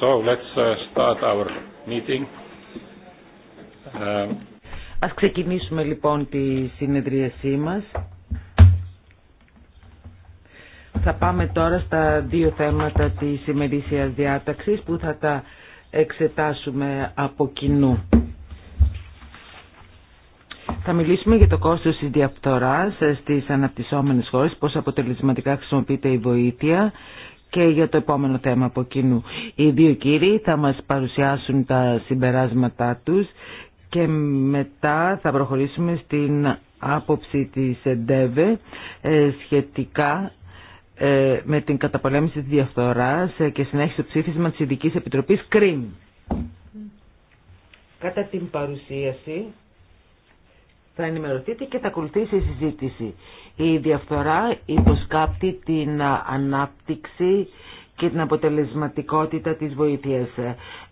So uh, um, Ας ξεκινήσουμε λοιπόν τη συνεδρίασή μας. Θα πάμε τώρα στα δύο θέματα της ημερήσιας διάταξης που θα τα εξετάσουμε από κοινού. Θα μιλήσουμε για το κόστος της διαφθοράς στις αναπτυσσόμενες χώρες, πώς αποτελεσματικά χρησιμοποιείται η βοήθεια και για το επόμενο θέμα από κοινού. Οι δύο κύριοι θα μας παρουσιάσουν τα συμπεράσματά τους και μετά θα προχωρήσουμε στην άποψη της ΕΝΤΕΒΕ ε, σχετικά ε, με την καταπολέμηση της διαφθοράς ε, και συνέχιση το ψήφισμα της Ειδικής Επιτροπής ΚΡΙΜ. Κατά την παρουσίαση θα ενημερωθείτε και θα ακολουθήσει η συζήτηση. Η διαφθορά υποσκάπτει την ανάπτυξη και την αποτελεσματικότητα της βοήθειας.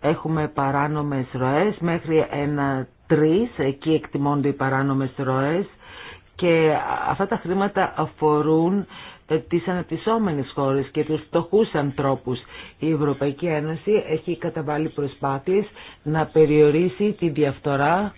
Έχουμε παράνομες ροές μέχρι ένα τρεις, εκεί εκτιμώνται οι παράνομες ροές και αυτά τα χρήματα αφορούν ε, τις αναπτυσσόμενες χώρες και τους φτωχούς ανθρώπους. Η Ευρωπαϊκή Ένωση έχει καταβάλει προσπάθειες να περιορίσει τη διαφθορά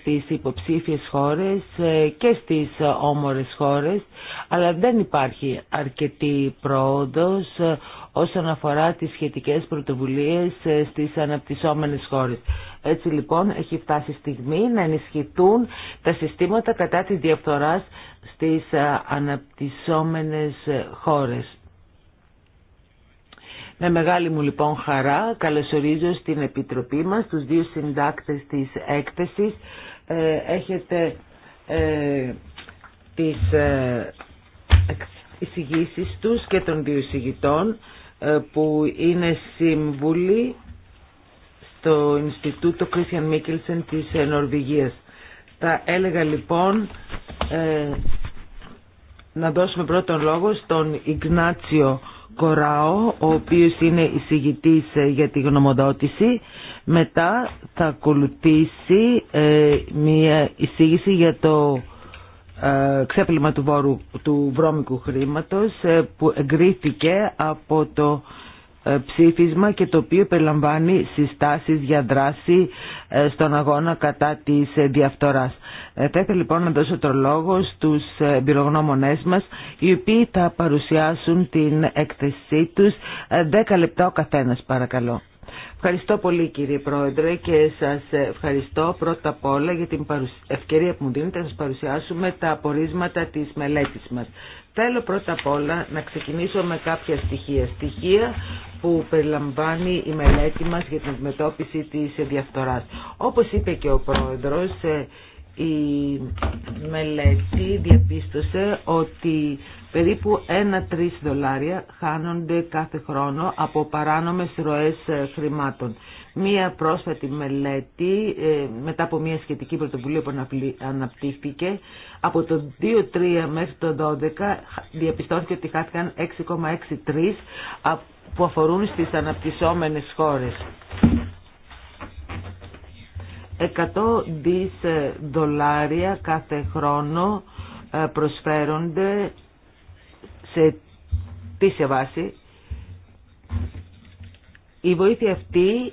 στις υποψήφιες χώρες ε, και στις ε, όμορες χώρες, αλλά δεν υπάρχει αρκετή πρόοδος ε, όσον αφορά τις σχετικές πρωτοβουλίες στις αναπτυσσόμενες χώρες. Έτσι λοιπόν έχει φτάσει στιγμή να ενισχυθούν τα συστήματα κατά τη διαφθοράς στις αναπτυσσόμενες χώρες. Με μεγάλη μου λοιπόν χαρά καλωσορίζω στην Επιτροπή μας τους δύο συντάκτες της έκθεσης. Ε, έχετε ε, τις ε, εισηγήσεις τους και των δύο εισηγητών ε, που είναι σύμβουλοι στο Ινστιτούτο Κρίσιαν Μίκελσεν της Νορβηγίας. Θα έλεγα λοιπόν να δώσουμε πρώτον λόγο στον Ιγνάτσιο Κοράο, ο οποίος είναι εισηγητής ε, για τη γνωμοδότηση. Μετά θα ακολουθήσει ε, μια εισήγηση για το ε, ξέπλυμα του, βόρου, του βρώμικου χρήματος που εγκρίθηκε από το ε, ψήφισμα και το οποίο περιλαμβάνει συστάσεις για δράση ε, στον αγώνα κατά της ε, διαφθοράς. Θα ήθελα λοιπόν να δώσω το λόγο στους εμπειρογνώμονές μας οι οποίοι θα παρουσιάσουν την έκθεσή τους 10 λεπτά ο καθένας παρακαλώ. Ευχαριστώ πολύ κύριε Πρόεδρε και σας ευχαριστώ πρώτα απ' όλα για την ευκαιρία που μου δίνετε να σας παρουσιάσουμε τα απορίσματα της μελέτης μας. Θέλω πρώτα απ' όλα να ξεκινήσω με κάποια στοιχεία. Στοιχεία που περιλαμβάνει η μελέτη μας για την αντιμετώπιση της διαφθοράς. Όπως είπε και ο πρόεδρος, ε, η μελέτη διαπίστωσε ότι περίπου 1-3 δολάρια χάνονται κάθε χρόνο από παράνομες ροές ε, χρημάτων. Μία πρόσφατη μελέτη ε, μετά από μια σχετική πρωτοβουλία που αναπτύχθηκε από το 2-3 μέχρι το 12 διαπιστώθηκε ότι χάθηκαν 6,63 που αφορούν στις αναπτυσσόμενες χώρες. 100 δις ε, δολάρια κάθε χρόνο ε, προσφέρονται σε τι σε βάση. Η βοήθεια αυτή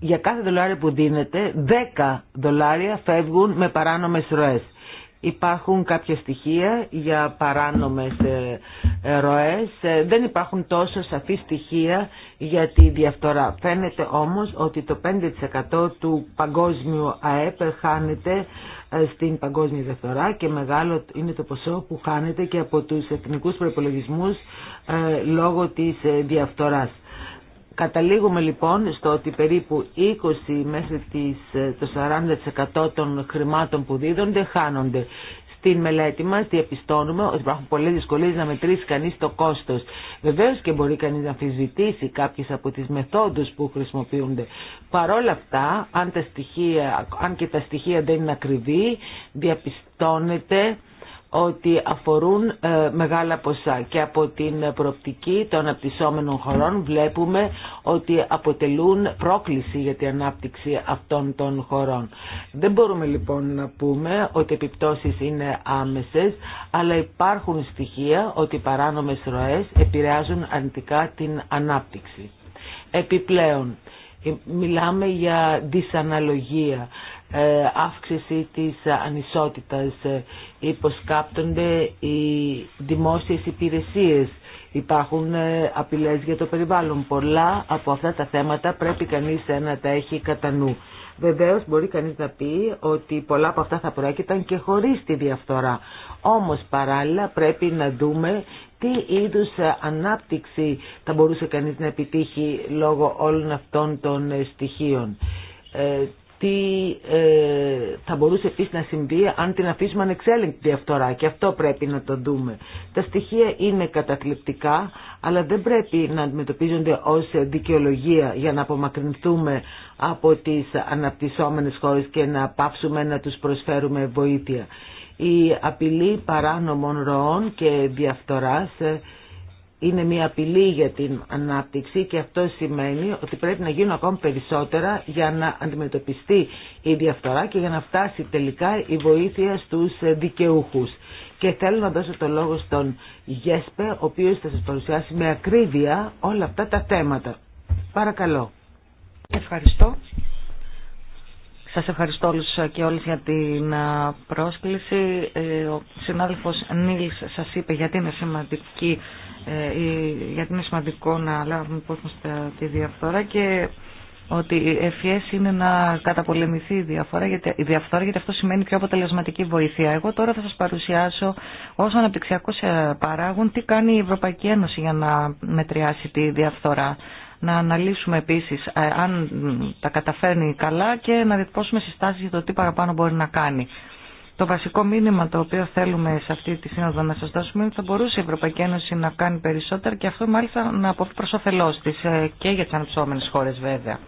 για κάθε δολάριο που δίνεται 10 δολάρια φεύγουν με παράνομες ροές. Υπάρχουν κάποια στοιχεία για παράνομες ε, ε, ροές, ε, δεν υπάρχουν τόσο σαφή στοιχεία για τη διαφθορά. Φαίνεται όμως ότι το 5% του παγκόσμιου ΑΕΠ χάνεται στην παγκόσμια διαφθορά και μεγάλο είναι το ποσό που χάνεται και από τους εθνικούς προπολογισμού λόγω της διαφθοράς. Καταλήγουμε λοιπόν στο ότι περίπου 20 μέσα τις, ε, το 40% των χρημάτων που δίδονται χάνονται. Στην μελέτη μα, διαπιστώνουμε ότι υπάρχουν πολλέ δυσκολίε να μετρήσει κανείς το κόστος. Βεβαίω και μπορεί κανείς να αμφισβητήσει κάποιε από τις μεθόδου που χρησιμοποιούνται. Παρόλα αυτά, αν, τα στοιχεία, αν και τα στοιχεία δεν είναι ακριβή, διαπιστώνεται ότι αφορούν ε, μεγάλα ποσά και από την προοπτική των αναπτυσσόμενων χωρών βλέπουμε ότι αποτελούν πρόκληση για την ανάπτυξη αυτών των χωρών. Δεν μπορούμε λοιπόν να πούμε ότι επιπτώσεις είναι άμεσες, αλλά υπάρχουν στοιχεία ότι οι παράνομες ροές επηρεάζουν αρνητικά την ανάπτυξη. Επιπλέον, ε, μιλάμε για δυσαναλογία ε, αύξηση της ανισότητας. Ε, υποσκάπτονται οι δημόσιες υπηρεσίες. Υπάρχουν ε, απειλές για το περιβάλλον. Πολλά από αυτά τα θέματα πρέπει κανείς να τα έχει κατά νου. Βεβαίως μπορεί κανείς να πει ότι πολλά από αυτά θα προέκυταν και χωρίς τη διαφθορά. Όμως παράλληλα πρέπει να δούμε τι είδους ανάπτυξη θα μπορούσε κανείς να επιτύχει λόγω όλων αυτών των στοιχείων τι ε, θα μπορούσε επίσης να συμβεί αν την αφήσουμε ανεξέλεγκτη διαφθορά και αυτό πρέπει να το δούμε. Τα στοιχεία είναι καταθλιπτικά αλλά δεν πρέπει να αντιμετωπίζονται ως δικαιολογία για να απομακρυνθούμε από τις αναπτυσσόμενες χώρες και να πάψουμε να τους προσφέρουμε βοήθεια. Η απειλή παράνομων ροών και διαφθοράς ε, είναι μια απειλή για την ανάπτυξη και αυτό σημαίνει ότι πρέπει να γίνουν ακόμη περισσότερα για να αντιμετωπιστεί η διαφθορά και για να φτάσει τελικά η βοήθεια στους δικαιούχους. Και θέλω να δώσω το λόγο στον Γέσπε, ο οποίος θα σας παρουσιάσει με ακρίβεια όλα αυτά τα θέματα. Παρακαλώ. Ευχαριστώ. Σας ευχαριστώ όλους και όλες για την πρόσκληση. Ε, ο συνάδελφος Νίλς σας είπε γιατί είναι σημαντική ε, γιατί είναι σημαντικό να λάβουμε υπόψη τη διαφθορά και ότι η ευφιές είναι να καταπολεμηθεί η διαφθορά, γιατί, η διαφθορά γιατί αυτό σημαίνει πιο αποτελεσματική βοήθεια. Εγώ τώρα θα σας παρουσιάσω ως αναπτυξιακό ε, παράγον τι κάνει η Ευρωπαϊκή Ένωση για να μετριάσει τη διαφθορά. Να αναλύσουμε επίσης ε, αν τα καταφέρνει καλά και να διεκπώσουμε συστάσεις για το τι παραπάνω μπορεί να κάνει. Το βασικό μήνυμα το οποίο θέλουμε σε αυτή τη σύνοδο να σας δώσουμε είναι ότι θα μπορούσε η Ευρωπαϊκή Ένωση να κάνει περισσότερα και αυτό μάλιστα να αποφύγει προς όφελός της ε, και για τις ανεψόμενε χώρες βέβαια.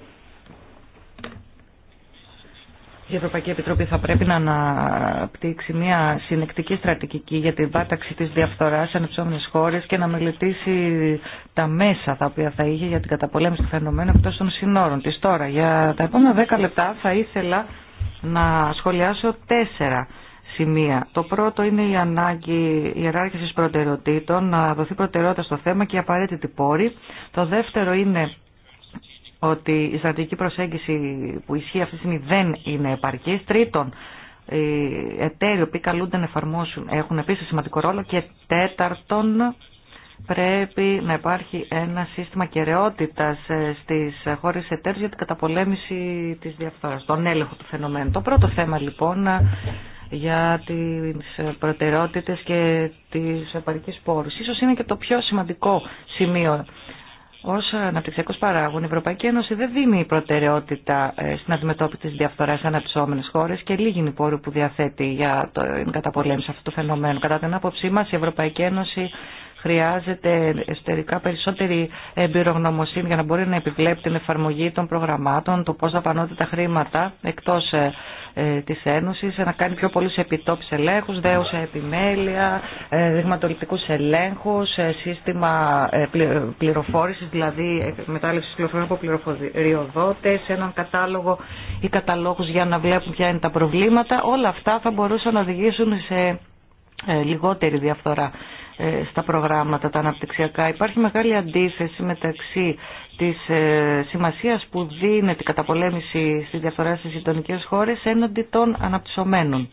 Η Ευρωπαϊκή Επιτροπή θα πρέπει να αναπτύξει μια συνεκτική στρατηγική για την πάταξη της διαφθοράς σε ανεψόμενε χώρες και να μελετήσει τα μέσα τα οποία θα είχε για την καταπολέμηση του φαινομένου εκτός των συνόρων τη. Τώρα, για τα επόμενα 10 λεπτά θα ήθελα να σχολιάσω τέσσερα σημεία. Το πρώτο είναι η ανάγκη ιεράρχησης προτεραιοτήτων, να δοθεί προτεραιότητα στο θέμα και η απαραίτητη πόρη. Το δεύτερο είναι ότι η στρατηγική προσέγγιση που ισχύει αυτή τη στιγμή δεν είναι επαρκής. Τρίτον, οι εταίροι που καλούνται να εφαρμόσουν έχουν επίσης σημαντικό ρόλο. Και τέταρτον, πρέπει να υπάρχει ένα σύστημα κεραιότητας ε, στις χώρες εταίρους για την καταπολέμηση της διαφθοράς, τον έλεγχο του φαινομένου. Το πρώτο θέμα λοιπόν για τις προτεραιότητες και τις επαρικές πόρους. Ίσως είναι και το πιο σημαντικό σημείο. Ω αναπτυξιακό παράγων, η Ευρωπαϊκή Ένωση δεν δίνει προτεραιότητα ε, στην αντιμετώπιση τη διαφθορά σε αναπτυσσόμενε χώρε και λίγη είναι η πόρη που διαθέτει για την καταπολέμηση αυτού του φαινομένου. Κατά την άποψή μα, η Ευρωπαϊκή Ένωση χρειάζεται εσωτερικά περισσότερη εμπειρογνωμοσύνη για να μπορεί να επιβλέπει την εφαρμογή των προγραμμάτων, το πώς δαπανώνται τα χρήματα εκτός ε, ε της Ένωσης, να κάνει πιο πολλούς επιτόπιους ελέγχους, δέουσα επιμέλεια, ε, δειγματοληπτικούς ελέγχους, ε, σύστημα ε, πληροφόρησης, δηλαδή μετάλλευση πληροφοριών από πληροφοριοδότες, έναν κατάλογο ή καταλόγους για να βλέπουν ποια είναι τα προβλήματα. Όλα αυτά θα μπορούσαν να οδηγήσουν σε λιγότερη διαφθορά ε, στα προγράμματα τα αναπτυξιακά. Υπάρχει μεγάλη αντίθεση μεταξύ της ε, σημασίας που δίνεται η καταπολέμηση στη διαφορά στις γειτονικέ χώρες έναντι των αναπτυσσομένων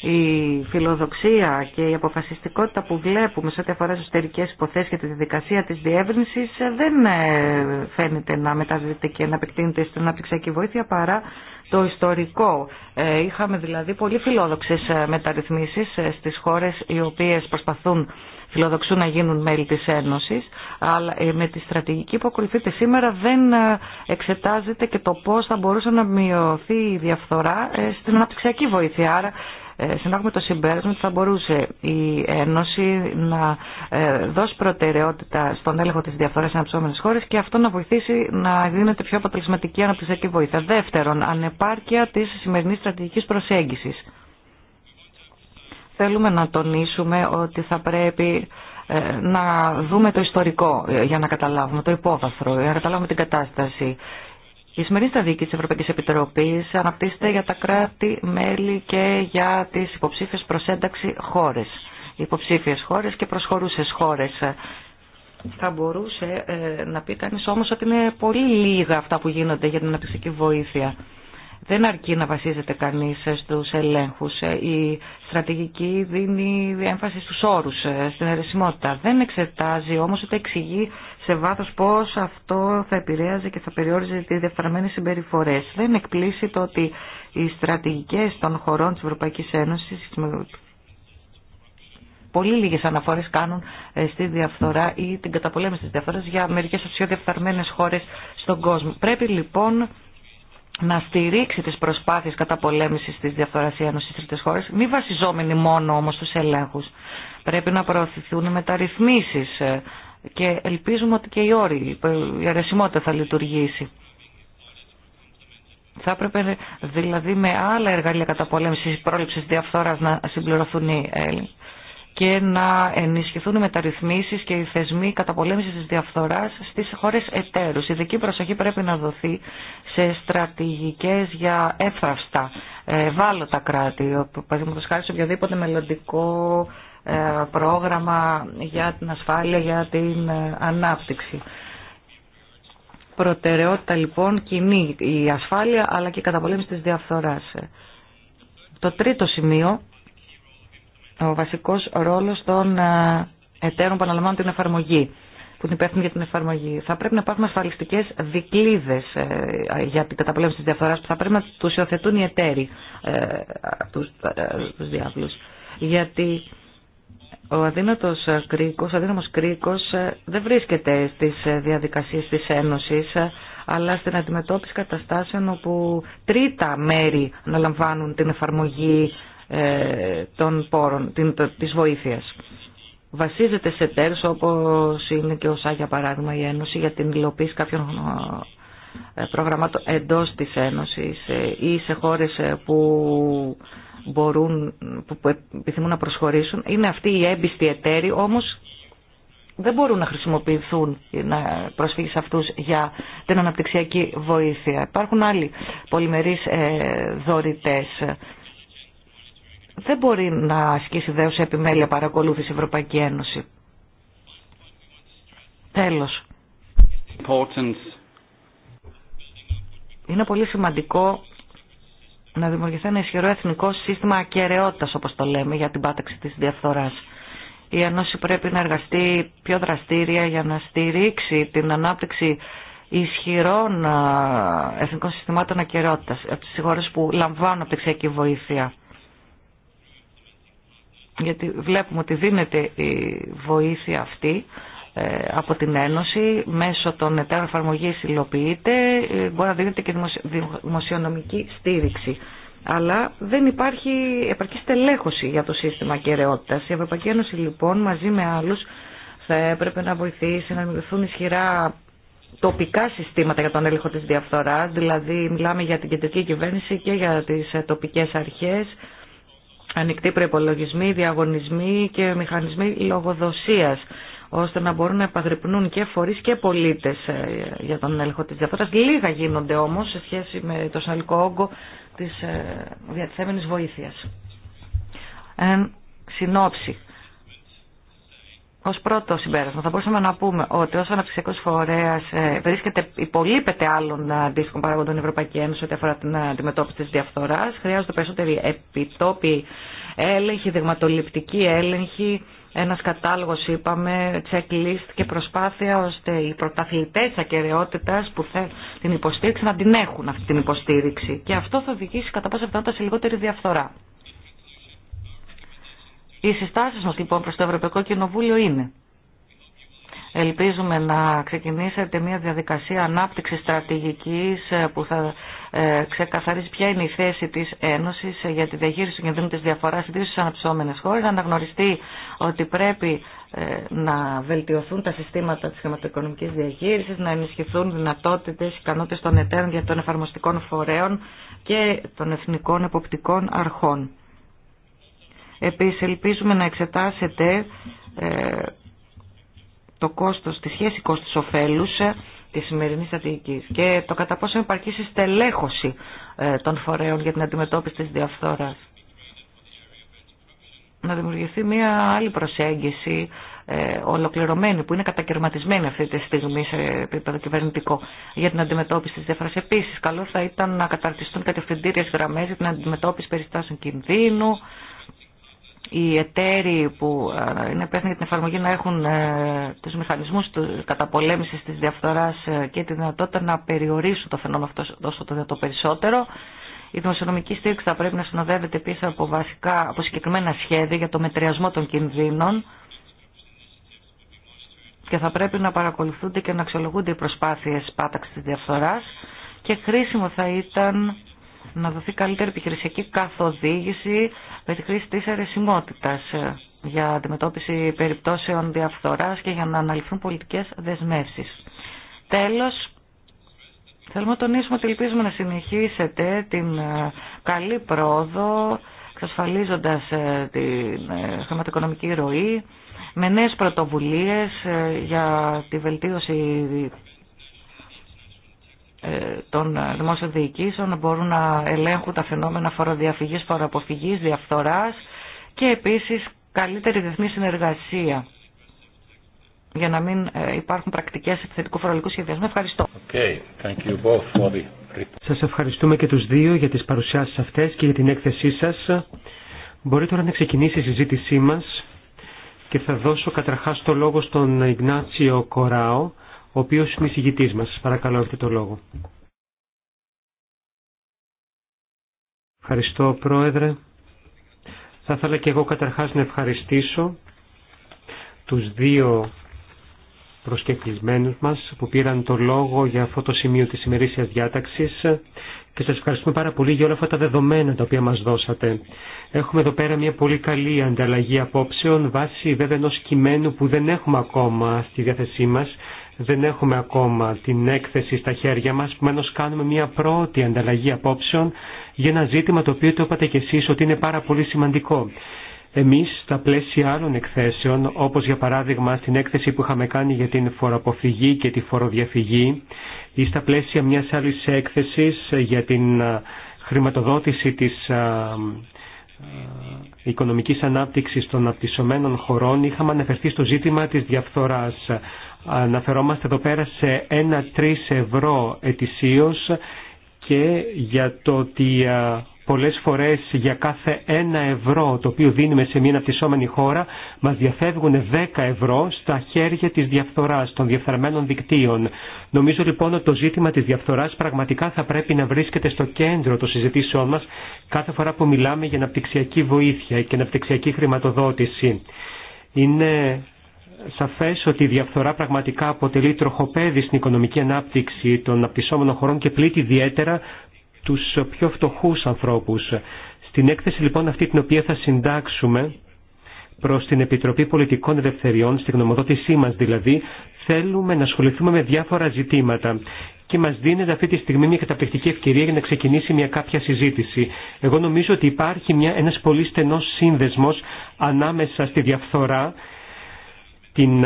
η φιλοδοξία και η αποφασιστικότητα που βλέπουμε σε ό,τι αφορά τι υποθέσεις υποθέσει και τη διαδικασία της διεύρυνσης δεν ε, φαίνεται να μεταδίδεται και να επεκτείνεται στην αναπτυξιακή βοήθεια παρά το ιστορικό. Ε, είχαμε δηλαδή πολύ φιλόδοξες ε, μεταρρυθμίσεις στις χώρες οι οποίες προσπαθούν φιλοδοξούν να γίνουν μέλη της Ένωσης, αλλά με τη στρατηγική που ακολουθείται σήμερα δεν εξετάζεται και το πώς θα μπορούσε να μειωθεί η διαφθορά στην αναπτυξιακή βοήθεια. Ε, συνάγουμε το συμπέρασμα ότι θα μπορούσε η Ένωση να ε, δώσει προτεραιότητα στον έλεγχο της διαφθοράς σε αναψώμενες χώρες και αυτό να βοηθήσει να δίνεται πιο αποτελεσματική αναπτυσσιακή βοήθεια. Δεύτερον, ανεπάρκεια της σημερινής στρατηγικής προσέγγισης. Θέλουμε να τονίσουμε ότι θα πρέπει ε, να δούμε το ιστορικό για να καταλάβουμε το υπόβαθρο, για να καταλάβουμε την κατάσταση. Η σημερινή σταδίκη τη Ευρωπαϊκή Επιτροπή, αναπτύσσεται για τα κράτη-μέλη και για τις υποψήφιες προσένταξη χώρες. υποψήφιες χώρες και προσχωρούσες χώρες. Θα μπορούσε ε, να πει κανεί όμως ότι είναι πολύ λίγα αυτά που γίνονται για την αναπτυξική βοήθεια. Δεν αρκεί να βασίζεται κανείς στους ελέγχους. Ε, η στρατηγική δίνει έμφαση στους όρου, ε, στην αιρεσιμότητα. Δεν εξετάζει όμω ούτε εξηγεί σε βάθο πώ αυτό θα επηρέαζε και θα περιόριζε τι διαφθαρμένε συμπεριφορέ. Δεν εκπλήσει το ότι οι στρατηγικέ των χωρών τη Ευρωπαϊκή Ένωση. πολύ λίγες αναφορές κάνουν ε, στη διαφθορά ή την καταπολέμηση της διαφθοράς για μερικές ουσιοδιαφθαρμένες χώρες στον κόσμο. Πρέπει λοιπόν να στηρίξει τις προσπάθειες καταπολέμησης της διαφθοράς ενωση στις τρίτες χώρες, μη βασιζόμενοι μόνο όμως στους ελέγχους. Πρέπει να προωθηθούν μεταρρυθμίσεις ε, και ελπίζουμε ότι και η όρη, η αρεσιμότητα θα λειτουργήσει. Θα έπρεπε δηλαδή με άλλα εργαλεία καταπολέμησης πρόληψης διαφθόρας να συμπληρωθούν οι ε, και να ενισχυθούν οι μεταρρυθμίσεις και οι θεσμοί καταπολέμησης της διαφθοράς στις χώρες εταίρους. Ειδική προσοχή πρέπει να δοθεί σε στρατηγικές για έφραυστα, ε, ευάλωτα κράτη, παραδείγματος χάρη σε οποιοδήποτε μελλοντικό ε, πρόγραμμα για την ασφάλεια, για την ε, ανάπτυξη. Προτεραιότητα λοιπόν κοινή η ασφάλεια αλλά και η καταπολέμηση της διαφθοράς. Το τρίτο σημείο, ο βασικός ρόλος των ε, εταίρων που αναλαμβάνουν την εφαρμογή που την υπεύθυνοι για την εφαρμογή. Θα πρέπει να υπάρχουν ασφαλιστικέ δικλείδε για την καταπολέμηση τη διαφθοράς που θα πρέπει να του υιοθετούν οι εταίροι του διάβλου. Γιατί ο αδύνατος κρίκος, ο αδύναμος κρίκος ε, δεν βρίσκεται στις ε, διαδικασίες της Ένωσης, ε, αλλά στην αντιμετώπιση καταστάσεων όπου τρίτα μέρη αναλαμβάνουν την εφαρμογή των πόρων, την, της βοήθειας. Βασίζεται σε τέρους όπως είναι και ο σάγια παράδειγμα η Ένωση για την υλοποίηση κάποιων προγραμμάτων εντός της Ένωσης ή σε χώρες που μπορούν, που επιθυμούν να προσχωρήσουν. Είναι αυτοί οι έμπιστοι εταίροι, όμως δεν μπορούν να χρησιμοποιηθούν να προσφύγει σε αυτούς για την αναπτυξιακή βοήθεια. Υπάρχουν άλλοι πολυμερείς ε, δωρητές. Δεν μπορεί να ασκήσει δέος επιμέλεια παρακολούθηση Ευρωπαϊκή Ένωση. Τέλος. Είναι πολύ σημαντικό να δημιουργηθεί ένα ισχυρό εθνικό σύστημα ακαιρεότητα, όπως το λέμε, για την πάταξη της διαφθοράς. Η Ενώση πρέπει να εργαστεί πιο δραστήρια για να στηρίξει την ανάπτυξη ισχυρών εθνικών συστημάτων ακαιρεότητα, από τι χώρε που λαμβάνουν απτυξιακή βοήθεια. Γιατί βλέπουμε ότι δίνεται η βοήθεια αυτή ε, από την Ένωση μέσω των εταίρων εφαρμογή υλοποιείται, ε, μπορεί να δίνεται και δημοσιονομική στήριξη. Αλλά δεν υπάρχει επαρκή στελέχωση για το σύστημα κεραιότητα. Η Ευρωπαϊκή Ένωση λοιπόν μαζί με άλλου, θα έπρεπε να βοηθήσει να δημιουργηθούν ισχυρά τοπικά συστήματα για τον έλεγχο τη διαφθορά, δηλαδή μιλάμε για την κεντρική κυβέρνηση και για τι ε, τοπικέ αρχέ, ανοιχτοί προπολογισμοί, διαγωνισμοί και μηχανισμοί λογοδοσία ώστε να μπορούν να επαγρυπνούν και φορεί και πολίτες ε, για τον έλεγχο τη διαφθοράς. Λίγα γίνονται όμω σε σχέση με το συνολικό όγκο της διατηθέμενη βοήθεια. Ε, συνόψη. Ω πρώτο συμπέρασμα, θα μπορούσαμε να πούμε ότι ω αναπτυξιακό φορέα ε, βρίσκεται, υπολείπεται άλλων αντίστοιχων παράγοντων η Ευρωπαϊκή Ένωση ό,τι αφορά την αντιμετώπιση τη διαφθορά. Χρειάζονται περισσότεροι επιτόπιοι έλεγχοι, δειγματοληπτικοί έλεγχοι, ένας κατάλογος είπαμε, checklist και προσπάθεια ώστε οι πρωταθλητές ακεραιότητας που θέλουν την υποστήριξη να την έχουν αυτή την υποστήριξη. Και αυτό θα οδηγήσει κατά πάσα πιθανότητα σε λιγότερη διαφθορά. Οι συστάσεις μας λοιπόν προς το Ευρωπαϊκό Κοινοβούλιο είναι Ελπίζουμε να ξεκινήσετε μια διαδικασία ανάπτυξης στρατηγικής ε, που θα ε, ξεκαθαρίσει ποια είναι η θέση της Ένωσης για τη διαχείριση του κινδύνου της διαφοράς ιδίως στις αναψώμενες χώρες, να αναγνωριστεί ότι πρέπει ε, να βελτιωθούν τα συστήματα της χρηματοοικονομικής διαχείρισης, να ενισχυθούν δυνατότητες, ικανότητες των εταίρων για των εφαρμοστικών φορέων και των εθνικών εποπτικών αρχών. Επίσης, ελπίζουμε να εξετάσετε το κόστος, τη σχέση κόστος ωφέλους ε, της σημερινής στρατηγικής και το κατά πόσο υπάρχει στελέχωση ε, των φορέων για την αντιμετώπιση της διαφθόρας. Να δημιουργηθεί μια άλλη προσέγγιση ε, ολοκληρωμένη που είναι κατακαιρματισμένη αυτή τη στιγμή σε επίπεδο κυβερνητικό για την αντιμετώπιση της διαφθοράς. Επίσης, καλό θα ήταν να καταρτιστούν κατευθυντήριες γραμμές για την αντιμετώπιση περιστάσεων κινδύνου, οι εταίροι που ε, είναι υπεύθυνοι για την εφαρμογή να έχουν ε, τους μηχανισμούς του καταπολέμησης της διαφθοράς ε, και τη δυνατότητα να περιορίσουν το φαινόμενο αυτό όσο το δυνατό περισσότερο. Η δημοσιονομική στήριξη θα πρέπει να συνοδεύεται επίση από, βασικά, από συγκεκριμένα σχέδια για το μετριασμό των κινδύνων και θα πρέπει να παρακολουθούνται και να αξιολογούνται οι προσπάθειες πάταξης της διαφθοράς και χρήσιμο θα ήταν να δοθεί καλύτερη επιχειρησιακή καθοδήγηση με τη χρήση της αιρεσιμότητας ε, για αντιμετώπιση περιπτώσεων διαφθοράς και για να αναλυθούν πολιτικές δεσμεύσεις. Τέλος, θέλουμε να τονίσουμε ότι ελπίζουμε να συνεχίσετε την ε, καλή πρόοδο εξασφαλίζοντας ε, την χρηματοοικονομική ροή με νέες πρωτοβουλίες για τη βελτίωση ε, των ε, δημόσιων διοικήσεων μπορούν να ελέγχουν τα φαινόμενα φοροδιαφυγής, φοροαποφυγής, διαφθοράς και επίσης καλύτερη διεθνή συνεργασία για να μην ε, υπάρχουν πρακτικές επιθετικού φορολογικού σχεδιασμού. Ευχαριστώ. Okay. Thank you both for the... Σας ευχαριστούμε και τους δύο για τις παρουσιάσεις αυτές και για την έκθεσή σας. Μπορεί τώρα να ξεκινήσει η συζήτησή μας και θα δώσω καταρχάς το λόγο στον Ιγνάτσιο Κοράο ο οποίος είναι εισηγητής μας. Σας παρακαλώ, έχετε το λόγο. Ευχαριστώ, Πρόεδρε. Θα ήθελα και εγώ καταρχάς να ευχαριστήσω τους δύο προσκεκλισμένους μας που πήραν το λόγο για αυτό το σημείο της ημερήσιας διάταξης και σας ευχαριστούμε πάρα πολύ για όλα αυτά τα δεδομένα τα οποία μας δώσατε. Έχουμε εδώ πέρα μια πολύ καλή ανταλλαγή απόψεων βάσει βέβαια ενός κειμένου που δεν έχουμε ακόμα στη διάθεσή μας δεν έχουμε ακόμα την έκθεση στα χέρια μας, επομένω κάνουμε μια πρώτη ανταλλαγή απόψεων για ένα ζήτημα το οποίο το είπατε κι εσείς ότι είναι πάρα πολύ σημαντικό. Εμείς στα πλαίσια άλλων εκθέσεων, όπως για παράδειγμα στην έκθεση που είχαμε κάνει για την φοροαποφυγή και τη φοροδιαφυγή ή στα πλαίσια μιας άλλης έκθεσης για την χρηματοδότηση της οικονομικής ανάπτυξης των απτυσσομένων χωρών, είχαμε αναφερθεί στο ζήτημα της διαφθοράς. Αναφερόμαστε εδώ πέρα σε 1-3 ευρώ ετησίως και για το ότι πολλές φορές για κάθε 1 ευρώ το οποίο δίνουμε σε μια αναπτυσσόμενη χώρα μας διαφεύγουν 10 ευρώ στα χέρια της διαφθοράς των διαφθαρμένων δικτύων. Νομίζω λοιπόν ότι το ζήτημα της διαφθοράς πραγματικά θα πρέπει να βρίσκεται στο κέντρο των συζητήσεών μας κάθε φορά που μιλάμε για αναπτυξιακή βοήθεια και αναπτυξιακή χρηματοδότηση. Είναι σαφές ότι η διαφθορά πραγματικά αποτελεί τροχοπέδι στην οικονομική ανάπτυξη των απτυσσόμενων χωρών και πλήττει ιδιαίτερα τους πιο φτωχούς ανθρώπους. Στην έκθεση λοιπόν αυτή την οποία θα συντάξουμε προς την Επιτροπή Πολιτικών Ελευθεριών, στην γνωμοδότησή μας δηλαδή, θέλουμε να ασχοληθούμε με διάφορα ζητήματα και μας δίνεται αυτή τη στιγμή μια καταπληκτική ευκαιρία για να ξεκινήσει μια κάποια συζήτηση. Εγώ νομίζω ότι υπάρχει μια, ένας πολύ στενός σύνδεσμος ανάμεσα στη διαφθορά την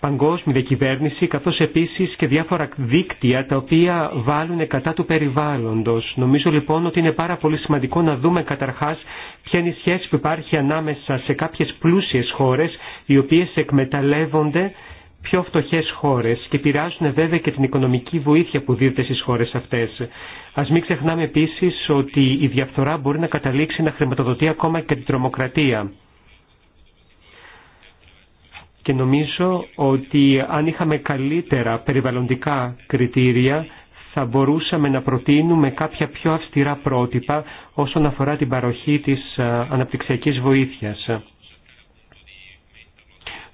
παγκόσμια κυβέρνηση, καθώς επίσης και διάφορα δίκτυα τα οποία βάλουν κατά του περιβάλλοντος. Νομίζω λοιπόν ότι είναι πάρα πολύ σημαντικό να δούμε καταρχάς ποια είναι η σχέση που υπάρχει ανάμεσα σε κάποιες πλούσιες χώρες, οι οποίες εκμεταλλεύονται πιο φτωχέ χώρε και πειράζουν βέβαια και την οικονομική βοήθεια που δίδεται στις χώρες αυτές. Ας μην ξεχνάμε επίση ότι η διαφθορά μπορεί να καταλήξει να χρηματοδοτεί ακόμα και την τρομοκρατία και νομίζω ότι αν είχαμε καλύτερα περιβαλλοντικά κριτήρια θα μπορούσαμε να προτείνουμε κάποια πιο αυστηρά πρότυπα όσον αφορά την παροχή της ε, αναπτυξιακής βοήθειας.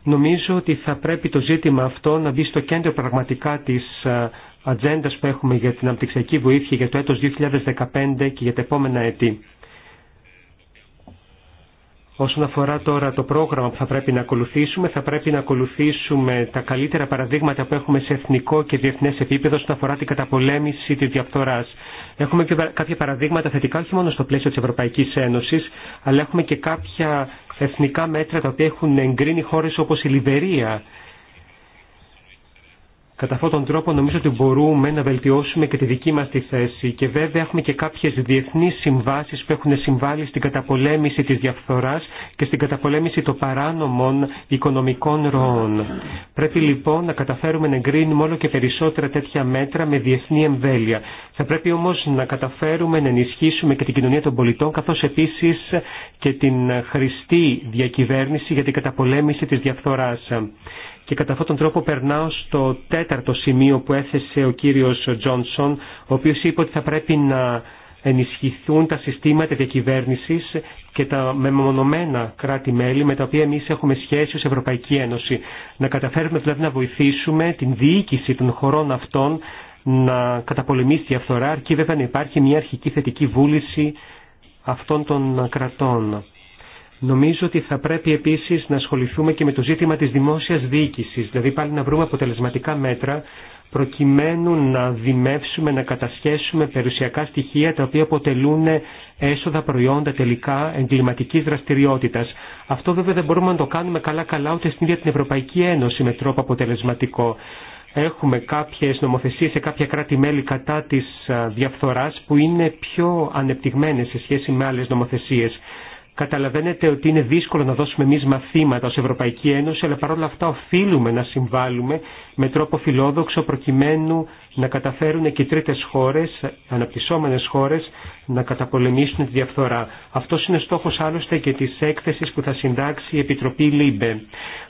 Νομίζω ότι θα πρέπει το ζήτημα αυτό να μπει στο κέντρο πραγματικά της ε, ατζέντας που έχουμε για την αναπτυξιακή βοήθεια για το έτος 2015 και για τα επόμενα έτη. Όσον αφορά τώρα το πρόγραμμα που θα πρέπει να ακολουθήσουμε, θα πρέπει να ακολουθήσουμε τα καλύτερα παραδείγματα που έχουμε σε εθνικό και διεθνέ επίπεδο όσον αφορά την καταπολέμηση τη διαφθορά. Έχουμε και κάποια παραδείγματα θετικά, όχι μόνο στο πλαίσιο τη Ευρωπαϊκή Ένωση, αλλά έχουμε και κάποια εθνικά μέτρα τα οποία έχουν εγκρίνει χώρε όπω η Λιβερία Κατά αυτόν τον τρόπο νομίζω ότι μπορούμε να βελτιώσουμε και τη δική μας τη θέση και βέβαια έχουμε και κάποιες διεθνείς συμβάσεις που έχουν συμβάλει στην καταπολέμηση της διαφθοράς και στην καταπολέμηση των παράνομων οικονομικών ροών. Πρέπει λοιπόν να καταφέρουμε να εγκρίνουμε όλο και περισσότερα τέτοια μέτρα με διεθνή εμβέλεια. Θα πρέπει όμως να καταφέρουμε να ενισχύσουμε και την κοινωνία των πολιτών καθώς επίσης και την χρηστή διακυβέρνηση για την καταπολέμηση της διαφθοράς. Και κατά αυτόν τον τρόπο περνάω στο τέταρτο σημείο που έθεσε ο κύριος Τζόνσον, ο οποίος είπε ότι θα πρέπει να ενισχυθούν τα συστήματα διακυβέρνηση και τα μεμονωμένα κράτη-μέλη με τα οποία εμείς έχουμε σχέση ω Ευρωπαϊκή Ένωση. Να καταφέρουμε δηλαδή να βοηθήσουμε την διοίκηση των χωρών αυτών να καταπολεμήσει τη αυθορά, αρκεί βέβαια να υπάρχει μια αρχική θετική βούληση αυτών των κρατών. Νομίζω ότι θα πρέπει επίσης να ασχοληθούμε και με το ζήτημα της δημόσιας διοίκησης, δηλαδή πάλι να βρούμε αποτελεσματικά μέτρα προκειμένου να δημεύσουμε, να κατασχέσουμε περιουσιακά στοιχεία τα οποία αποτελούν έσοδα προϊόντα τελικά εγκληματικής δραστηριότητας. Αυτό βέβαια δεν μπορούμε να το κάνουμε καλά-καλά ούτε στην ίδια την Ευρωπαϊκή Ένωση με τρόπο αποτελεσματικό. Έχουμε κάποιες νομοθεσίες σε κάποια κράτη-μέλη κατά της διαφθοράς που είναι πιο ανεπτυγμένε σε σχέση με άλλες νομοθεσίες. Καταλαβαίνετε ότι είναι δύσκολο να δώσουμε εμεί μαθήματα ω Ευρωπαϊκή Ένωση, αλλά παρόλα αυτά οφείλουμε να συμβάλλουμε με τρόπο φιλόδοξο προκειμένου να καταφέρουν και τρίτε χώρε, αναπτυσσόμενε χώρε, να καταπολεμήσουν τη διαφθορά. Αυτό είναι στόχο άλλωστε και τη έκθεση που θα συντάξει η Επιτροπή ΛΥΜΠΕ.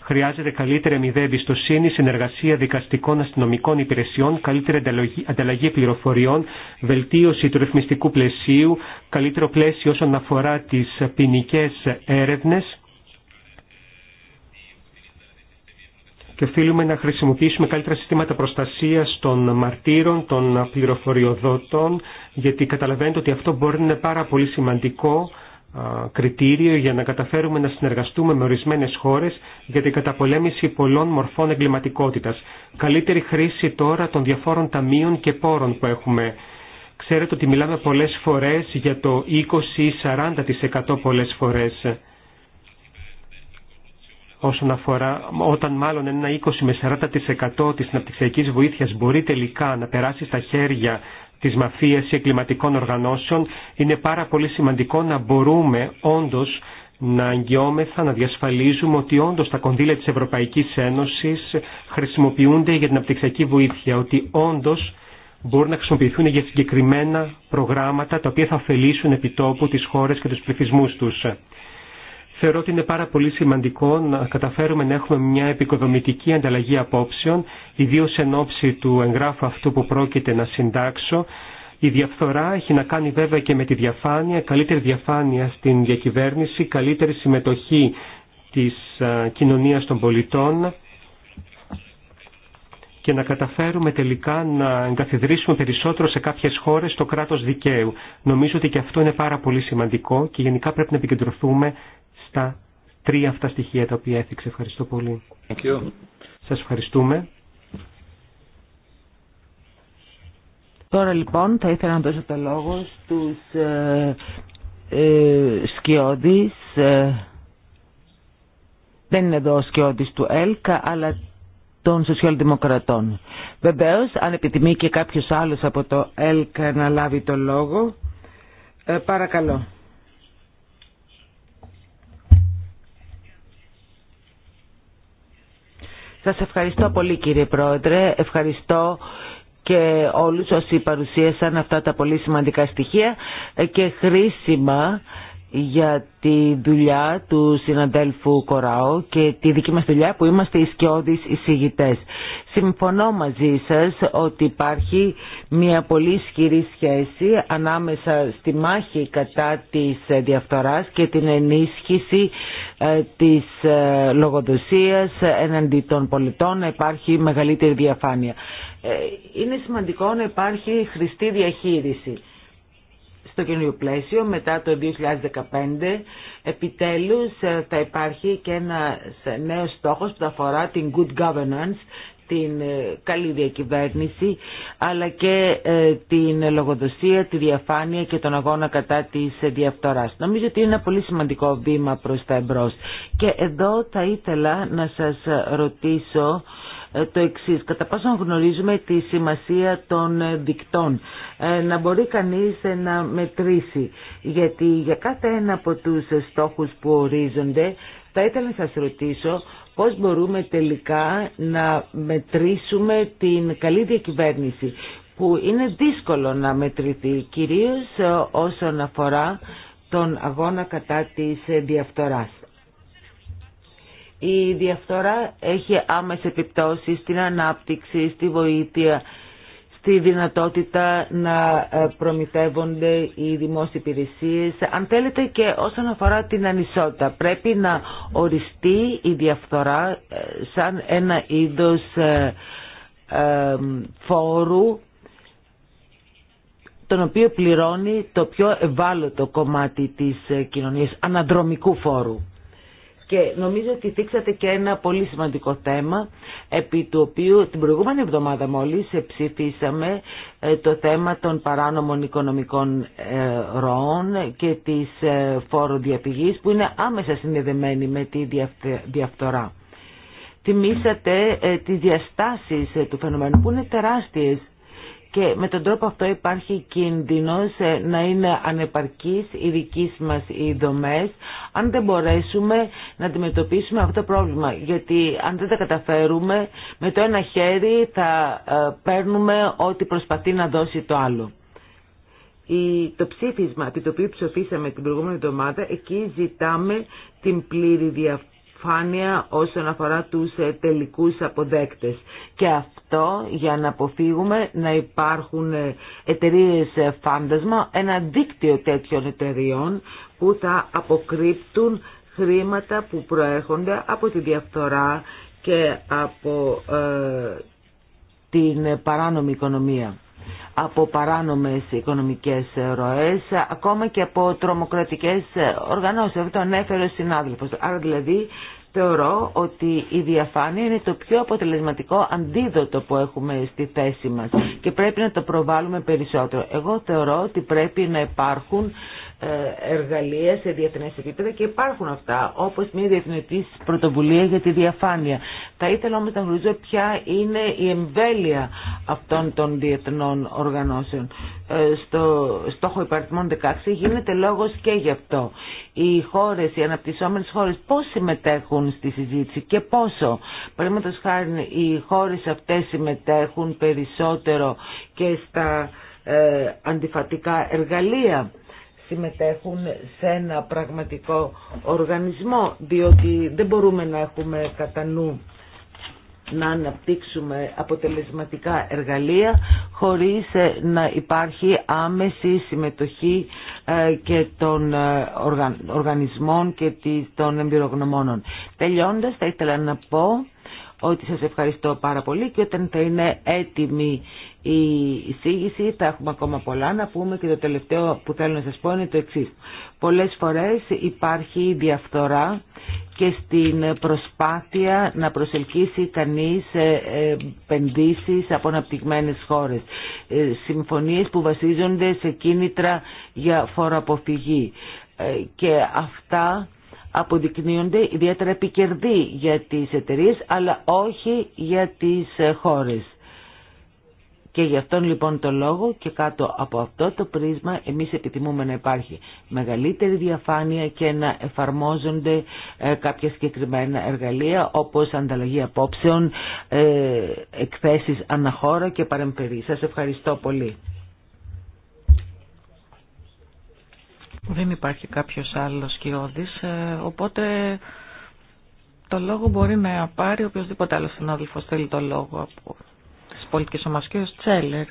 Χρειάζεται καλύτερη αμοιβή εμπιστοσύνη, συνεργασία δικαστικών αστυνομικών υπηρεσιών, καλύτερη ανταλλαγή πληροφοριών, βελτίωση του ρυθμιστικού πλαισίου, καλύτερο πλαίσιο όσον αφορά τι ποινικέ έρευνε. και οφείλουμε να χρησιμοποιήσουμε καλύτερα συστήματα προστασίας των μαρτύρων, των πληροφοριοδότων, γιατί καταλαβαίνετε ότι αυτό μπορεί να είναι πάρα πολύ σημαντικό κριτήριο για να καταφέρουμε να συνεργαστούμε με ορισμένες χώρες για την καταπολέμηση πολλών μορφών εγκληματικότητας. Καλύτερη χρήση τώρα των διαφόρων ταμείων και πόρων που έχουμε. Ξέρετε ότι μιλάμε πολλές φορές για το 20 ή 40% πολλές φορές όσον αφορά, όταν μάλλον ένα 20 με 40% της αναπτυξιακής βοήθειας μπορεί τελικά να περάσει στα χέρια της μαφίας ή εγκληματικών οργανώσεων, είναι πάρα πολύ σημαντικό να μπορούμε όντως να αγγιόμεθα, να διασφαλίζουμε ότι όντως τα κονδύλια της Ευρωπαϊκής Ένωσης χρησιμοποιούνται για την απτυξιακή βοήθεια, ότι όντως μπορούν να χρησιμοποιηθούν για συγκεκριμένα προγράμματα τα οποία θα ωφελήσουν επιτόπου τις χώρες και τους πληθυσμούς τους. Θεωρώ ότι είναι πάρα πολύ σημαντικό να καταφέρουμε να έχουμε μια επικοδομητική ανταλλαγή απόψεων, ιδίω εν ώψη του εγγράφου αυτού που πρόκειται να συντάξω. Η διαφθορά έχει να κάνει βέβαια και με τη διαφάνεια, καλύτερη διαφάνεια στην διακυβέρνηση, καλύτερη συμμετοχή της κοινωνίας των πολιτών και να καταφέρουμε τελικά να εγκαθιδρύσουμε περισσότερο σε κάποιες χώρες το κράτος δικαίου. Νομίζω ότι και αυτό είναι πάρα πολύ σημαντικό και γενικά πρέπει να επικεντρωθούμε τρία αυτά στοιχεία τα οποία έθιξε. Ευχαριστώ πολύ. Thank Σας ευχαριστούμε. Τώρα λοιπόν θα ήθελα να δώσω το λόγο στους ε, ε, ε δεν είναι εδώ ο σκιώδης του ΕΛΚΑ, αλλά των σοσιαλδημοκρατών. Βεβαίως, αν επιθυμεί και κάποιος άλλος από το ΕΛΚ να λάβει το λόγο, ε, παρακαλώ. Σας ευχαριστώ πολύ κύριε Πρόεδρε, ευχαριστώ και όλους όσοι παρουσίασαν αυτά τα πολύ σημαντικά στοιχεία και χρήσιμα για τη δουλειά του συναντέλφου Κοράου και τη δική μας δουλειά που είμαστε ισκιώδεις εισηγητές. Συμφωνώ μαζί σας ότι υπάρχει μια πολύ ισχυρή σχέση ανάμεσα στη μάχη κατά της διαφθοράς και την ενίσχυση ε, της ε, λογοδοσίας εναντί των πολιτών να υπάρχει μεγαλύτερη διαφάνεια. Ε, είναι σημαντικό να υπάρχει χρηστή διαχείριση στο καινούριο πλαίσιο μετά το 2015 επιτέλους ε, θα υπάρχει και ένα νέος στόχος που θα αφορά την good governance την ε, καλή διακυβέρνηση αλλά και ε, την λογοδοσία, τη διαφάνεια και τον αγώνα κατά της διαφθοράς. Νομίζω ότι είναι ένα πολύ σημαντικό βήμα προς τα εμπρός. Και εδώ θα ήθελα να σας ρωτήσω ε, το εξής. Κατά πόσο γνωρίζουμε τη σημασία των ε, δικτών. Ε, να μπορεί κανείς να μετρήσει. Γιατί για κάθε ένα από τους στόχους που ορίζονται θα ήθελα να σας ρωτήσω πώς μπορούμε τελικά να μετρήσουμε την καλή διακυβέρνηση που είναι δύσκολο να μετρηθεί κυρίως όσον αφορά τον αγώνα κατά της διαφθοράς. Η διαφθορά έχει άμεση επιπτώσει στην ανάπτυξη, στη βοήθεια, στη δυνατότητα να ε, προμηθεύονται οι δημόσιες υπηρεσίες. Αν θέλετε και όσον αφορά την ανισότητα, πρέπει να οριστεί η διαφθορά ε, σαν ένα είδος ε, φόρου τον οποίο πληρώνει το πιο ευάλωτο κομμάτι της κοινωνίας, αναδρομικού φόρου. Και νομίζω ότι θίξατε και ένα πολύ σημαντικό θέμα, επί του οποίου την προηγούμενη εβδομάδα μόλις ψηφίσαμε ε, το θέμα των παράνομων οικονομικών ε, ροών και της ε, φόρου διαφυγής που είναι άμεσα συνδεδεμένη με τη διαφθορά. Τιμήσατε τις διαστάσεις του φαινομένου που είναι τεράστιες και με τον τρόπο αυτό υπάρχει κίνδυνος ε, να είναι ανεπαρκής οι δικές μας οι δομές αν δεν μπορέσουμε να αντιμετωπίσουμε αυτό το πρόβλημα. Γιατί αν δεν τα καταφέρουμε με το ένα χέρι θα ε, παίρνουμε ό,τι προσπαθεί να δώσει το άλλο. Το ψήφισμα το οποίο ψηφίσαμε την προηγούμενη εβδομάδα, εκεί ζητάμε την πλήρη Φάνια όσον αφορά τους ε, τελικούς αποδέκτες. Και αυτό για να αποφύγουμε να υπάρχουν ε, εταιρείε ε, φάντασμα, ένα δίκτυο τέτοιων εταιρείων που θα αποκρύπτουν χρήματα που προέρχονται από τη διαφθορά και από την παράνομη οικονομία από παράνομες οικονομικές ροές, ακόμα και από τρομοκρατικές οργανώσεις. Αυτό ανέφερε ο συνάδελφος. Άρα δηλαδή θεωρώ ότι η διαφάνεια είναι το πιο αποτελεσματικό αντίδοτο που έχουμε στη θέση μας και πρέπει να το προβάλλουμε περισσότερο. Εγώ θεωρώ ότι πρέπει να υπάρχουν ε, εργαλεία σε διεθνές επίπεδα και υπάρχουν αυτά, όπως μια διεθνωτή πρωτοβουλία για τη διαφάνεια. Θα ήθελα όμως να γνωρίζω ποια είναι η εμβέλεια αυτών των διεθνών οργανώσεων. Ε, στο στόχο υπαρτημών 16 γίνεται λόγος και γι' αυτό. Οι χώρες, οι αναπτυσσόμενες χώρες πώς συμμετέχουν στη συζήτηση και πόσο. Παραδείγματο χάρη οι χώρες αυτές συμμετέχουν περισσότερο και στα ε, αντιφατικά εργαλεία συμμετέχουν σε ένα πραγματικό οργανισμό, διότι δεν μπορούμε να έχουμε κατά νου να αναπτύξουμε αποτελεσματικά εργαλεία χωρίς ε, να υπάρχει άμεση συμμετοχή ε, και των ε, οργανισμών και των εμπειρογνωμόνων. Τελειώντας θα ήθελα να πω ότι σας ευχαριστώ πάρα πολύ και όταν θα είναι έτοιμη η εισήγηση. Θα έχουμε ακόμα πολλά να πούμε και το τελευταίο που θέλω να σας πω είναι το εξή. Πολλές φορές υπάρχει διαφθορά και στην προσπάθεια να προσελκύσει κανείς ε, ε, επενδύσεις από αναπτυγμένες χώρες. Ε, συμφωνίες που βασίζονται σε κίνητρα για φοροαποφυγή. Και αυτά αποδεικνύονται ιδιαίτερα επικερδή για τις εταιρείες αλλά όχι για τις χώρες. Και γι' αυτόν λοιπόν το λόγο και κάτω από αυτό το πρίσμα εμείς επιθυμούμε να υπάρχει μεγαλύτερη διαφάνεια και να εφαρμόζονται ε, κάποια συγκεκριμένα εργαλεία όπως ανταλλαγή απόψεων, ε, εκθέσεις αναχώρα και παρεμφερή. Σας ευχαριστώ πολύ. Δεν υπάρχει κάποιος άλλος κοιόδης, ε, οπότε το λόγο μπορεί να πάρει οποιοδήποτε άλλος συνάδελφος θέλει το λόγο από πολιτικές Τσέλερ.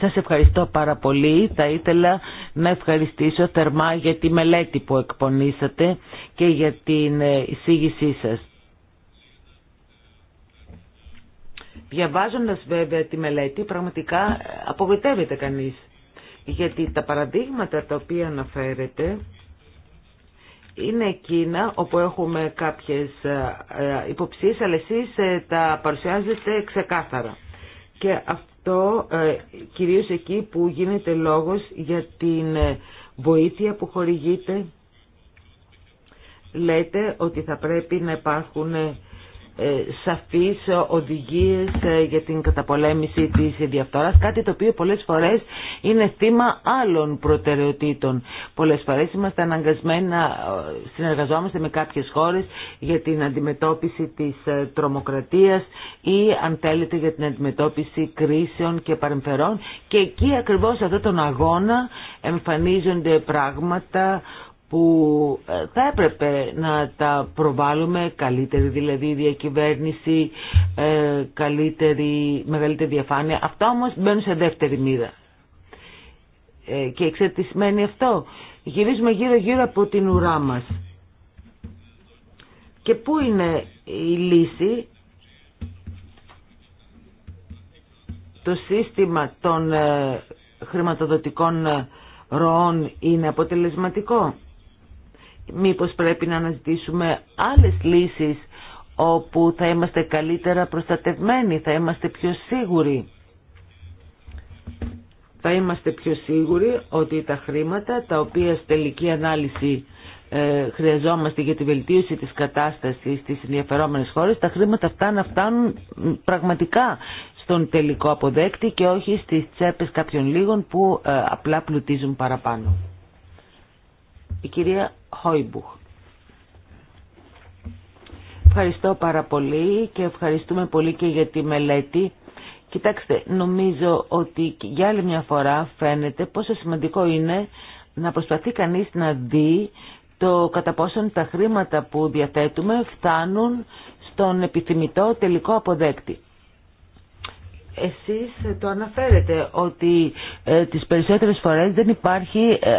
Σας ευχαριστώ πάρα πολύ. Θα ήθελα να ευχαριστήσω θερμά για τη μελέτη που εκπονήσατε και για την ε, εισήγησή σας. Διαβάζοντας βέβαια τη μελέτη, πραγματικά ε, απογοητεύεται κανείς. Γιατί τα παραδείγματα τα οποία αναφέρετε είναι εκείνα όπου έχουμε κάποιες ε, ε, υποψίες, αλλά εσείς ε, τα παρουσιάζετε ξεκάθαρα. Και αυτό κυρίως εκεί που γίνεται λόγος για την βοήθεια που χορηγείται, λέτε ότι θα πρέπει να υπάρχουν ε, σαφείς οδηγίες ε, για την καταπολέμηση της διαφθοράς, κάτι το οποίο πολλές φορές είναι θύμα άλλων προτεραιοτήτων. Πολλές φορές είμαστε αναγκασμένοι να ε, συνεργαζόμαστε με κάποιες χώρες για την αντιμετώπιση της τρομοκρατίας ή αν θέλετε για την αντιμετώπιση κρίσεων και παρεμφερών και εκεί ακριβώς σε αυτόν τον αγώνα εμφανίζονται πράγματα που ε, θα έπρεπε να τα προβάλλουμε καλύτερη δηλαδή διακυβέρνηση, ε, καλύτερη, μεγαλύτερη διαφάνεια. Αυτά όμως μπαίνουν σε δεύτερη μοίρα. Ε, και εξαιρετισμενοι αυτό. Γυρίζουμε γύρω γύρω από την ουρά μας. Και πού είναι η λύση το σύστημα των χρηματοδοτικών ροών είναι αποτελεσματικό. Μήπως πρέπει να αναζητήσουμε άλλες λύσεις όπου θα είμαστε καλύτερα προστατευμένοι, θα είμαστε πιο σίγουροι. Θα είμαστε πιο σίγουροι ότι τα χρήματα τα οποία στη τελική ανάλυση ε, χρειαζόμαστε για τη βελτίωση της κατάστασης στις ενδιαφερόμενες χώρες, τα χρήματα αυτά να φτάνουν πραγματικά στον τελικό αποδέκτη και όχι στις τσέπες κάποιων λίγων που ε, απλά πλουτίζουν παραπάνω. Η κυρία Χόιμπουχ. Ευχαριστώ πάρα πολύ και ευχαριστούμε πολύ και για τη μελέτη. Κοιτάξτε, νομίζω ότι για άλλη μια φορά φαίνεται πόσο σημαντικό είναι να προσπαθεί κανείς να δει το κατά πόσον τα χρήματα που διαθέτουμε φτάνουν στον επιθυμητό τελικό αποδέκτη. Εσείς το αναφέρετε ότι ε, τις περισσότερες φορές δεν υπάρχει ε,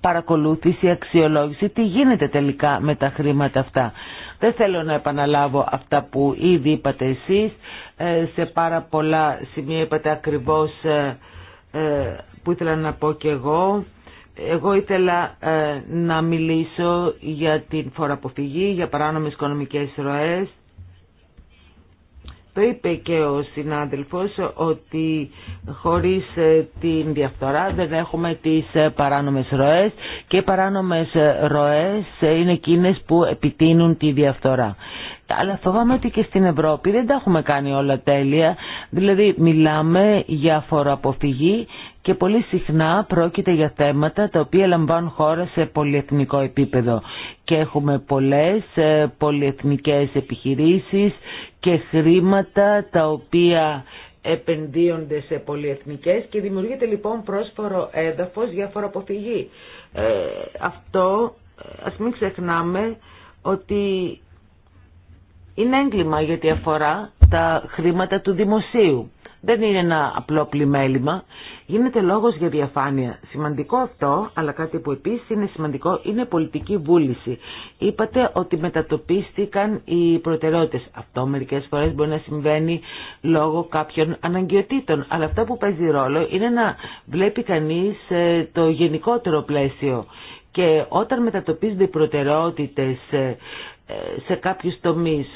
παρακολούθηση, αξιολόγηση. Τι γίνεται τελικά με τα χρήματα αυτά. Δεν θέλω να επαναλάβω αυτά που ήδη είπατε εσείς. Ε, σε πάρα πολλά σημεία είπατε ακριβώς ε, που ήθελα να πω και εγώ. Εγώ ήθελα να μιλήσω για την φοραποφυγή, για παράνομες οικονομικές ροές το είπε και ο συνάδελφος ότι χωρίς ε, την διαφθορά δεν έχουμε τις ε, παράνομες ροές και οι παράνομες ε, ροές είναι εκείνες που επιτείνουν τη διαφθορά αλλά φοβάμαι ότι και στην Ευρώπη δεν τα έχουμε κάνει όλα τέλεια. Δηλαδή μιλάμε για φοροαποφυγή και πολύ συχνά πρόκειται για θέματα τα οποία λαμβάνουν χώρα σε πολυεθνικό επίπεδο. Και έχουμε πολλές ε, πολυεθνικές επιχειρήσεις και χρήματα τα οποία επενδύονται σε πολυεθνικές και δημιουργείται λοιπόν πρόσφορο έδαφος για φοροαποφυγή. Ε, αυτό ε, ας μην ξεχνάμε ότι είναι έγκλημα γιατί αφορά τα χρήματα του δημοσίου. Δεν είναι ένα απλό πλημέλημα. Γίνεται λόγος για διαφάνεια. Σημαντικό αυτό, αλλά κάτι που επίσης είναι σημαντικό, είναι πολιτική βούληση. Είπατε ότι μετατοπίστηκαν οι προτεραιότητες. Αυτό μερικές φορές μπορεί να συμβαίνει λόγω κάποιων αναγκαιοτήτων. Αλλά αυτό που παίζει ρόλο είναι να βλέπει κανείς ε, το γενικότερο πλαίσιο. Και όταν μετατοπίζονται οι προτεραιότητες ε, σε κάποιους τομείς.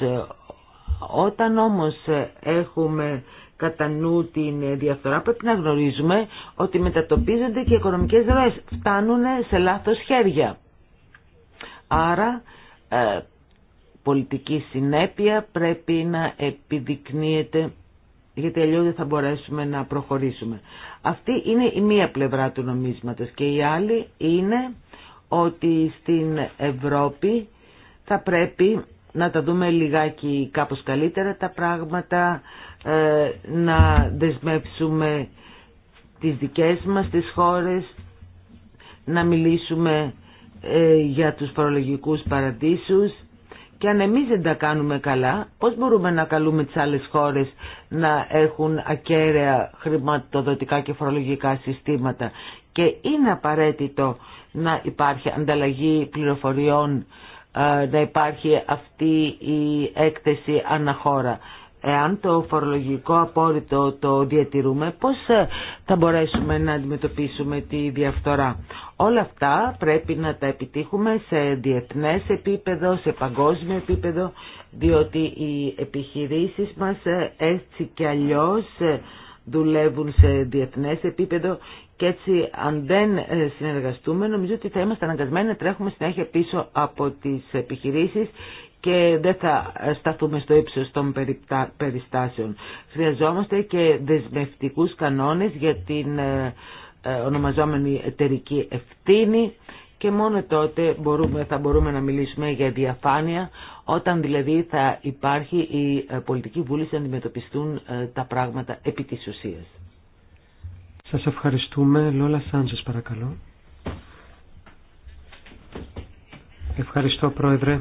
Όταν όμως έχουμε κατά νου την διαφθορά πρέπει να γνωρίζουμε ότι μετατοπίζονται και οι οικονομικές ροές φτάνουν σε λάθος χέρια. Άρα ε, πολιτική συνέπεια πρέπει να επιδεικνύεται γιατί αλλιώς δεν θα μπορέσουμε να προχωρήσουμε. Αυτή είναι η μία πλευρά του νομίσματος και η άλλη είναι ότι στην Ευρώπη θα πρέπει να τα δούμε λιγάκι κάπως καλύτερα τα πράγματα, ε, να δεσμεύσουμε τις δικές μας τις χώρες, να μιλήσουμε ε, για τους προλογικούς παραδείσους και αν εμείς δεν τα κάνουμε καλά, πώς μπορούμε να καλούμε τις άλλες χώρες να έχουν ακέραια χρηματοδοτικά και φορολογικά συστήματα. Και είναι απαραίτητο να υπάρχει ανταλλαγή πληροφοριών ε, να υπάρχει αυτή η έκθεση αναχώρα. Εάν το φορολογικό απόρριτο το διατηρούμε, πώς ε, θα μπορέσουμε να αντιμετωπίσουμε τη διαφθορά. Όλα αυτά πρέπει να τα επιτύχουμε σε διεθνές επίπεδο, σε παγκόσμιο επίπεδο, διότι οι επιχειρήσεις μας ε, έτσι και αλλιώς δουλεύουν σε διεθνές επίπεδο και έτσι αν δεν ε, συνεργαστούμε νομίζω ότι θα είμαστε αναγκασμένοι να τρέχουμε συνέχεια πίσω από τις επιχειρήσεις και δεν θα ε, σταθούμε στο ύψος των περιστάσεων. Χρειαζόμαστε και δεσμευτικούς κανόνες για την ε, ονομαζόμενη εταιρική ευθύνη και μόνο τότε μπορούμε, θα μπορούμε να μιλήσουμε για διαφάνεια όταν δηλαδή θα υπάρχει η πολιτική βούληση να αντιμετωπιστούν τα πράγματα επί της ουσίας. Σας ευχαριστούμε. Λόλα Σάντζες παρακαλώ. Ευχαριστώ Πρόεδρε.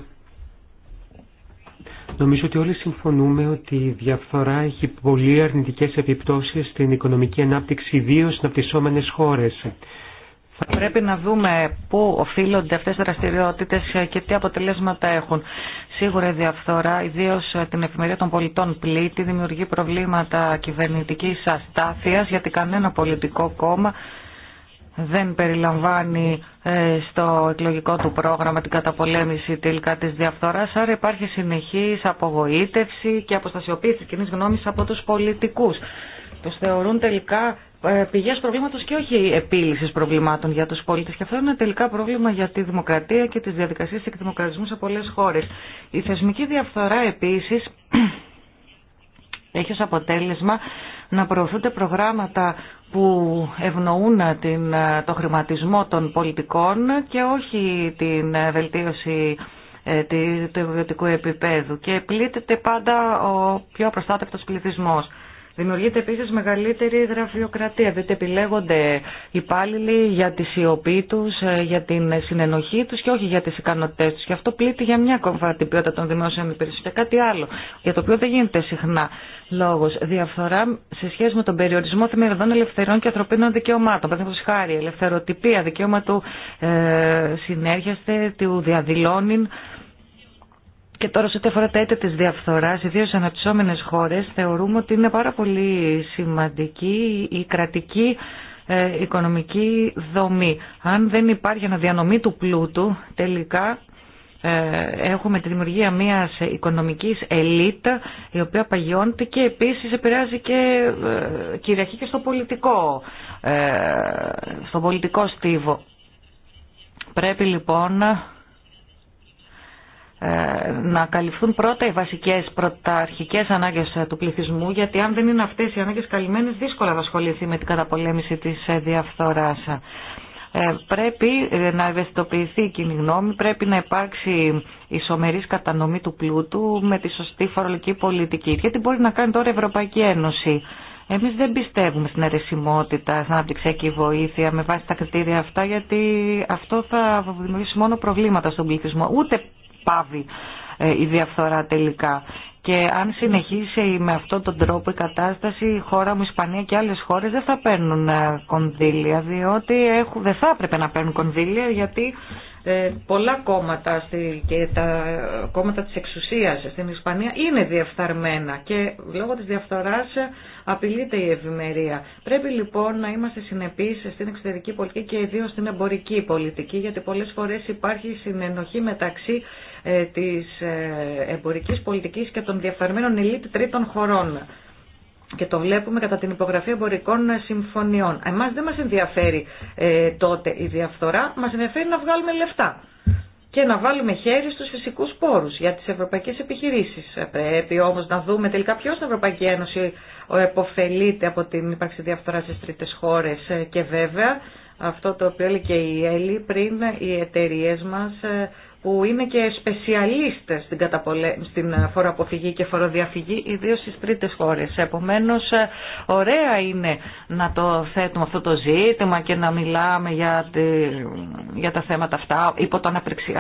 Νομίζω ότι όλοι συμφωνούμε ότι η διαφθορά έχει πολύ αρνητικές επιπτώσεις στην οικονομική ανάπτυξη, ιδίω στις αναπτυσσόμενες χώρες. Θα πρέπει να δούμε πού οφείλονται αυτές οι δραστηριότητες και τι αποτελέσματα έχουν. Σίγουρα η διαφθορά, ιδίω ε, την Εφημερία των πολιτών πλήττει, δημιουργεί προβλήματα κυβερνητική αστάθεια, γιατί κανένα πολιτικό κόμμα δεν περιλαμβάνει ε, στο εκλογικό του πρόγραμμα την καταπολέμηση τελικά της διαφθοράς, άρα υπάρχει συνεχής απογοήτευση και αποστασιοποίηση τη κοινής γνώμης από τους πολιτικούς. Τους θεωρούν τελικά ε, πηγές προβλήματος και όχι επίλυσης προβλημάτων για τους πολίτες. Και αυτό είναι τελικά πρόβλημα για τη δημοκρατία και τις διαδικασίες εκδημοκρατισμού σε πολλές χώρες. Η θεσμική διαφθορά επίσης έχει ως αποτέλεσμα να προωθούνται προγράμματα που ευνοούν την, ε, το χρηματισμό των πολιτικών και όχι την ε, βελτίωση του ιδιωτικού επίπεδου και πλήττεται πάντα ο πιο προστάτευτος πληθυσμός. Δημιουργείται επίση μεγαλύτερη γραφειοκρατία, διότι επιλέγονται υπάλληλοι για τη σιωπή του, ε, για την συνενοχή του και όχι για τι ικανότητέ του. Και αυτό πλήττει για μια ακόμα την ποιότητα των δημόσιων υπηρεσιών και κάτι άλλο, για το οποίο δεν γίνεται συχνά λόγο. Διαφθορά σε σχέση με τον περιορισμό θεμελιωδών ελευθερών και ανθρωπίνων δικαιωμάτων. Παραδείγματο χάρη, ελευθεροτυπία, δικαίωμα του ε, συνέρχεστε, του διαδηλώνει, και τώρα σε ό,τι αφορά τα αίτια της διαφθοράς, ιδίω σε αναπτυσσόμενες χώρες, θεωρούμε ότι είναι πάρα πολύ σημαντική η κρατική ε, οικονομική δομή. Αν δεν υπάρχει διανομή του πλούτου, τελικά ε, έχουμε τη δημιουργία μιας οικονομικής ελίτ η οποία παγιώνεται και επίσης επηρεάζει και ε, κυριαρχεί και στο πολιτικό, στο πολιτικό στίβο. Πρέπει λοιπόν ε, να καλυφθούν πρώτα οι βασικές πρωταρχικές ανάγκες ε, του πληθυσμού γιατί αν δεν είναι αυτές οι ανάγκες καλυμμένες δύσκολα θα ασχοληθεί με την καταπολέμηση της ε, διαφθοράς. πρέπει να ευαισθητοποιηθεί η κοινή γνώμη, πρέπει να υπάρξει ισομερής κατανομή του πλούτου με τη σωστή φορολογική πολιτική. Γιατί μπορεί να κάνει τώρα η Ευρωπαϊκή Ένωση. Εμείς δεν πιστεύουμε στην αιρεσιμότητα, στην αναπτυξιακή βοήθεια με βάση τα κριτήρια αυτά, γιατί αυτό θα δημιουργήσει μόνο προβλήματα στον πληθυσμό. Ούτε πάβει ε, η διαφθορά τελικά. Και αν συνεχίσει με αυτόν τον τρόπο η κατάσταση, η χώρα μου, η Ισπανία και άλλες χώρες δεν θα παίρνουν ε, κονδύλια, διότι έχουν, δεν θα έπρεπε να παίρνουν κονδύλια, γιατί ε, πολλά κόμματα στη, και τα κόμματα της εξουσίας στην Ισπανία είναι διεφθαρμένα και λόγω της διαφθοράς ε, απειλείται η ευημερία. Πρέπει λοιπόν να είμαστε συνεπείς στην εξωτερική πολιτική και ιδίω στην εμπορική πολιτική γιατί πολλές φορές υπάρχει συνενοχή μεταξύ ε, της ε, εμπορικής πολιτικής και των διαφερμένων ελίτ τρίτων χωρών. Και το βλέπουμε κατά την υπογραφή εμπορικών συμφωνιών. Εμάς δεν μας ενδιαφέρει ε, τότε η διαφθορά, μας ενδιαφέρει να βγάλουμε λεφτά και να βάλουμε χέρι στους φυσικούς πόρους για τις ευρωπαϊκές επιχειρήσεις. Ε, πρέπει όμως να δούμε τελικά ποιος στην Ευρωπαϊκή Ένωση εποφελείται από την ύπαρξη διαφθορά στις τρίτες χώρες και βέβαια αυτό το οποίο έλεγε η Έλλη πριν οι εταιρείε μας που είναι και σπεσιαλίστε στην, καταπολέ... στην φοροαποφυγή και φοροδιαφυγή, ιδίω στι τρίτε χώρε. Επομένω, ε, ωραία είναι να το θέτουμε αυτό το ζήτημα και να μιλάμε για, για τα θέματα αυτά υπό το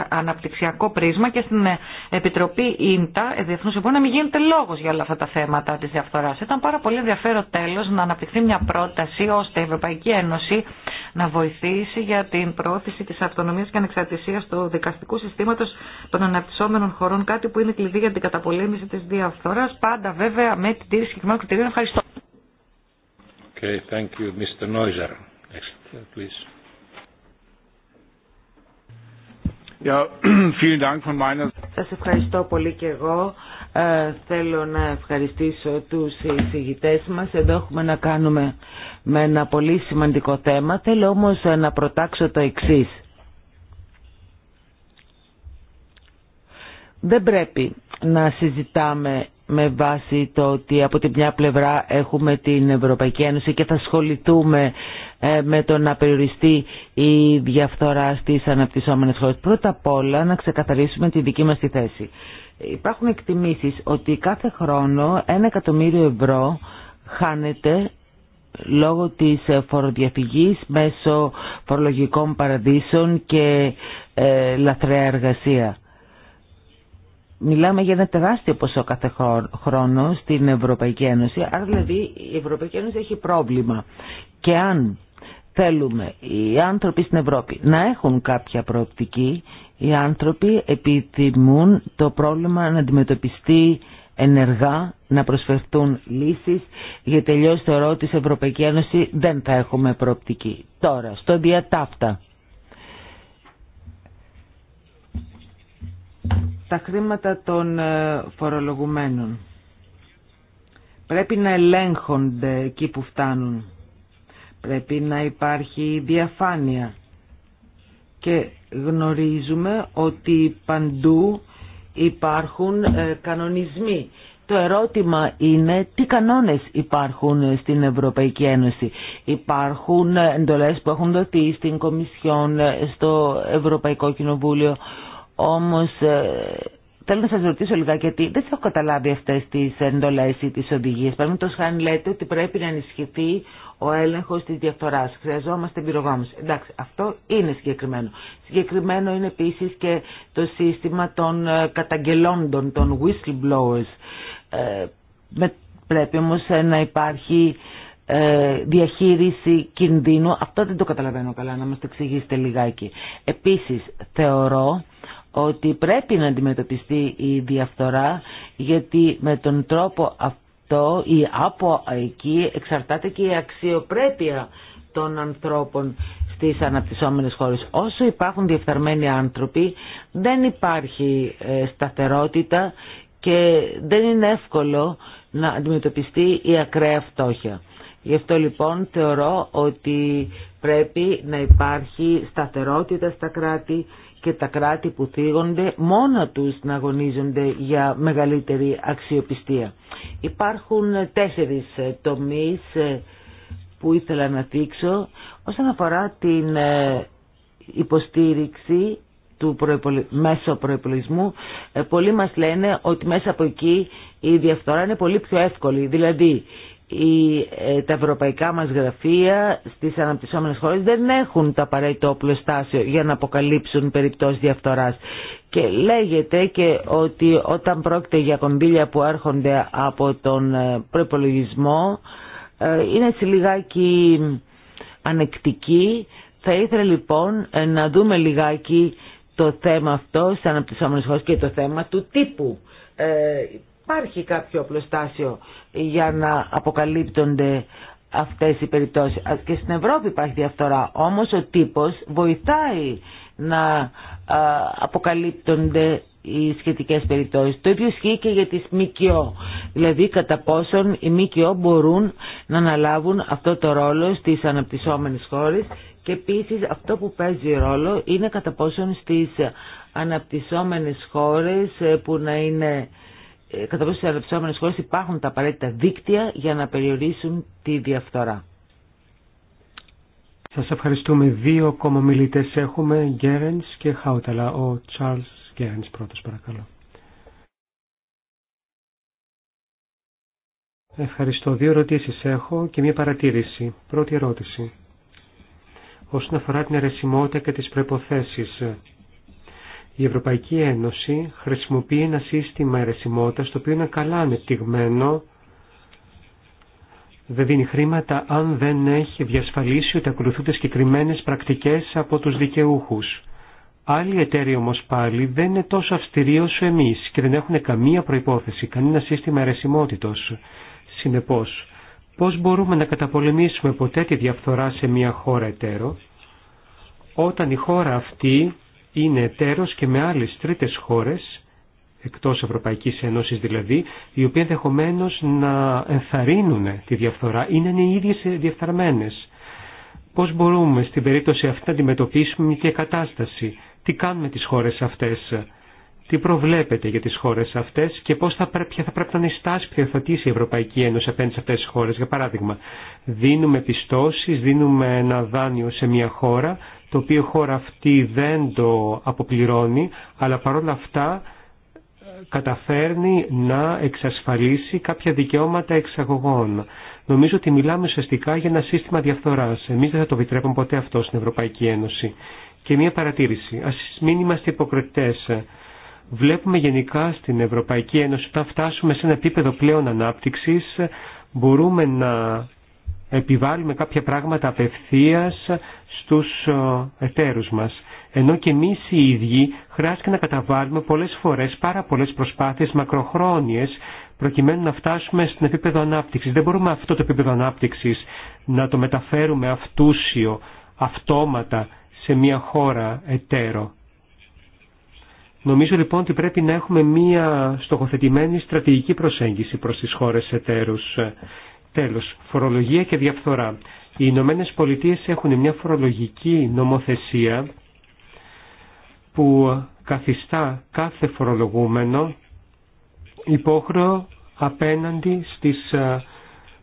αναπτυξιακό πρίσμα και στην ε, Επιτροπή ΙΝΤΑ, ε, διεθνού, Υπουργού, να μην γίνεται λόγο για όλα αυτά τα θέματα τη διαφθορά. Ήταν πάρα πολύ ενδιαφέρον τέλο να αναπτυχθεί μια πρόταση ώστε η Ευρωπαϊκή Ένωση να βοηθήσει για την πρόθεση της αυτονομίας και ανεξαρτησίας του δικαστικού συστήματος των αναπτυσσόμενων χωρών, κάτι που είναι κλειδί για την καταπολέμηση της διαφθοράς, πάντα βέβαια με την τήρηση συγκεκριμένων κριτηρίων. Ευχαριστώ. Okay, thank you, Mr. Neuser. Σας ευχαριστώ πολύ και εγώ. Ε, θέλω να ευχαριστήσω τους εισηγητές μας. Εδώ έχουμε να κάνουμε με ένα πολύ σημαντικό θέμα. Θέλω όμως να προτάξω το εξής. Δεν πρέπει να συζητάμε με βάση το ότι από την μια πλευρά έχουμε την Ευρωπαϊκή Ένωση και θα ασχοληθούμε ε, με το να περιοριστεί η διαφθορά στις αναπτυσσόμενες χώρες. Πρώτα απ' όλα να ξεκαθαρίσουμε τη δική μας θέση. Υπάρχουν εκτιμήσεις ότι κάθε χρόνο ένα εκατομμύριο ευρώ χάνεται λόγω της ε, φοροδιαφυγής μέσω φορολογικών παραδείσων και ε, λαθρέα εργασία. Μιλάμε για ένα τεράστιο ποσό κάθε χρόνο στην Ευρωπαϊκή Ένωση, άρα δηλαδή η Ευρωπαϊκή Ένωση έχει πρόβλημα. Και αν θέλουμε οι άνθρωποι στην Ευρώπη να έχουν κάποια προοπτική, οι άνθρωποι επιθυμούν το πρόβλημα να αντιμετωπιστεί ενεργά, να προσφερθούν λύσεις, Για τελειώς θεωρώ ότι σε Ευρωπαϊκή Ένωση δεν θα έχουμε προοπτική. Τώρα, στο διατάφτα. Τα χρήματα των ε, φορολογουμένων πρέπει να ελέγχονται εκεί που φτάνουν. Πρέπει να υπάρχει διαφάνεια και γνωρίζουμε ότι παντού υπάρχουν ε, κανονισμοί. Το ερώτημα είναι τι κανόνες υπάρχουν στην Ευρωπαϊκή Ένωση. Υπάρχουν ε, εντολές που έχουν δοθεί στην Κομισιόν, ε, στο Ευρωπαϊκό Κοινοβούλιο, όμως Θέλω να σα ρωτήσω λιγάκι γιατί δεν έχω καταλάβει αυτέ τι εντολές ή τι οδηγίε. Παραδείγματο χάρη λέτε ότι πρέπει να ενισχυθεί ο έλεγχο τη διαφθοράς. Χρειαζόμαστε πυρογάμους. Εντάξει, αυτό είναι συγκεκριμένο. Συγκεκριμένο είναι επίση και το σύστημα των ε, καταγγελόντων, των whistleblowers. Ε, πρέπει όμω ε, να υπάρχει διαχείριση κινδύνου. Αυτό δεν το καταλαβαίνω καλά, να μας το εξηγήσετε λιγάκι. Επίσης, θεωρώ ότι πρέπει να αντιμετωπιστεί η διαφθορά γιατί με τον τρόπο αυτό ή από εκεί εξαρτάται και η αξιοπρέπεια των ανθρώπων στις αναπτυσσόμενες χώρες. Όσο υπάρχουν διεφθαρμένοι άνθρωποι δεν υπάρχει ε, σταθερότητα και δεν είναι εύκολο να αντιμετωπιστεί η ακραία φτώχεια. Γι' αυτό λοιπόν θεωρώ ότι πρέπει να υπάρχει σταθερότητα στα κράτη και τα κράτη που θίγονται μόνα τους να αγωνίζονται για μεγαλύτερη αξιοπιστία. Υπάρχουν τέσσερις τομείς ε, που ήθελα να δείξω όσον αφορά την ε, υποστήριξη του προϋπολι... μέσω προϋπολογισμού ε, πολλοί μας λένε ότι μέσα από εκεί η διαφθορά είναι πολύ πιο εύκολη δηλαδή ε, τα ευρωπαϊκά μας γραφεία στις αναπτυσσόμενες χώρες δεν έχουν το απαραίτητο όπλο για να αποκαλύψουν περιπτώσεις διαφθοράς. Και λέγεται και ότι όταν πρόκειται για κονδύλια που έρχονται από τον ε, προπολογισμό ε, είναι λιγάκι ανεκτική. Θα ήθελα λοιπόν να δούμε λιγάκι το θέμα αυτό στις αναπτυσσόμενες χώρες και το θέμα του τύπου υπάρχει κάποιο απλοστάσιο για να αποκαλύπτονται αυτές οι περιπτώσεις. Και στην Ευρώπη υπάρχει διαφθορά, όμως ο τύπος βοηθάει να αποκαλύπτονται οι σχετικές περιπτώσεις. Το ίδιο ισχύει και για τις ΜΚΟ. Δηλαδή κατά πόσον οι ΜΚΟ μπορούν να αναλάβουν αυτό το ρόλο στις αναπτυσσόμενες χώρες και επίσης αυτό που παίζει ρόλο είναι κατά πόσον στις αναπτυσσόμενες χώρες ε, που να είναι ε, κατά πόσο στις αναπτυσσόμενες χώρες υπάρχουν τα απαραίτητα δίκτυα για να περιορίσουν τη διαφθορά. Σας ευχαριστούμε. Δύο ακόμα έχουμε, Γκέρενς και Χάουταλα. Ο Τσάρλς Γκέρενς πρώτος παρακαλώ. Ευχαριστώ. Δύο ερωτήσεις έχω και μία παρατήρηση. Πρώτη ερώτηση. Όσον αφορά την αρεσιμότητα και τις προϋποθέσεις, η Ευρωπαϊκή Ένωση χρησιμοποιεί ένα σύστημα αιρεσιμότητας το οποίο είναι καλά ανεπτυγμένο δεν δίνει χρήματα αν δεν έχει διασφαλίσει ότι ακολουθούνται συγκεκριμένε πρακτικές από τους δικαιούχους. Άλλοι εταίροι όμως πάλι δεν είναι τόσο αυστηροί όσο εμείς και δεν έχουν καμία προϋπόθεση, κανένα σύστημα αιρεσιμότητος. Συνεπώς, πώς μπορούμε να καταπολεμήσουμε ποτέ τη διαφθορά σε μια χώρα εταίρο, όταν η χώρα αυτή είναι εταίρος και με άλλες τρίτες χώρες, εκτός Ευρωπαϊκής Ένωσης δηλαδή, οι οποίοι ενδεχομένω να ενθαρρύνουν τη διαφθορά, είναι οι ίδιες διαφθαρμένες. Πώς μπορούμε στην περίπτωση αυτή να αντιμετωπίσουμε μια κατάσταση, τι κάνουμε τις χώρες αυτές, τι προβλέπετε για τις χώρες αυτές και πώς θα πρέπει, ποια θα πρέπει να είναι η στάση που θα η Ευρωπαϊκή Ένωση απέναντι σε αυτές τις χώρες. Για παράδειγμα, δίνουμε πιστώσεις, δίνουμε ένα δάνειο σε μια χώρα το οποίο η χώρα αυτή δεν το αποπληρώνει, αλλά παρόλα αυτά ε, καταφέρνει να εξασφαλίσει κάποια δικαιώματα εξαγωγών. Νομίζω ότι μιλάμε ουσιαστικά για ένα σύστημα διαφθοράς. Εμείς δεν θα το επιτρέπουμε ποτέ αυτό στην Ευρωπαϊκή Ένωση. Και μία παρατήρηση. Ας μην είμαστε υποκριτές. Βλέπουμε γενικά στην Ευρωπαϊκή Ένωση όταν φτάσουμε σε ένα επίπεδο πλέον ανάπτυξης μπορούμε να επιβάλλουμε κάποια πράγματα απευθείας στους ε, εταίρους μας. Ενώ και εμείς οι ίδιοι χρειάζεται να καταβάλουμε πολλές φορές πάρα πολλές προσπάθειες μακροχρόνιες προκειμένου να φτάσουμε στην επίπεδο ανάπτυξης. Δεν μπορούμε αυτό το επίπεδο ανάπτυξης να το μεταφέρουμε αυτούσιο, αυτόματα σε μια χώρα εταίρο. Νομίζω λοιπόν ότι πρέπει να έχουμε μία στοχοθετημένη στρατηγική προσέγγιση προς τις χώρες εταίρους. Τέλος, φορολογία και διαφθορά. Οι Ηνωμένε Πολιτείε έχουν μια φορολογική νομοθεσία που καθιστά κάθε φορολογούμενο υπόχρεο απέναντι στις ε,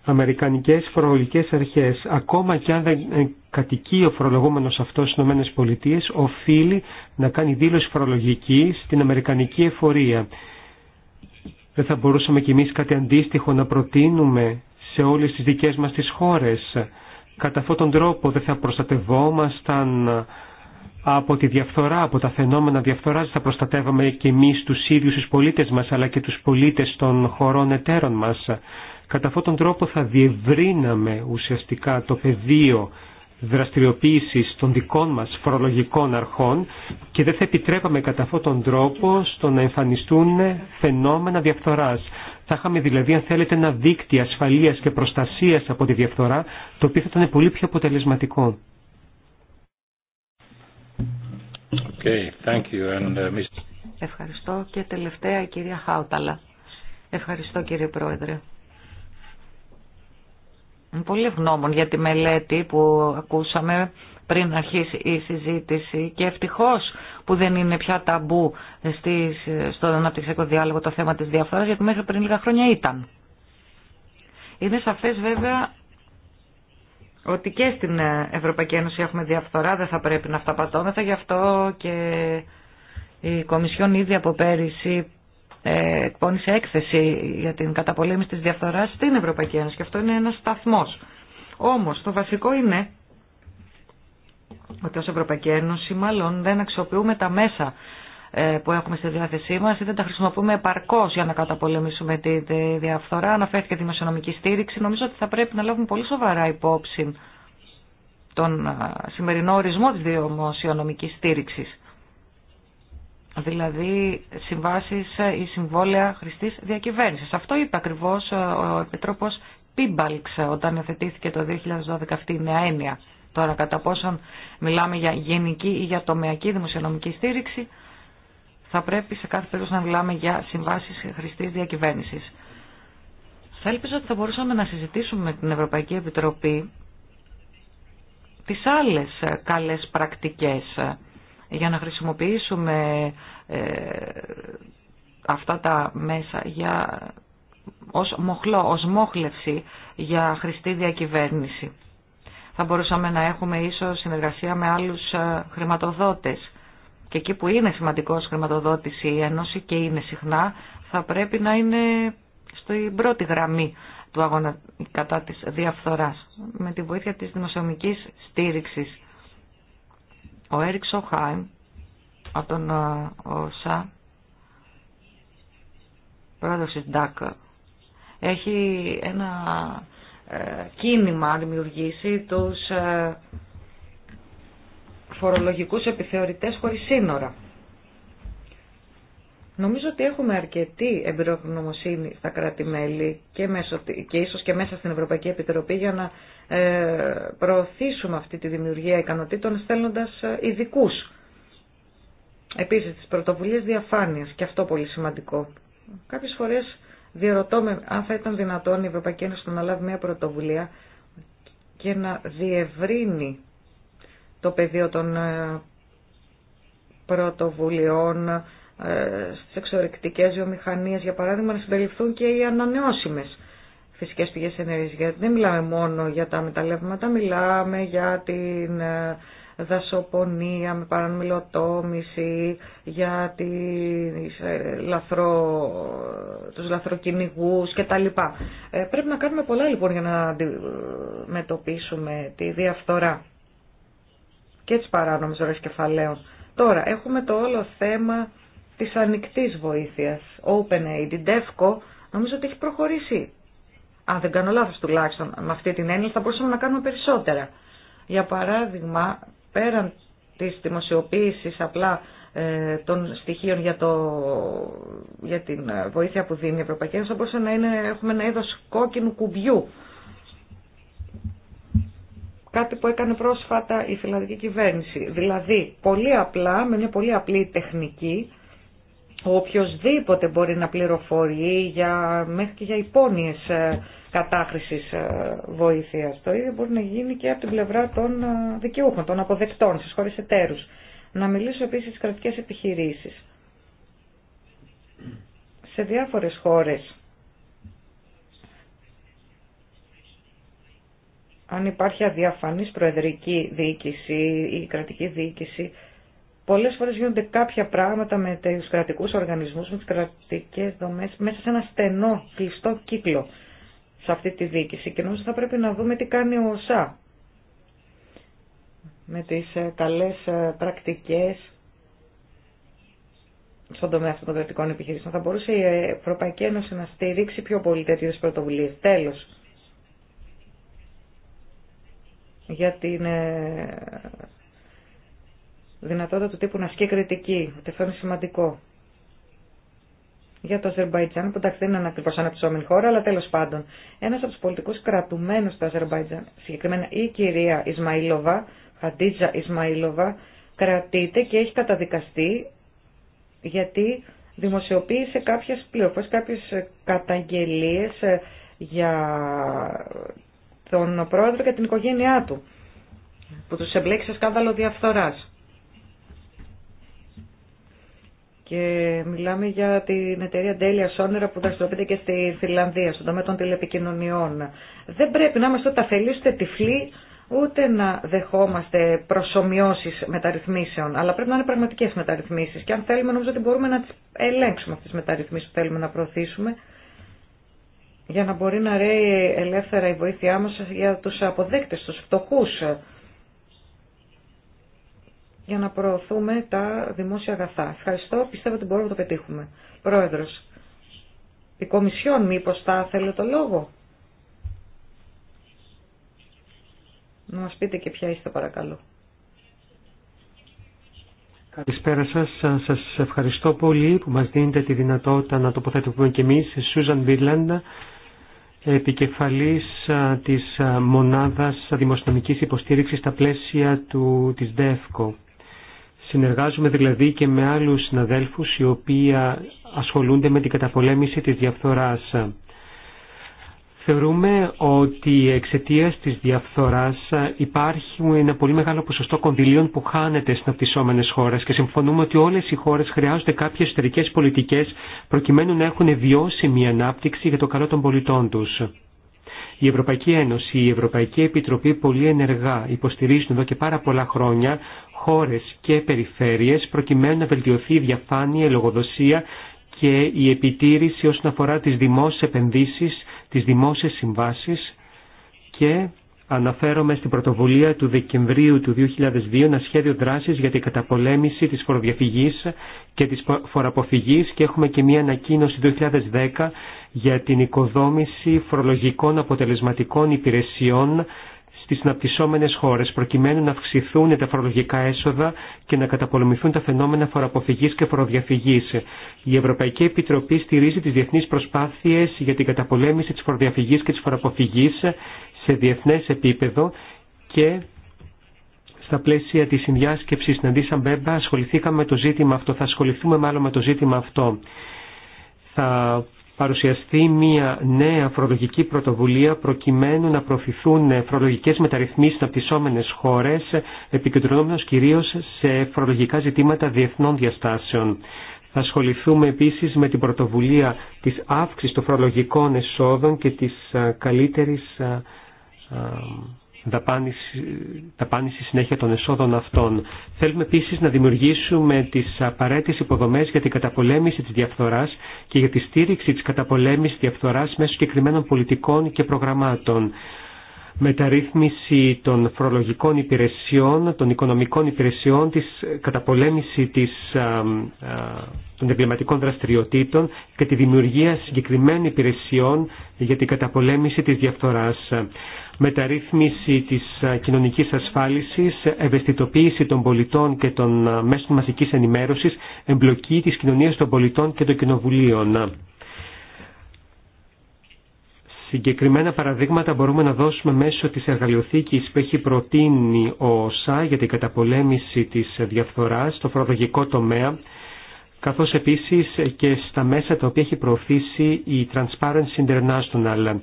Αμερικανικές φορολογικές αρχές. Ακόμα και αν δεν ε, κατοικεί ο φορολογούμενος αυτός στις Ηνωμένες Πολιτείες, οφείλει να κάνει δήλωση φορολογική στην Αμερικανική εφορία. Δεν θα μπορούσαμε κι εμείς κάτι αντίστοιχο να προτείνουμε σε όλες τις δικές μας τις χώρες Κατά αυτόν τον τρόπο δεν θα προστατευόμασταν ε, από τη διαφθορά, από τα φαινόμενα διαφθοράς θα προστατεύαμε και εμείς τους ίδιους τους πολίτες μας αλλά και τους πολίτες των χωρών εταίρων μας. Κατά αυτόν τον τρόπο θα διευρύναμε ουσιαστικά το πεδίο δραστηριοποίησης των δικών μας φορολογικών αρχών και δεν θα επιτρέπαμε κατά αυτόν τον τρόπο στο να εμφανιστούν φαινόμενα διαφθοράς. Θα είχαμε δηλαδή, αν θέλετε, ένα δίκτυο ασφαλεία και προστασία από τη διαφθορά, το οποίο θα ήταν πολύ πιο αποτελεσματικό. Uh, Ευχαριστώ και τελευταία η κυρία Χάουταλα. Ευχαριστώ κύριε Πρόεδρε. πολύ ευγνώμων για τη μελέτη που ακούσαμε πριν αρχίσει η συζήτηση και ευτυχώς που δεν είναι πια ταμπού στις, στον αναπτυξιακό διάλογο το θέμα της διαφθοράς, γιατί μέχρι πριν λίγα χρόνια ήταν. Είναι σαφές βέβαια ότι και στην Ευρωπαϊκή Ένωση έχουμε διαφθορά, δεν θα πρέπει να αυταπατώμεθα, γι' αυτό και η Κομισιόν ήδη από πέρυσι ε, εκπώνησε έκθεση για την καταπολέμηση της διαφθοράς στην Ευρωπαϊκή Ένωση και αυτό είναι ένας σταθμός. Όμως το βασικό είναι ότι ως Ευρωπαϊκή Ένωση μάλλον δεν αξιοποιούμε τα μέσα ε, που έχουμε στη διάθεσή μα ή δεν τα χρησιμοποιούμε επαρκώ για να καταπολεμήσουμε τη διαφθορά. Αναφέρθηκε τη δημοσιονομική στήριξη. Νομίζω ότι θα πρέπει να λάβουμε πολύ σοβαρά υπόψη τον σημερινό ορισμό της δημοσιονομικής στήριξης. Δηλαδή συμβάσεις ε, ή συμβόλαια χρηστής διακυβέρνησης. Αυτό είπε ακριβώς ε, ο Επιτρόπος Πίμπαλξ όταν εθετήθηκε το 2012 αυτή η νέα έννοια. Τώρα κατά πόσον μιλάμε για γενική ή για τομεακή δημοσιονομική στήριξη, θα πρέπει σε κάθε περίπτωση να μιλάμε για συμβάσει χρηστής διακυβέρνησης. Θα ελπίζω ότι θα μπορούσαμε να συζητήσουμε με την Ευρωπαϊκή Επιτροπή τις άλλες ε, καλές πρακτικές ε, για να χρησιμοποιήσουμε ε, αυτά τα μέσα για, ως μοχλό, ως μόχλευση για χρηστή διακυβέρνηση θα μπορούσαμε να έχουμε ίσως συνεργασία με άλλους ε, χρηματοδότες. Και εκεί που είναι σημαντικό χρηματοδότηση η Ένωση και είναι συχνά, θα πρέπει να είναι στην πρώτη γραμμή του αγώνα κατά της διαφθοράς, με τη βοήθεια της δημοσιονομικής στήριξης. Ο Έρικ Σοχάιμ, από τον ΟΣΑ, ε, πρόεδρος της ΝΤΑΚ, έχει ένα ε, κίνημα δημιουργήσει τους ε, φορολογικούς επιθεωρητές χωρίς σύνορα. Νομίζω ότι έχουμε αρκετή εμπειρογνωμοσύνη στα κράτη-μέλη και, και ίσως και μέσα στην Ευρωπαϊκή Επιτροπή για να ε, προωθήσουμε αυτή τη δημιουργία ικανοτήτων στέλνοντας ειδικού. Επίσης, τις πρωτοβουλίες διαφάνειας και αυτό πολύ σημαντικό. Κάποιες φορές Διερωτώ αν θα ήταν δυνατόν η Ευρωπαϊκή Ένωση να λάβει μια πρωτοβουλία και να διευρύνει το πεδίο των ε, πρωτοβουλειών ε, στις εξορρυκτικές βιομηχανίες, για παράδειγμα, να συμπεριληφθούν και οι ανανεώσιμες φυσικές πηγές ενέργειας. δεν μιλάμε μόνο για τα μεταλλεύματα, μιλάμε για την ε, δασοπονία, με παρανομιλοτόμηση, για του ε, λαθρο, τους λαθροκυνηγούς κτλ. Ε, πρέπει να κάνουμε πολλά λοιπόν για να αντιμετωπίσουμε τη διαφθορά και τις παράνομες ώρες κεφαλαίων. Τώρα έχουμε το όλο θέμα της ανοιχτή βοήθειας, Open Aid, η DEFCO, νομίζω ότι έχει προχωρήσει. Αν δεν κάνω λάθος τουλάχιστον με αυτή την έννοια θα μπορούσαμε να κάνουμε περισσότερα. Για παράδειγμα, πέραν της δημοσιοποίησης απλά ε, των στοιχείων για, το, για την βοήθεια που δίνει η Ευρωπαϊκή Ένωση, μπορούσε να είναι, έχουμε ένα είδος κόκκινου κουμπιού. Κάτι που έκανε πρόσφατα η φιλανδική κυβέρνηση. Δηλαδή, πολύ απλά, με μια πολύ απλή τεχνική, οποιοδήποτε μπορεί να πληροφορεί για, μέχρι και για υπόνοιες ε, κατάχρησης ε, βοήθειας. Το ίδιο μπορεί να γίνει και από την πλευρά των ε, δικαιούχων, των αποδεκτών στις χώρες εταίρους. Να μιλήσω επίσης στις κρατικές επιχειρήσεις. Σε διάφορες χώρες αν υπάρχει αδιαφανής προεδρική διοίκηση ή κρατική διοίκηση, πολλές φορές γίνονται κάποια πράγματα με τους κρατικούς οργανισμούς, με τις κρατικές δομές, μέσα σε ένα στενό, κλειστό κύκλο σε αυτή τη δίκηση. Και νομίζω θα πρέπει να δούμε τι κάνει ο ΣΑ με τις ε, καλές ε, πρακτικές στον τομέα αυτών των κρατικών επιχειρήσεων. Θα μπορούσε η Ευρωπαϊκή Ένωση να στηρίξει πιο πολύ τέτοιε πρωτοβουλίε. Τέλο. Για την ε, δυνατότητα του τύπου να ασκεί κριτική. Αυτό είναι σημαντικό για το Αζερμπαϊτζάν, που τα δεν είναι ακριβώ αναπτυσσόμενη χώρα, αλλά τέλο πάντων ένα από του πολιτικού κρατουμένου του Αζερμπαϊτζάν, συγκεκριμένα η κυρία Ισμαήλοβα, Χαντίτζα Ισμαήλοβα, κρατείται και έχει καταδικαστεί γιατί δημοσιοποίησε κάποιε πληροφορίε, κάποιε καταγγελίες ε, για τον πρόεδρο και την οικογένειά του, που τους εμπλέξει σε σκάνδαλο διαφθοράς. Και μιλάμε για την εταιρεία Τέλεια Σόνερα που δραστηριοποιείται και στη Φιλανδία, στον τομέα των τηλεπικοινωνιών. Δεν πρέπει να είμαστε ούτε αφελεί ούτε τυφλοί, ούτε να δεχόμαστε προσωμιώσει μεταρρυθμίσεων. Αλλά πρέπει να είναι πραγματικέ μεταρρυθμίσει. Και αν θέλουμε, νομίζω ότι μπορούμε να τι ελέγξουμε αυτέ τι μεταρρυθμίσει που θέλουμε να προωθήσουμε για να μπορεί να ρέει ελεύθερα η βοήθειά μα για του αποδέκτε, του φτωχού για να προωθούμε τα δημόσια αγαθά. Ευχαριστώ, πιστεύω ότι μπορούμε να το πετύχουμε. Πρόεδρος, η Κομισιόν μήπως θα θέλει το λόγο. Να μας πείτε και ποια είστε παρακαλώ. Καλησπέρα σας. Σας ευχαριστώ πολύ που μας δίνετε τη δυνατότητα να τοποθετηθούμε και εμείς. Σούζαν Μπίρλαντα, επικεφαλής της Μονάδας Δημοσιονομικής Υποστήριξης στα πλαίσια του, της ΔΕΦΚΟ. Συνεργάζομαι δηλαδή και με άλλους συναδέλφους οι οποίοι ασχολούνται με την καταπολέμηση της διαφθοράς. Θεωρούμε ότι εξαιτία της διαφθοράς υπάρχει ένα πολύ μεγάλο ποσοστό κονδυλίων που χάνεται στις αναπτυσσόμενες χώρες και συμφωνούμε ότι όλες οι χώρες χρειάζονται κάποιες εσωτερικές πολιτικές προκειμένου να έχουν βιώσιμη ανάπτυξη για το καλό των πολιτών τους. Η Ευρωπαϊκή Ένωση, η Ευρωπαϊκή Επιτροπή πολύ ενεργά υποστηρίζουν εδώ και πάρα πολλά χρόνια χώρες και περιφέρειες προκειμένου να βελτιωθεί η διαφάνεια, η λογοδοσία και η επιτήρηση όσον αφορά τις δημόσιες επενδύσεις, τις δημόσιες συμβάσεις και Αναφέρομαι στην πρωτοβουλία του Δεκεμβρίου του 2002 ένα σχέδιο δράσης για την καταπολέμηση της φοροδιαφυγής και της φοροαποφυγής και έχουμε και μια ανακοίνωση 2010 για την οικοδόμηση φορολογικών αποτελεσματικών υπηρεσιών στις αναπτυσσόμενες χώρες προκειμένου να αυξηθούν τα φορολογικά έσοδα και να καταπολεμηθούν τα φαινόμενα φοροαποφυγής και φοροδιαφυγής. Η Ευρωπαϊκή Επιτροπή στηρίζει τις διεθνείς προσπάθειες για την καταπολέμηση της φοροδιαφυγής και της φοροαποφυγής σε διεθνές επίπεδο και στα πλαίσια της συνδιάσκεψης στην Αντίσαμπέμπα ασχοληθήκαμε με το ζήτημα αυτό, θα ασχοληθούμε μάλλον με το ζήτημα αυτό. Θα παρουσιαστεί μια νέα φορολογική πρωτοβουλία προκειμένου να προωθηθούν φορολογικές μεταρρυθμίσεις από τις όμενες χώρες, επικεντρωνόμενος κυρίως σε φορολογικά ζητήματα διεθνών διαστάσεων. Θα ασχοληθούμε επίσης με την πρωτοβουλία της αύξησης των φορολογικών εσόδων και της καλύτερης δαπάνηση συνέχεια των εσόδων αυτών. Θέλουμε επίση να δημιουργήσουμε τι απαραίτητε υποδομέ για την καταπολέμηση τη διαφθορά και για τη στήριξη τη καταπολέμηση διαφθορά μέσω συγκεκριμένων πολιτικών και προγραμμάτων. Μεταρρύθμιση των φορολογικών υπηρεσιών, των οικονομικών υπηρεσιών, της καταπολέμηση της, των εγκληματικών δραστηριοτήτων και τη δημιουργία συγκεκριμένων υπηρεσιών για την καταπολέμηση της διαφθοράς μεταρρύθμιση της κοινωνικής ασφάλισης, ευαισθητοποίηση των πολιτών και των μέσων μαζικής ενημέρωσης, εμπλοκή της κοινωνίας των πολιτών και των κοινοβουλίων. Συγκεκριμένα παραδείγματα μπορούμε να δώσουμε μέσω της εργαλειοθήκης που έχει προτείνει ο ΩΣΑ για την καταπολέμηση της διαφθοράς στο φοροδογικό τομέα, καθώς επίσης και στα μέσα τα οποία έχει προωθήσει η Transparency International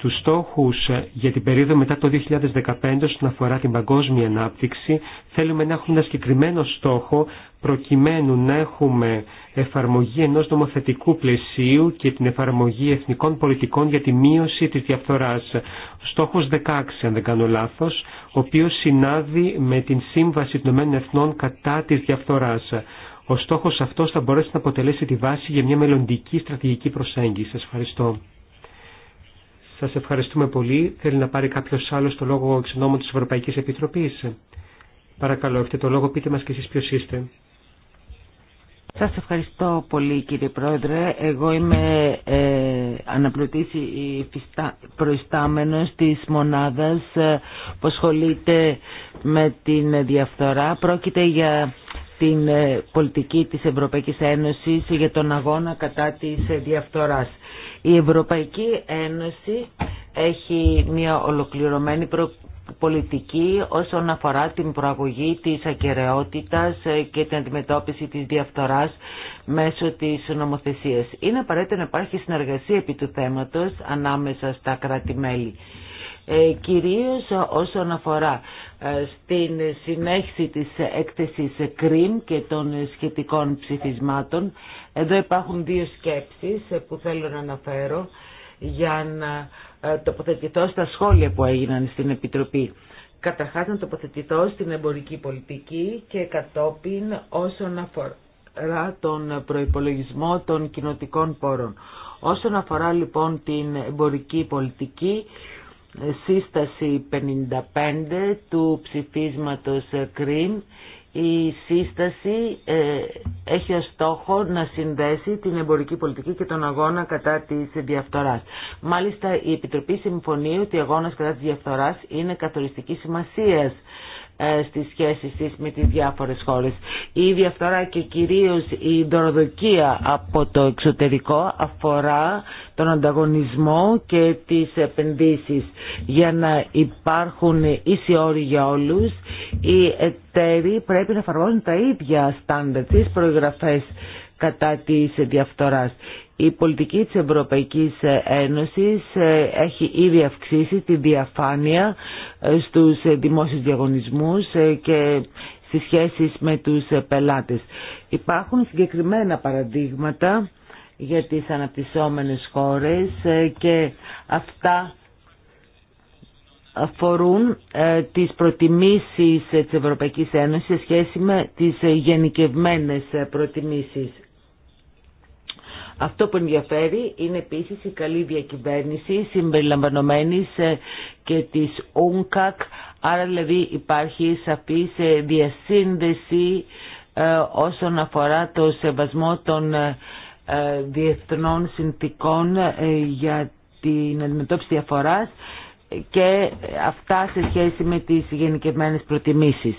τους στόχους ε, για την περίοδο μετά το 2015 όσον αφορά την παγκόσμια ανάπτυξη θέλουμε να έχουμε ένα συγκεκριμένο στόχο προκειμένου να έχουμε εφαρμογή ενός νομοθετικού πλαισίου και την εφαρμογή εθνικών πολιτικών για τη μείωση της διαφθοράς. Στόχος 16, αν δεν κάνω λάθος, ο οποίος συνάδει με την Σύμβαση των Ηνωμένων Εθνών κατά της διαφθοράς. Ο στόχος αυτός θα μπορέσει να αποτελέσει τη βάση για μια μελλοντική στρατηγική προσέγγιση. Σας ευχαριστώ. Σα ευχαριστούμε πολύ. Θέλει να πάρει κάποιο άλλο το λόγο εξ ονόμου τη Ευρωπαϊκής Επιτροπής. Παρακαλώ, έχετε το λόγο, πείτε μα και εσεί ποιος είστε. Σας ευχαριστώ πολύ κύριε Πρόεδρε. Εγώ είμαι ε, αναπληρωτής προϊστάμενος της μονάδας ε, που ασχολείται με την διαφθορά. Πρόκειται για την ε, πολιτική της Ευρωπαϊκής Ένωσης για τον αγώνα κατά της ε, διαφθοράς. Η Ευρωπαϊκή Ένωση έχει μια ολοκληρωμένη προ πολιτική όσον αφορά την προαγωγή της ακεραιότητας και την αντιμετώπιση της διαφθοράς μέσω της νομοθεσίας. Είναι απαραίτητο να υπάρχει συνεργασία επί του θέματος ανάμεσα στα κράτη-μέλη. Ε, κυρίως όσον αφορά ε, στην συνέχιση της έκθεσης ΚΡΙΜ και των σχετικών ψηφισμάτων. Εδώ υπάρχουν δύο σκέψεις που θέλω να αναφέρω για να ε, τοποθετηθώ στα σχόλια που έγιναν στην Επιτροπή. Καταρχάς να τοποθετηθώ στην εμπορική πολιτική και κατόπιν όσον αφορά τον προϋπολογισμό των κοινοτικών πόρων. Όσον αφορά λοιπόν την εμπορική πολιτική, σύσταση 55 του ψηφίσματος ΚΡΙΜ η σύσταση ε, έχει ως στόχο να συνδέσει την εμπορική πολιτική και τον αγώνα κατά της διαφθοράς. Μάλιστα η Επιτροπή συμφωνεί ότι ο αγώνας κατά της διαφθοράς είναι καθοριστική σημασίας ε, στις σχέσεις της με τις διάφορες χώρες. Η διαφθορά και κυρίως η δωροδοκία από το εξωτερικό αφορά τον ανταγωνισμό και τις επενδύσεις για να υπάρχουν ίσοι όροι για όλους. Οι εταίροι πρέπει να εφαρμόζουν τα ίδια στάνταρ τις προγραφές κατά της διαφθοράς. Η πολιτική της Ευρωπαϊκής Ένωσης ε, έχει ήδη αυξήσει τη διαφάνεια ε, στους ε, δημόσιους διαγωνισμούς και στις σχέσεις με τους πελάτες. Υπάρχουν συγκεκριμένα παραδείγματα για τις αναπτυσσόμενες χώρες και αυτά αφορούν τις προτιμήσεις της Ευρωπαϊκής Ένωσης σε σχέση με τις γενικευμένες προτιμήσεις. Αυτό που ενδιαφέρει είναι επίσης η καλή διακυβέρνηση συμπεριλαμβανομένης και της ΟΝΚΑΚ, άρα δηλαδή υπάρχει σαφή διασύνδεση ε, όσον αφορά το σεβασμό των ε, ε, διεθνών συνθήκων για την αντιμετώπιση διαφοράς και αυτά σε σχέση με τις γενικευμένες προτιμήσεις.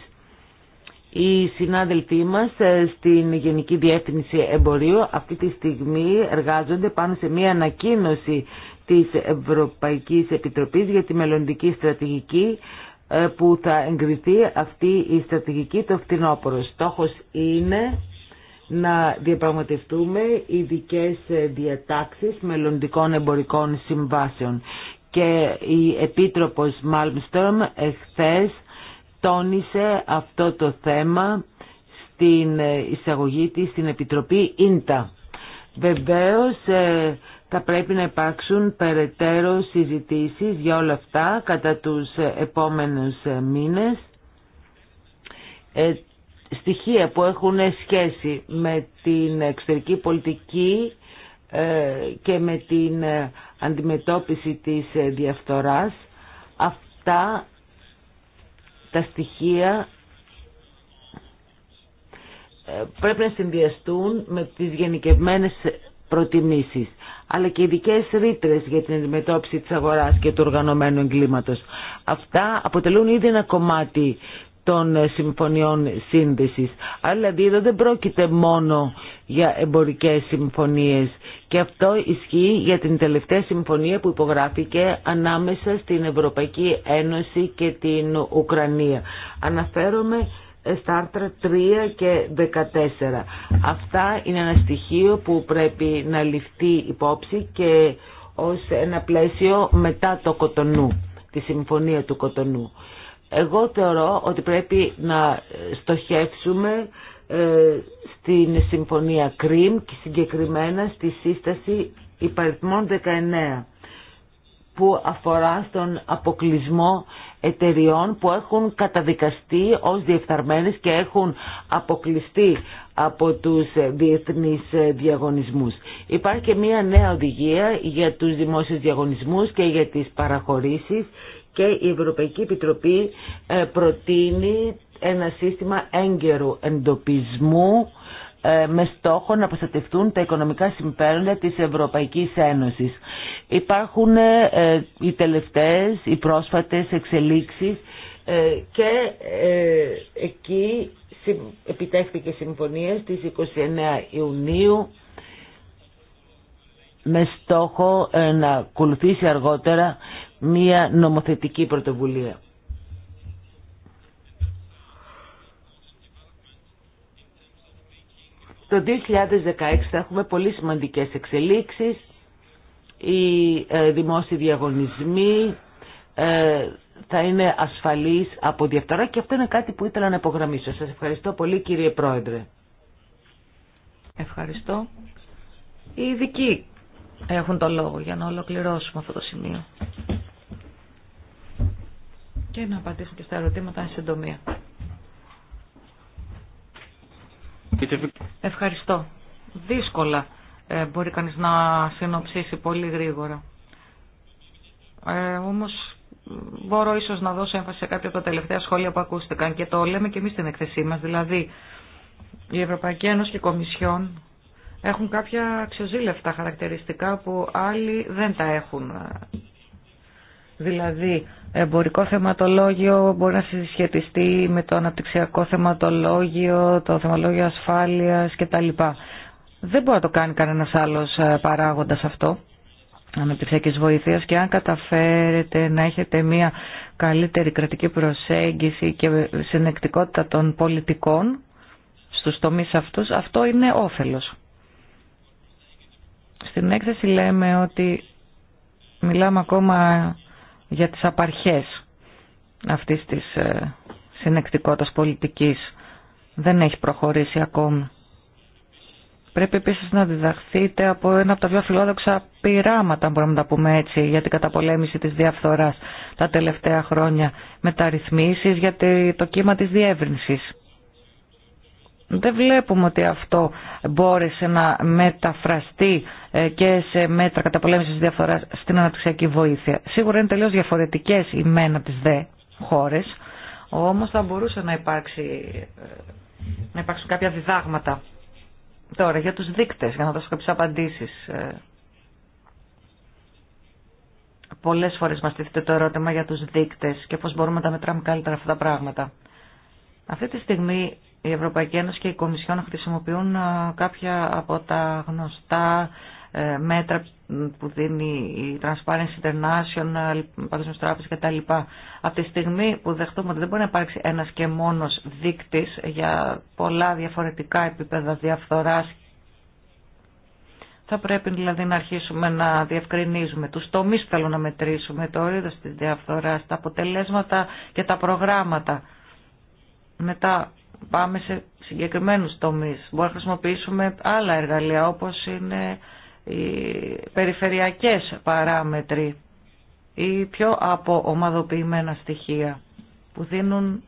Οι συνάδελφοί μας ε, στην Γενική Διεύθυνση Εμπορίου αυτή τη στιγμή εργάζονται πάνω σε μια ανακοίνωση της Ευρωπαϊκής Επιτροπής για τη μελλοντική στρατηγική ε, που θα εγκριθεί αυτή η στρατηγική το φθινόπωρο. Στόχος είναι να διαπραγματευτούμε ειδικέ διατάξεις μελλοντικών εμπορικών συμβάσεων. Και η Επίτροπος Μάλμστρομ εχθές τόνισε αυτό το θέμα στην εισαγωγή της στην Επιτροπή Ίντα. Βεβαίως ε, θα πρέπει να υπάρξουν περαιτέρω συζητήσεις για όλα αυτά κατά τους επόμενους μήνες. Ε, στοιχεία που έχουν σχέση με την εξωτερική πολιτική ε, και με την αντιμετώπιση της διαφθοράς αυτά τα στοιχεία ε, πρέπει να συνδυαστούν με τις γενικευμένες προτιμήσεις αλλά και ειδικέ ρήτρε για την αντιμετώπιση της αγοράς και του οργανωμένου εγκλήματος. Αυτά αποτελούν ήδη ένα κομμάτι των συμφωνιών σύνδεσης. αλλά δηλαδή εδώ δεν πρόκειται μόνο για εμπορικές συμφωνίες και αυτό ισχύει για την τελευταία συμφωνία που υπογράφηκε ανάμεσα στην Ευρωπαϊκή Ένωση και την Ουκρανία. Αναφέρομαι στα άρθρα 3 και 14. Αυτά είναι ένα στοιχείο που πρέπει να ληφθεί υπόψη και ως ένα πλαίσιο μετά το Κοτονού, τη συμφωνία του Κοτονού. Εγώ θεωρώ ότι πρέπει να στοχεύσουμε ε, στην Συμφωνία Κρίμ και συγκεκριμένα στη σύσταση υπαριθμών 19 που αφορά στον αποκλεισμό εταιριών που έχουν καταδικαστεί ως διεφθαρμένες και έχουν αποκλειστεί από τους διεθνείς διαγωνισμούς. Υπάρχει και μία νέα οδηγία για τους δημόσιους διαγωνισμούς και για τις παραχωρήσεις και η Ευρωπαϊκή Επιτροπή ε, προτείνει ένα σύστημα έγκαιρου εντοπισμού ε, με στόχο να προστατευτούν τα οικονομικά συμφέροντα της Ευρωπαϊκής Ένωσης. Υπάρχουν ε, οι τελευταίες, οι πρόσφατες εξελίξεις και εκεί επιτέχθηκε συμφωνία στις 29 Ιουνίου με στόχο να ακολουθήσει αργότερα μία νομοθετική πρωτοβουλία. Το 2016 θα έχουμε πολύ σημαντικές εξελίξεις, οι ε, δημόσιοι διαγωνισμοί ε, θα είναι ασφαλείς από διαφθορά και αυτό είναι κάτι που ήθελα να υπογραμμίσω. Σας ευχαριστώ πολύ κύριε Πρόεδρε. Ευχαριστώ. Οι ειδικοί έχουν το λόγο για να ολοκληρώσουμε αυτό το σημείο και να απαντήσω και στα ερωτήματα σε συντομία. Ευχαριστώ. Δύσκολα ε, μπορεί κανείς να συνοψίσει πολύ γρήγορα. Ε, όμως μπορώ ίσως να δώσω έμφαση σε κάποια από τα τελευταία σχόλια που ακούστηκαν και το λέμε και εμείς στην εκθεσή μας. Δηλαδή, η Ευρωπαϊκή Ένωση και η Κομισιόν έχουν κάποια αξιοζήλευτα χαρακτηριστικά που άλλοι δεν τα έχουν ε, Δηλαδή, εμπορικό θεματολόγιο μπορεί να συσχετιστεί με το αναπτυξιακό θεματολόγιο, το θεματολόγιο ασφάλειας κτλ. Δεν μπορεί να το κάνει κανένας άλλος ε, παράγοντας αυτό αναπτυξιακής βοήθειας και αν καταφέρετε να έχετε μια καλύτερη κρατική προσέγγιση και συνεκτικότητα των πολιτικών στους τομείς αυτούς, αυτό είναι όφελος. Στην έκθεση λέμε ότι μιλάμε ακόμα για τις απαρχές αυτής της ε, συνεκτικότητας πολιτικής δεν έχει προχωρήσει ακόμη. Πρέπει επίσης να διδαχθείτε από ένα από τα πιο φιλόδοξα πειράματα, μπορούμε να τα πούμε έτσι, για την καταπολέμηση της διαφθοράς τα τελευταία χρόνια, με μεταρρυθμίσεις για το κύμα της διεύρυνσης. Δεν βλέπουμε ότι αυτό μπόρεσε να μεταφραστεί ε, και σε μέτρα καταπολέμησης διαφορά στην αναπτυξιακή βοήθεια. Σίγουρα είναι τελείως διαφορετικές οι μένα τις δε χώρες, όμως θα μπορούσε να, υπάρξει, ε, να υπάρξουν κάποια διδάγματα. Τώρα, για τους δείκτες, για να δώσω κάποιες απαντήσεις. Ε, πολλές φορές μας τίθεται το ερώτημα για τους δείκτες και πώς μπορούμε να τα μετράμε καλύτερα αυτά τα πράγματα. Αυτή τη στιγμή η Ευρωπαϊκή Ένωση και η Κομισιόν χρησιμοποιούν κάποια από τα γνωστά ε, μέτρα που δίνει η Transparency International, Παγκόσμιος Τράπεζα κτλ. Από τη στιγμή που δεχτούμε ότι δεν μπορεί να υπάρξει ένα και μόνος δείκτης για πολλά διαφορετικά επίπεδα διαφθορά. θα πρέπει δηλαδή να αρχίσουμε να διευκρινίζουμε τους τομείς που θέλουμε να μετρήσουμε, το είδος της διαφθοράς, τα αποτελέσματα και τα προγράμματα. Μετά πάμε σε συγκεκριμένους τομείς. Μπορούμε να χρησιμοποιήσουμε άλλα εργαλεία όπως είναι οι περιφερειακές παράμετροι ή πιο από ομαδοποιημένα στοιχεία που δίνουν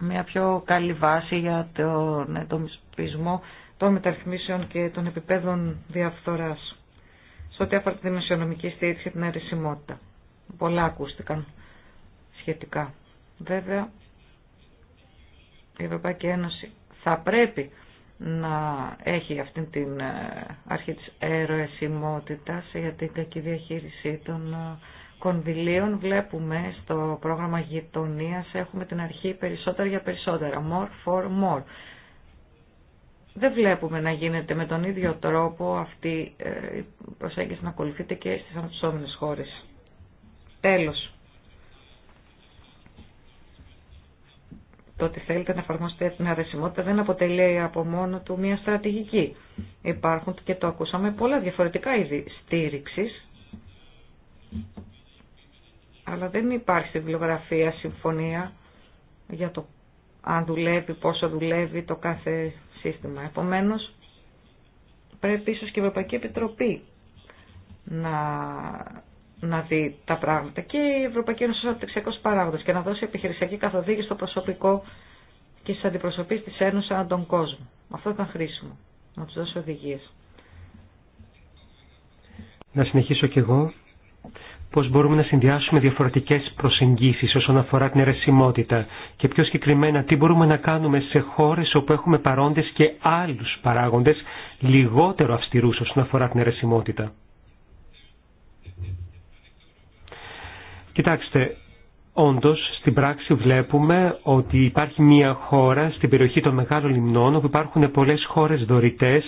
μια πιο καλή βάση για τον ετομισμό των μεταρρυθμίσεων και των επιπέδων διαφθοράς σε ό,τι αφορά τη δημοσιονομική στήριξη και την αρισιμότητα. Πολλά ακούστηκαν σχετικά. Βέβαια, η Ευρωπαϊκή Ένωση θα πρέπει να έχει αυτή την ε, αρχή της αεροεσιμότητας για την κακή διαχείριση των ε, κονδυλίων. Βλέπουμε στο πρόγραμμα γειτονία έχουμε την αρχή περισσότερα για περισσότερα, more for more. Δεν βλέπουμε να γίνεται με τον ίδιο τρόπο αυτή ε, η προσέγγιση να ακολουθείται και στις αναπτυσσόμενες χώρες. Τέλος. το ότι θέλετε να εφαρμόσετε την αρεσιμότητα δεν αποτελεί από μόνο του μια στρατηγική. Υπάρχουν και το ακούσαμε πολλά διαφορετικά είδη στήριξης, αλλά δεν υπάρχει στη βιβλιογραφία συμφωνία για το αν δουλεύει, πόσο δουλεύει το κάθε σύστημα. Επομένως, πρέπει ίσως και η Ευρωπαϊκή Επιτροπή να να δει τα πράγματα και η Ευρωπαϊκή Ένωση ω αναπτυξιακό παράγοντα και να δώσει επιχειρησιακή καθοδήγηση στο προσωπικό και στι αντιπροσωπείς της Ένωσης ανά τον κόσμο. Αυτό ήταν χρήσιμο, να του δώσει οδηγίε. Να συνεχίσω κι εγώ πώς μπορούμε να συνδυάσουμε διαφορετικές προσεγγίσεις όσον αφορά την αιρεσιμότητα και πιο συγκεκριμένα τι μπορούμε να κάνουμε σε χώρες όπου έχουμε παρόντες και άλλους παράγοντες λιγότερο αυστηρούς όσον αφορά την αιρεσιμότητα. Κοιτάξτε, όντως στην πράξη βλέπουμε ότι υπάρχει μια χώρα στην περιοχή των Μεγάλων Λιμνών όπου υπάρχουν πολλές χώρες δωρητές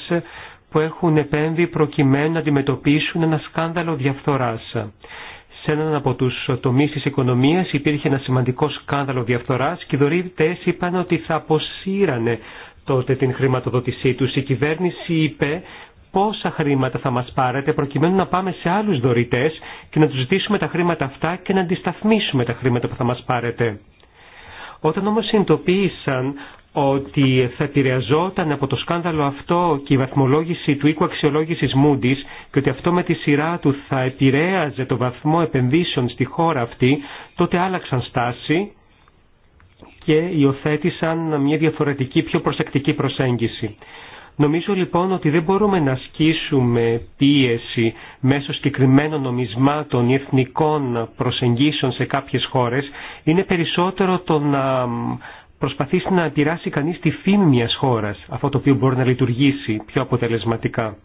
που έχουν επέμβει προκειμένου να αντιμετωπίσουν ένα σκάνδαλο διαφθοράς. Σε έναν από τους τομείς της οικονομίας υπήρχε ένα σημαντικό σκάνδαλο διαφθοράς και οι δωρητές είπαν ότι θα αποσύρανε τότε την χρηματοδότησή τους. Η κυβέρνηση είπε πόσα χρήματα θα μας πάρετε προκειμένου να πάμε σε άλλους δωρητές και να τους ζητήσουμε τα χρήματα αυτά και να αντισταθμίσουμε τα χρήματα που θα μας πάρετε. Όταν όμως συνειδητοποίησαν ότι θα επηρεαζόταν από το σκάνδαλο αυτό και η βαθμολόγηση του οίκου αξιολόγηση Moody's και ότι αυτό με τη σειρά του θα επηρέαζε το βαθμό επενδύσεων στη χώρα αυτή, τότε άλλαξαν στάση και υιοθέτησαν μια διαφορετική, πιο προσεκτική προσέγγιση. Νομίζω λοιπόν ότι δεν μπορούμε να ασκήσουμε πίεση μέσω συγκεκριμένων νομισμάτων ή εθνικών προσεγγίσεων σε κάποιες χώρες. Είναι περισσότερο το να προσπαθήσει να αντιράσει κανείς τη φήμη μιας χώρας, αυτό το οποίο μπορεί να λειτουργήσει πιο αποτελεσματικά.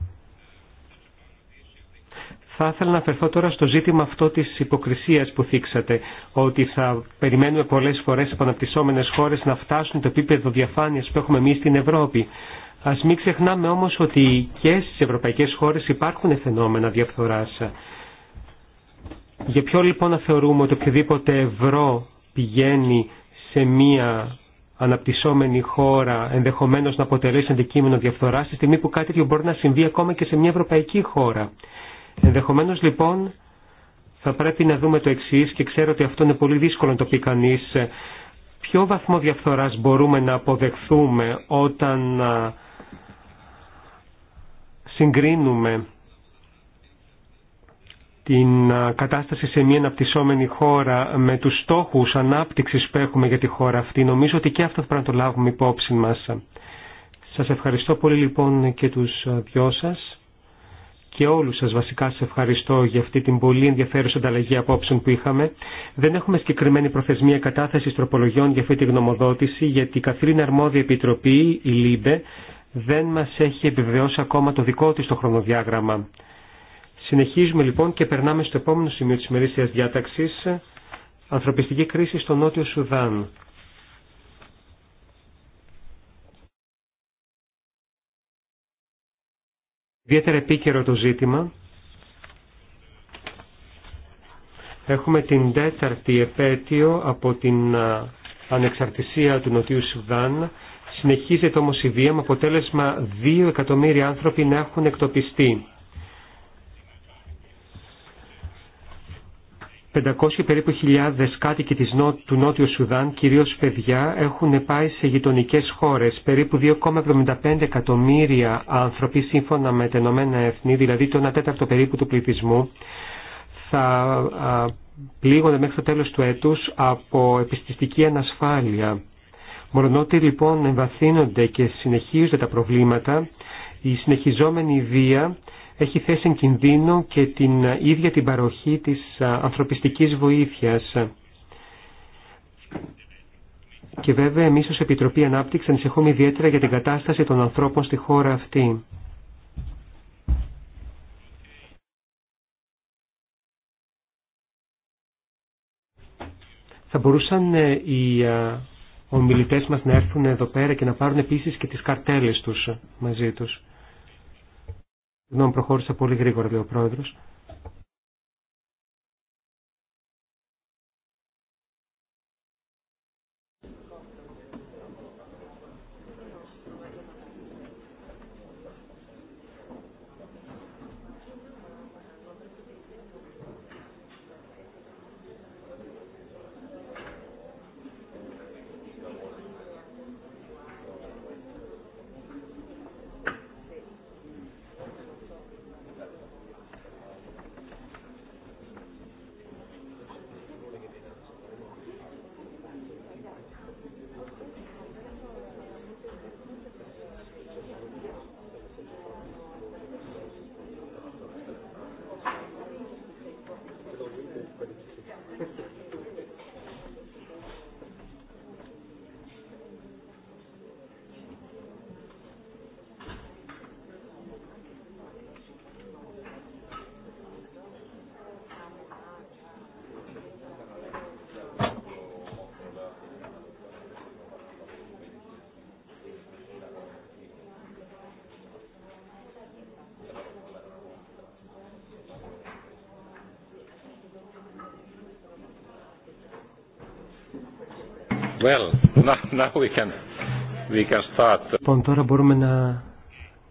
Θα ήθελα να αφαιρθώ τώρα στο ζήτημα αυτό της υποκρισίας που θίξατε, ότι θα περιμένουμε πολλές φορές από αναπτυσσόμενες χώρες να φτάσουν το επίπεδο διαφάνειας που έχουμε εμείς στην Ευρώπη. Ας μην ξεχνάμε όμως ότι και στις ευρωπαϊκές χώρες υπάρχουν φαινόμενα διαφθοράς. Για ποιο λοιπόν να θεωρούμε ότι οποιοδήποτε ευρώ πηγαίνει σε μία αναπτυσσόμενη χώρα ενδεχομένως να αποτελέσει αντικείμενο διαφθορά, στη στιγμή που κάτι τέτοιο μπορεί να συμβεί ακόμα και σε μια ευρωπαϊκή χώρα. Ενδεχομένως λοιπόν θα πρέπει να δούμε το εξή και ξέρω ότι αυτό είναι πολύ δύσκολο να το πει κανεί. Ποιο βαθμό διαφθοράς μπορούμε να αποδεχθούμε όταν συγκρίνουμε την κατάσταση σε μια αναπτυσσόμενη χώρα με τους στόχους ανάπτυξης που έχουμε για τη χώρα αυτή, νομίζω ότι και αυτό θα πρέπει να το λάβουμε υπόψη μας. Σας ευχαριστώ πολύ λοιπόν και τους δυο σας και όλους σας βασικά σας ευχαριστώ για αυτή την πολύ ενδιαφέρουσα ανταλλαγή απόψεων που είχαμε. Δεν έχουμε συγκεκριμένη προθεσμία κατάθεση τροπολογιών για αυτή τη γνωμοδότηση γιατί η καθήλυνα αρμόδια επιτροπή, η ΛΥΜΠΕ, δεν μας έχει επιβεβαιώσει ακόμα το δικό της το χρονοδιάγραμμα. Συνεχίζουμε λοιπόν και περνάμε στο επόμενο σημείο της ημερήσιας διάταξης «Ανθρωπιστική κρίση στο Νότιο Σουδάν». Ιδιαίτερα επίκαιρο το ζήτημα. Έχουμε την τέταρτη επέτειο από την ανεξαρτησία του Νοτιού Σουδάν Συνεχίζεται όμως η βία με αποτέλεσμα 2 εκατομμύρια άνθρωποι να έχουν εκτοπιστεί. 500 περίπου χιλιάδες κάτοικοι της νο... του Νότιου Σουδάν, κυρίως παιδιά, έχουν πάει σε γειτονικέ χώρες. Περίπου 2,75 εκατομμύρια άνθρωποι, σύμφωνα με τα Ηνωμένα Εθνή, δηλαδή το 1 τέταρτο περίπου του πληθυσμού, θα πλήγονται μέχρι το τέλος του έτους από επιστηστική ανασφάλεια. Μολονότι λοιπόν εμβαθύνονται και συνεχίζονται τα προβλήματα, η συνεχιζόμενη βία έχει θέσει εν κινδύνο και την ίδια την παροχή της ανθρωπιστικής βοήθειας. Και βέβαια εμείς ως Επιτροπή Ανάπτυξη ανησυχούμε ιδιαίτερα για την κατάσταση των ανθρώπων στη χώρα αυτή. Θα μπορούσαν ε, οι ομιλητές μας να έρθουν εδώ πέρα και να πάρουν επίσης και τις καρτέλες τους μαζί τους. Συγγνώμη, προχώρησα πολύ γρήγορα, λέει ο Πρόεδρος. Well, now we Λοιπόν, τώρα μπορούμε να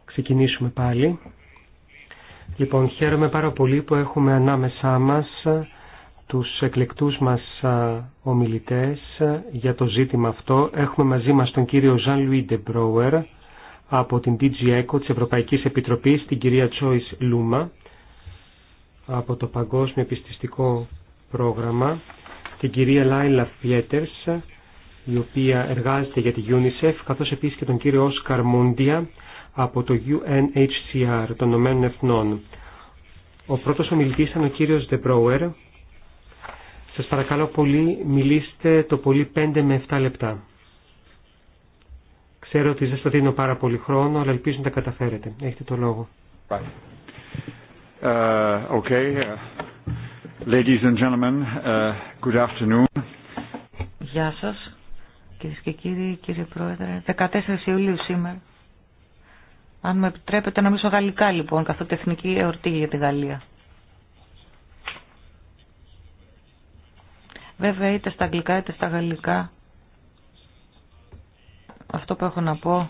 ξεκινήσουμε πάλι. Λοιπόν, χαίρομαι πάρα πολύ που έχουμε ανάμεσά μας ε, τους εκλεκτούς μας ε, ομιλητές ε, για το ζήτημα αυτό. Έχουμε μαζί μας τον κύριο Ζαν Λουί Ντεμπρόερ από την DG ECO της Ευρωπαϊκής Επιτροπής, την κυρία Τσόις Λούμα από το Παγκόσμιο Επιστηστικό Πρόγραμμα, την κυρία Λάιλα Πιέτερς η οποία εργάζεται για τη UNICEF, καθώς επίσης και τον κύριο Όσκαρ Μούντια από το UNHCR των Ηνωμένων Εθνών. Ο πρώτος ομιλητής ήταν ο κύριος Δεμπρόερ. Σας παρακαλώ πολύ, μιλήστε το πολύ 5 με 7 λεπτά. Ξέρω ότι δεν το δίνω πάρα πολύ χρόνο, αλλά ελπίζω να τα καταφέρετε. Έχετε το λόγο. Γεια σας. Κυρίε και κύριοι, κύριε Πρόεδρε, 14 Ιουλίου σήμερα. Αν με επιτρέπετε να μιλήσω γαλλικά λοιπόν, καθώ τεχνική εορτή για τη Γαλλία. Βέβαια είτε στα αγγλικά είτε στα γαλλικά. Αυτό που έχω να πω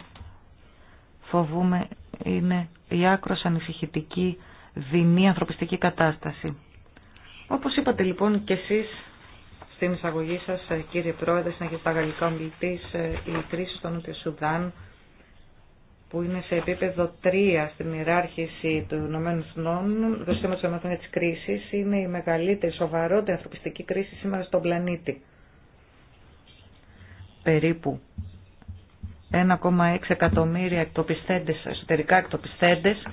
φοβούμε είναι η άκρος ανησυχητική δεινή ανθρωπιστική κατάσταση. Όπως είπατε λοιπόν και εσείς στην εισαγωγή σας, ε, κύριε Πρόεδρε, συνεχίζει τα γαλλικά Ομιλητή, ε, η κρίση στο Νότιο Σουδάν, που είναι σε επίπεδο 3 στην ιεράρχηση του Ηνωμένου το του τη ομοθεσία της κρίση, είναι η μεγαλύτερη, σοβαρότερη ανθρωπιστική κρίση σήμερα στον πλανήτη. Περίπου 1,6 εκατομμύρια εκτοπιστέντες, εσωτερικά εκτοπιστέντες,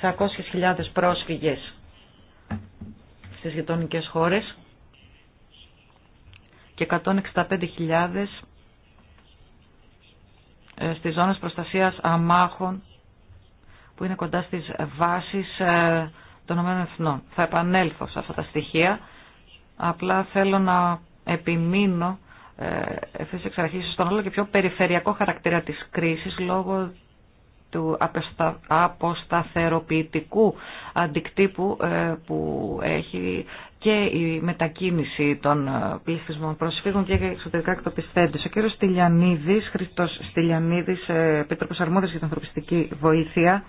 600.000 πρόσφυγες στις γειτονικές χώρες, και 165.000 ε, στις ζώνες προστασίας αμάχων που είναι κοντά στις βάσεις ε, των ΗΕ. Θα επανέλθω σε αυτά τα στοιχεία. Απλά θέλω να επιμείνω ε, ευθύς εξ στον όλο και πιο περιφερειακό χαρακτήρα της κρίσης λόγω του αποσταθεροποιητικού αντικτύπου ε, που έχει και η μετακίνηση των ε, πληθυσμών προσφύγων και εξωτερικά εκτοπιστέντες. Ο κύριος Στυλιανίδης, Χρήστος Στυλιανίδης, ε, Επίτροπος Αρμόδιος για την Ανθρωπιστική Βοήθεια,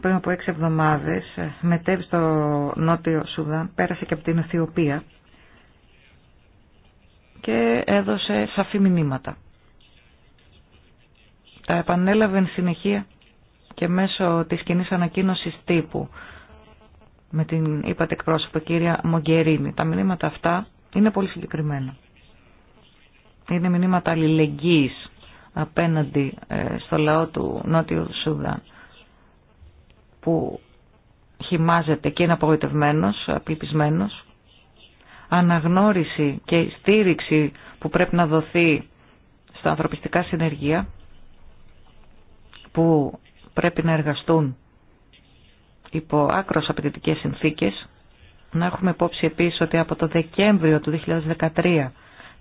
πριν από έξι εβδομάδες μετέβη στο Νότιο Σουδάν, πέρασε και από την Αιθιοπία και έδωσε σαφή μηνύματα. Τα επανέλαβε εν συνεχεία και μέσω της κοινή ανακοίνωσης τύπου με την είπατε εκπρόσωπο κυρία Μογκερίνη. Τα μηνύματα αυτά είναι πολύ συγκεκριμένα. Είναι μηνύματα αλληλεγγύης απέναντι ε, στο λαό του Νότιου Σουδάν που χυμάζεται και είναι απογοητευμένος, απελπισμένο. Αναγνώριση και στήριξη που πρέπει να δοθεί στα ανθρωπιστικά συνεργεία που πρέπει να εργαστούν υπό άκρος απαιτητικές συνθήκες. Να έχουμε υπόψη επίσης ότι από το Δεκέμβριο του 2013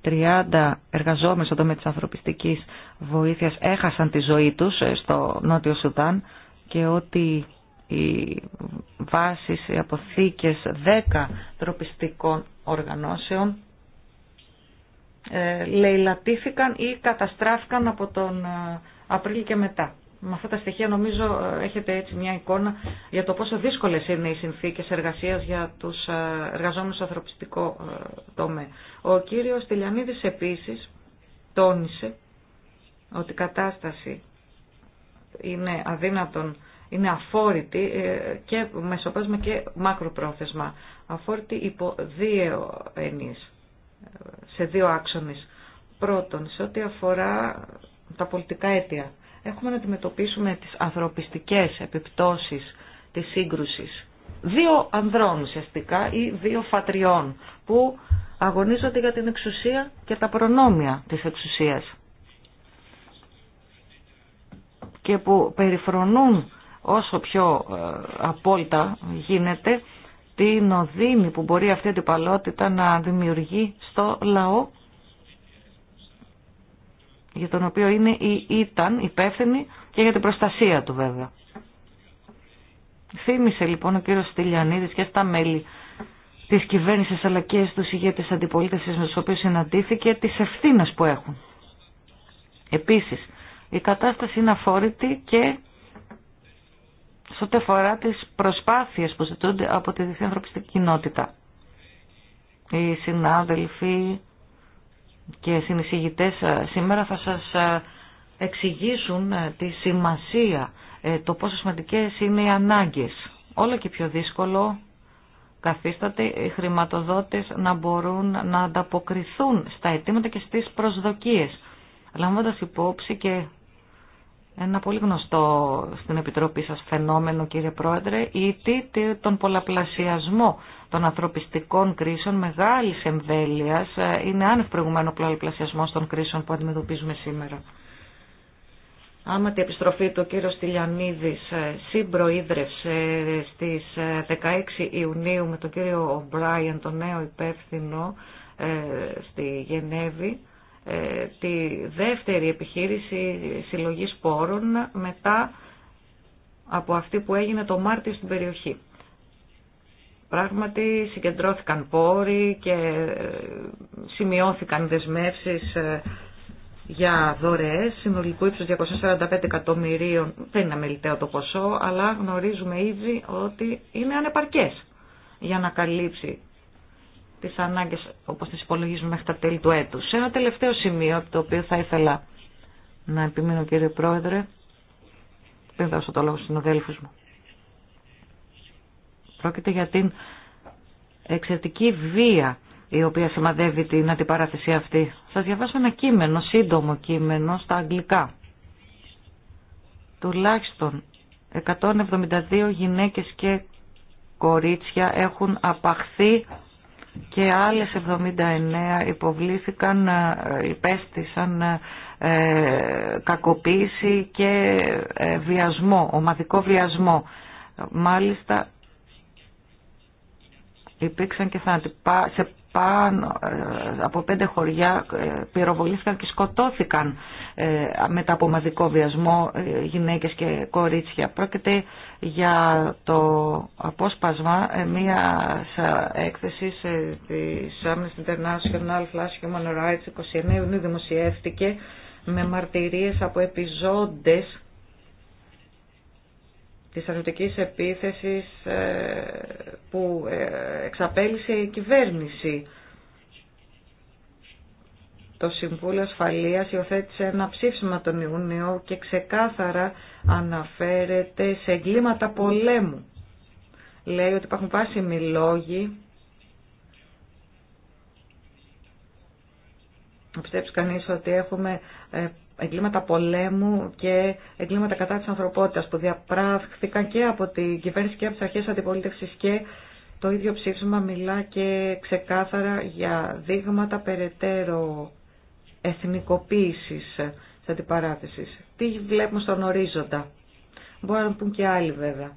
30 εργαζόμενοι στον τομέα της ανθρωπιστικής βοήθειας έχασαν τη ζωή τους ε, στο Νότιο Σουδάν και ότι οι βάσεις, οι αποθήκες 10 τροπιστικών οργανώσεων ε, λαιλατήθηκαν ή καταστράφηκαν από τον ε, Απρίλιο και μετά. Με αυτά τα στοιχεία νομίζω ε, έχετε έτσι μια εικόνα για το πόσο δύσκολες είναι οι συνθήκες εργασίας για τους ε, εργαζόμενους στο ανθρωπιστικό ε, τομέα. Ο κύριος Τηλιανίδης επίσης τόνισε ότι η κατάσταση είναι αδύνατον, είναι αφόρητη και μεσοπρόθεσμα και μακροπρόθεσμα. Αφόρητη υπό δύο ενείς, σε δύο άξονες. Πρώτον, σε ό,τι αφορά τα πολιτικά αίτια έχουμε να αντιμετωπίσουμε τις ανθρωπιστικές επιπτώσεις της σύγκρουσης. Δύο ανδρών ουσιαστικά ή δύο φατριών που αγωνίζονται για την εξουσία και τα προνόμια της εξουσίας και που περιφρονούν όσο πιο ε, απόλυτα γίνεται την οδύνη που μπορεί αυτή η αντιπαλότητα να δημιουργεί στο λαό για τον οποίο είναι ή ήταν υπεύθυνοι και για την προστασία του βέβαια. Θύμισε, λοιπόν ο κύριος Στυλιανίδης και στα μέλη της κυβέρνησης αλλά και στους ηγέτες αντιπολίτευσης με τους οποίους συναντήθηκε τις ευθύνε που έχουν. Επίσης, η κατάσταση είναι αφόρητη και σε ό,τι αφορά τις προσπάθειες που ζητούνται από τη διεθνή ανθρωπιστική κοινότητα. Οι συνάδελφοι και συνεισηγητές ε, σήμερα θα σας ε, εξηγήσουν ε, τη σημασία, το πόσο σημαντικές είναι οι ανάγκες. Όλο και πιο δύσκολο καθίσταται οι χρηματοδότες να μπορούν να ανταποκριθούν στα αιτήματα και στις προσδοκίες, Λάμβοντας υπόψη και ένα πολύ γνωστό στην Επιτροπή σας φαινόμενο, κύριε Πρόεδρε, η τί τον πολλαπλασιασμό των ανθρωπιστικών κρίσεων μεγάλης εμβέλειας ε, είναι άνευ προηγουμένο πολλαπλασιασμό των κρίσεων που αντιμετωπίζουμε σήμερα. Άμα την επιστροφή του κύριο Στυλιανίδης ε, συμπροείδρευσε ε, στις 16 Ιουνίου με τον κύριο Ομπράιεν, τον νέο υπεύθυνο, στη Γενέβη, ε, τη δεύτερη επιχείρηση συλλογής πόρων μετά από αυτή που έγινε το Μάρτιο στην περιοχή. Πράγματι συγκεντρώθηκαν πόροι και ε, σημειώθηκαν δεσμεύσεις ε, για δωρεές συνολικού ύψους 245 εκατομμυρίων. Δεν είναι αμεληταίο το ποσό, αλλά γνωρίζουμε ήδη ότι είναι ανεπαρκές για να καλύψει τι ανάγκε όπως τι υπολογίζουμε μέχρι τα τέλη του έτου. Σε ένα τελευταίο σημείο, το οποίο θα ήθελα να επιμείνω κύριε Πρόεδρε, πριν δώσω το λόγο στου συναδέλφου μου. Πρόκειται για την εξαιρετική βία η οποία σημαδεύει την αντιπαράθεση αυτή. Θα διαβάσω ένα κείμενο, σύντομο κείμενο, στα αγγλικά. Τουλάχιστον 172 γυναίκες και κορίτσια έχουν απαχθεί και άλλες 79 υποβλήθηκαν, ε, υπέστησαν ε, ε, κακοποίηση και βιασμό, ομαδικό βιασμό. Μάλιστα υπήρξαν και θάνατοι πάνω ε, από πέντε χωριά ε, πυροβολήθηκαν και σκοτώθηκαν ε, μετά από μαδικό βιασμό γυναίκες και κορίτσια. Πρόκειται για το απόσπασμα μια έκθεση της Amnesty International Flash Human Rights 29 Ιουνίου δημοσιεύτηκε με μαρτυρίες από επιζώντες της αρνητικής επίθεσης ε, που ε, εξαπέλυσε η κυβέρνηση. Το Συμβούλιο Ασφαλείας υιοθέτησε ένα ψήφισμα τον Ιούνιο και ξεκάθαρα αναφέρεται σε εγκλήματα πολέμου. Λέει ότι υπάρχουν βάσιμοι λόγοι να πιστέψει κανείς ότι έχουμε ε, εγκλήματα πολέμου και εγκλήματα κατά της ανθρωπότητας που διαπράχθηκαν και από την κυβέρνηση και από τις αρχές αντιπολίτευσης και το ίδιο ψήφισμα μιλά και ξεκάθαρα για δείγματα περαιτέρω εθνικοποίησης της αντιπαράθεσης. Τι βλέπουμε στον ορίζοντα. Μπορεί να πούν και άλλοι βέβαια.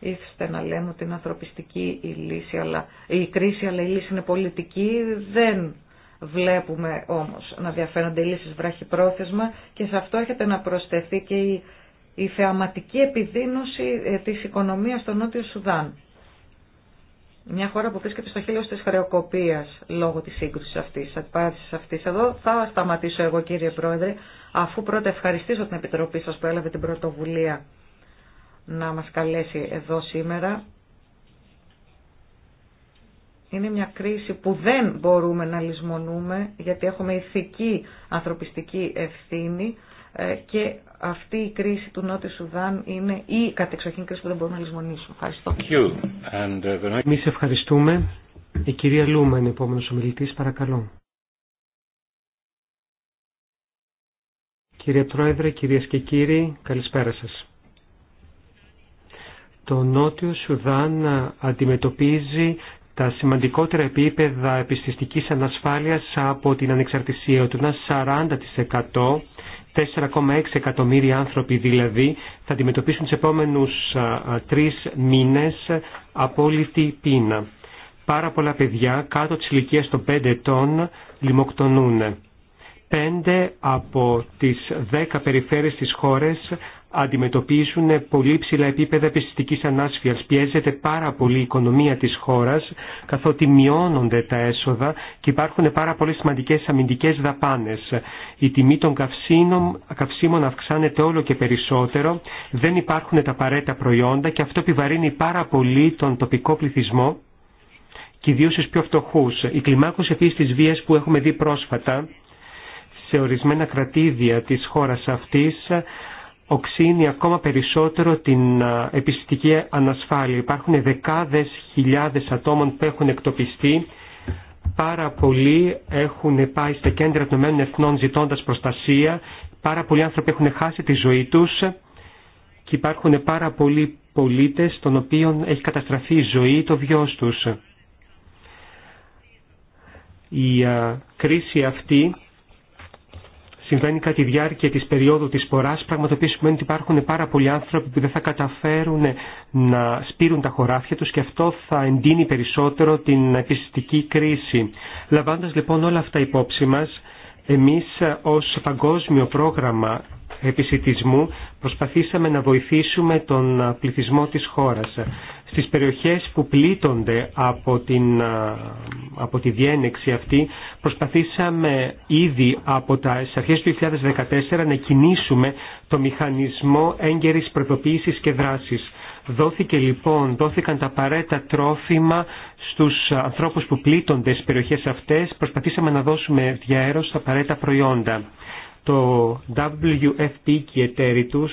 Ήρθατε να λέμε ότι είναι ανθρωπιστική η, λύση, αλλά, η κρίση, αλλά η λύση είναι πολιτική. Δεν βλέπουμε όμως να διαφέρονται λύσεις πρόθεσμα και σε αυτό έρχεται να προσθεθεί και η, η θεαματική επιδείνωση ε, της οικονομίας στο Νότιο Σουδάν. Μια χώρα που βρίσκεται στο χείλος της χρεοκοπίας λόγω της σύγκρουσης αυτής, της αντιπάρτησης αυτής. Εδώ θα σταματήσω εγώ κύριε Πρόεδρε, αφού πρώτα ευχαριστήσω την Επιτροπή σας που έλαβε την πρωτοβουλία να μας καλέσει εδώ σήμερα είναι μια κρίση που δεν μπορούμε να λησμονούμε γιατί έχουμε ηθική ανθρωπιστική ευθύνη ε, και αυτή η κρίση του Νότιου Σουδάν είναι η κατεξοχήν κρίση που δεν μπορούμε να λησμονήσουμε. Ευχαριστώ. Uh, Εμεί ευχαριστούμε. Η κυρία Λούμα είναι επόμενο ομιλητής. παρακαλώ. Κύριε Πρόεδρε, κυρίε και κύριοι, καλησπέρα σα. Το Νότιο Σουδάν ε, αντιμετωπίζει τα σημαντικότερα επίπεδα επιστηστικής ανασφάλειας από την ανεξαρτησία του. Να 40%, 4,6 εκατομμύρια άνθρωποι δηλαδή, θα αντιμετωπίσουν τις επόμενους τρεις μήνες απόλυτη πείνα. Πάρα πολλά παιδιά κάτω της ηλικία των 5 ετών λιμοκτονούν. Πέντε από τις 10 περιφέρειες της χώρας αντιμετωπίζουν πολύ ψηλά επίπεδα επιστημικής ανάσφειας. Πιέζεται πάρα πολύ η οικονομία της χώρας, καθότι μειώνονται τα έσοδα και υπάρχουν πάρα πολύ σημαντικές αμυντικές δαπάνες. Η τιμή των καυσίμων, αυξάνεται όλο και περισσότερο, δεν υπάρχουν τα απαραίτητα προϊόντα και αυτό επιβαρύνει πάρα πολύ τον τοπικό πληθυσμό και ιδίω στους πιο φτωχούς. Η κλιμάκωση αυτή της βίας που έχουμε δει πρόσφατα σε ορισμένα κρατήδια της χώρας αυτής οξύνει ακόμα περισσότερο την επιστημική ανασφάλεια. Υπάρχουν δεκάδες χιλιάδες ατόμων που έχουν εκτοπιστεί. Πάρα πολλοί έχουν πάει στα κέντρα των ΗΕ Εθνών ζητώντας προστασία. Πάρα πολλοί άνθρωποι έχουν χάσει τη ζωή τους και υπάρχουν πάρα πολλοί πολίτες των οποίων έχει καταστραφεί η ζωή ή το βιός τους. Η κρίση αυτή συμβαίνει κάτι διάρκεια της περίοδου της σποράς, πραγματοποιήσουμε ότι υπάρχουν πάρα πολλοί άνθρωποι που δεν θα καταφέρουν να σπείρουν τα χωράφια τους και αυτό θα εντείνει περισσότερο την επιστημική κρίση. Λαμβάνοντας λοιπόν όλα αυτά υπόψη μας, εμείς ως παγκόσμιο πρόγραμμα επισητισμού προσπαθήσαμε να βοηθήσουμε τον πληθυσμό της χώρας στις περιοχές που πλήττονται από, την, από τη διένεξη αυτή προσπαθήσαμε ήδη από τα αρχές του 2014 να κινήσουμε το μηχανισμό έγκαιρης προειδοποίησης και δράσης. Δόθηκε λοιπόν, δόθηκαν τα παρέτα τρόφιμα στους ανθρώπους που πλήττονται στις περιοχές αυτές. Προσπαθήσαμε να δώσουμε διαέρος τα παρέτα προϊόντα. Το WFP και οι εταίροι τους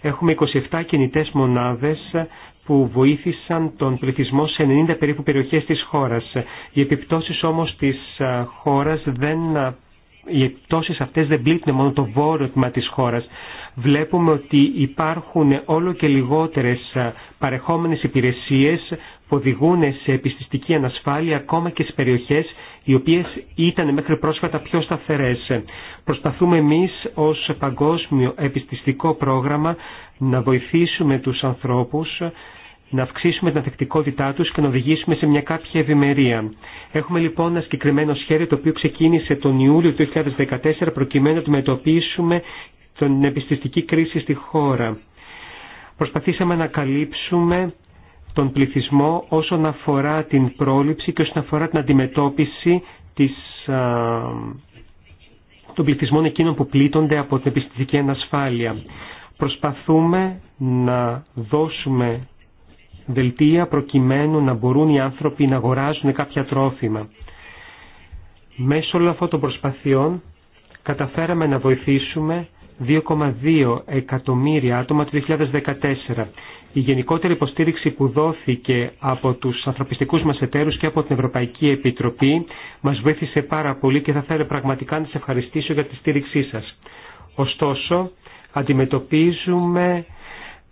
έχουμε 27 κινητές μονάδες που βοήθησαν τον πληθυσμό σε 90 περίπου περιοχές της χώρας. Οι επιπτώσεις όμως της ε, χώρας δεν ε, οι επιπτώσει αυτές δεν πλήττουν μόνο το βόρειο τμήμα της χώρας. Βλέπουμε ότι υπάρχουν όλο και λιγότερες ε, παρεχόμενες υπηρεσίες που οδηγούν σε επιστηστική ανασφάλεια ακόμα και σε περιοχές οι οποίες ήταν μέχρι πρόσφατα πιο σταθερές. Προσπαθούμε εμείς ως παγκόσμιο επιστηστικό πρόγραμμα να βοηθήσουμε τους ανθρώπους να αυξήσουμε την ανθεκτικότητά του και να οδηγήσουμε σε μια κάποια ευημερία. Έχουμε λοιπόν ένα συγκεκριμένο σχέδιο το οποίο ξεκίνησε τον Ιούλιο του 2014 προκειμένου να αντιμετωπίσουμε την επιστηστική κρίση στη χώρα. Προσπαθήσαμε να καλύψουμε τον πληθυσμό όσον αφορά την πρόληψη και όσον αφορά την αντιμετώπιση της, των πληθυσμών εκείνων που πλήττονται από την επιστημική ανασφάλεια. Προσπαθούμε να δώσουμε δελτία προκειμένου να μπορούν οι άνθρωποι να αγοράζουν κάποια τρόφιμα. Μέσω όλων αυτών των προσπαθειών καταφέραμε να βοηθήσουμε 2,2 εκατομμύρια άτομα το 2014. Η γενικότερη υποστήριξη που δόθηκε από τους ανθρωπιστικούς μας εταίρους και από την Ευρωπαϊκή Επιτροπή μας βοήθησε πάρα πολύ και θα θέλω πραγματικά να σας ευχαριστήσω για τη στήριξή σας. Ωστόσο, αντιμετωπίζουμε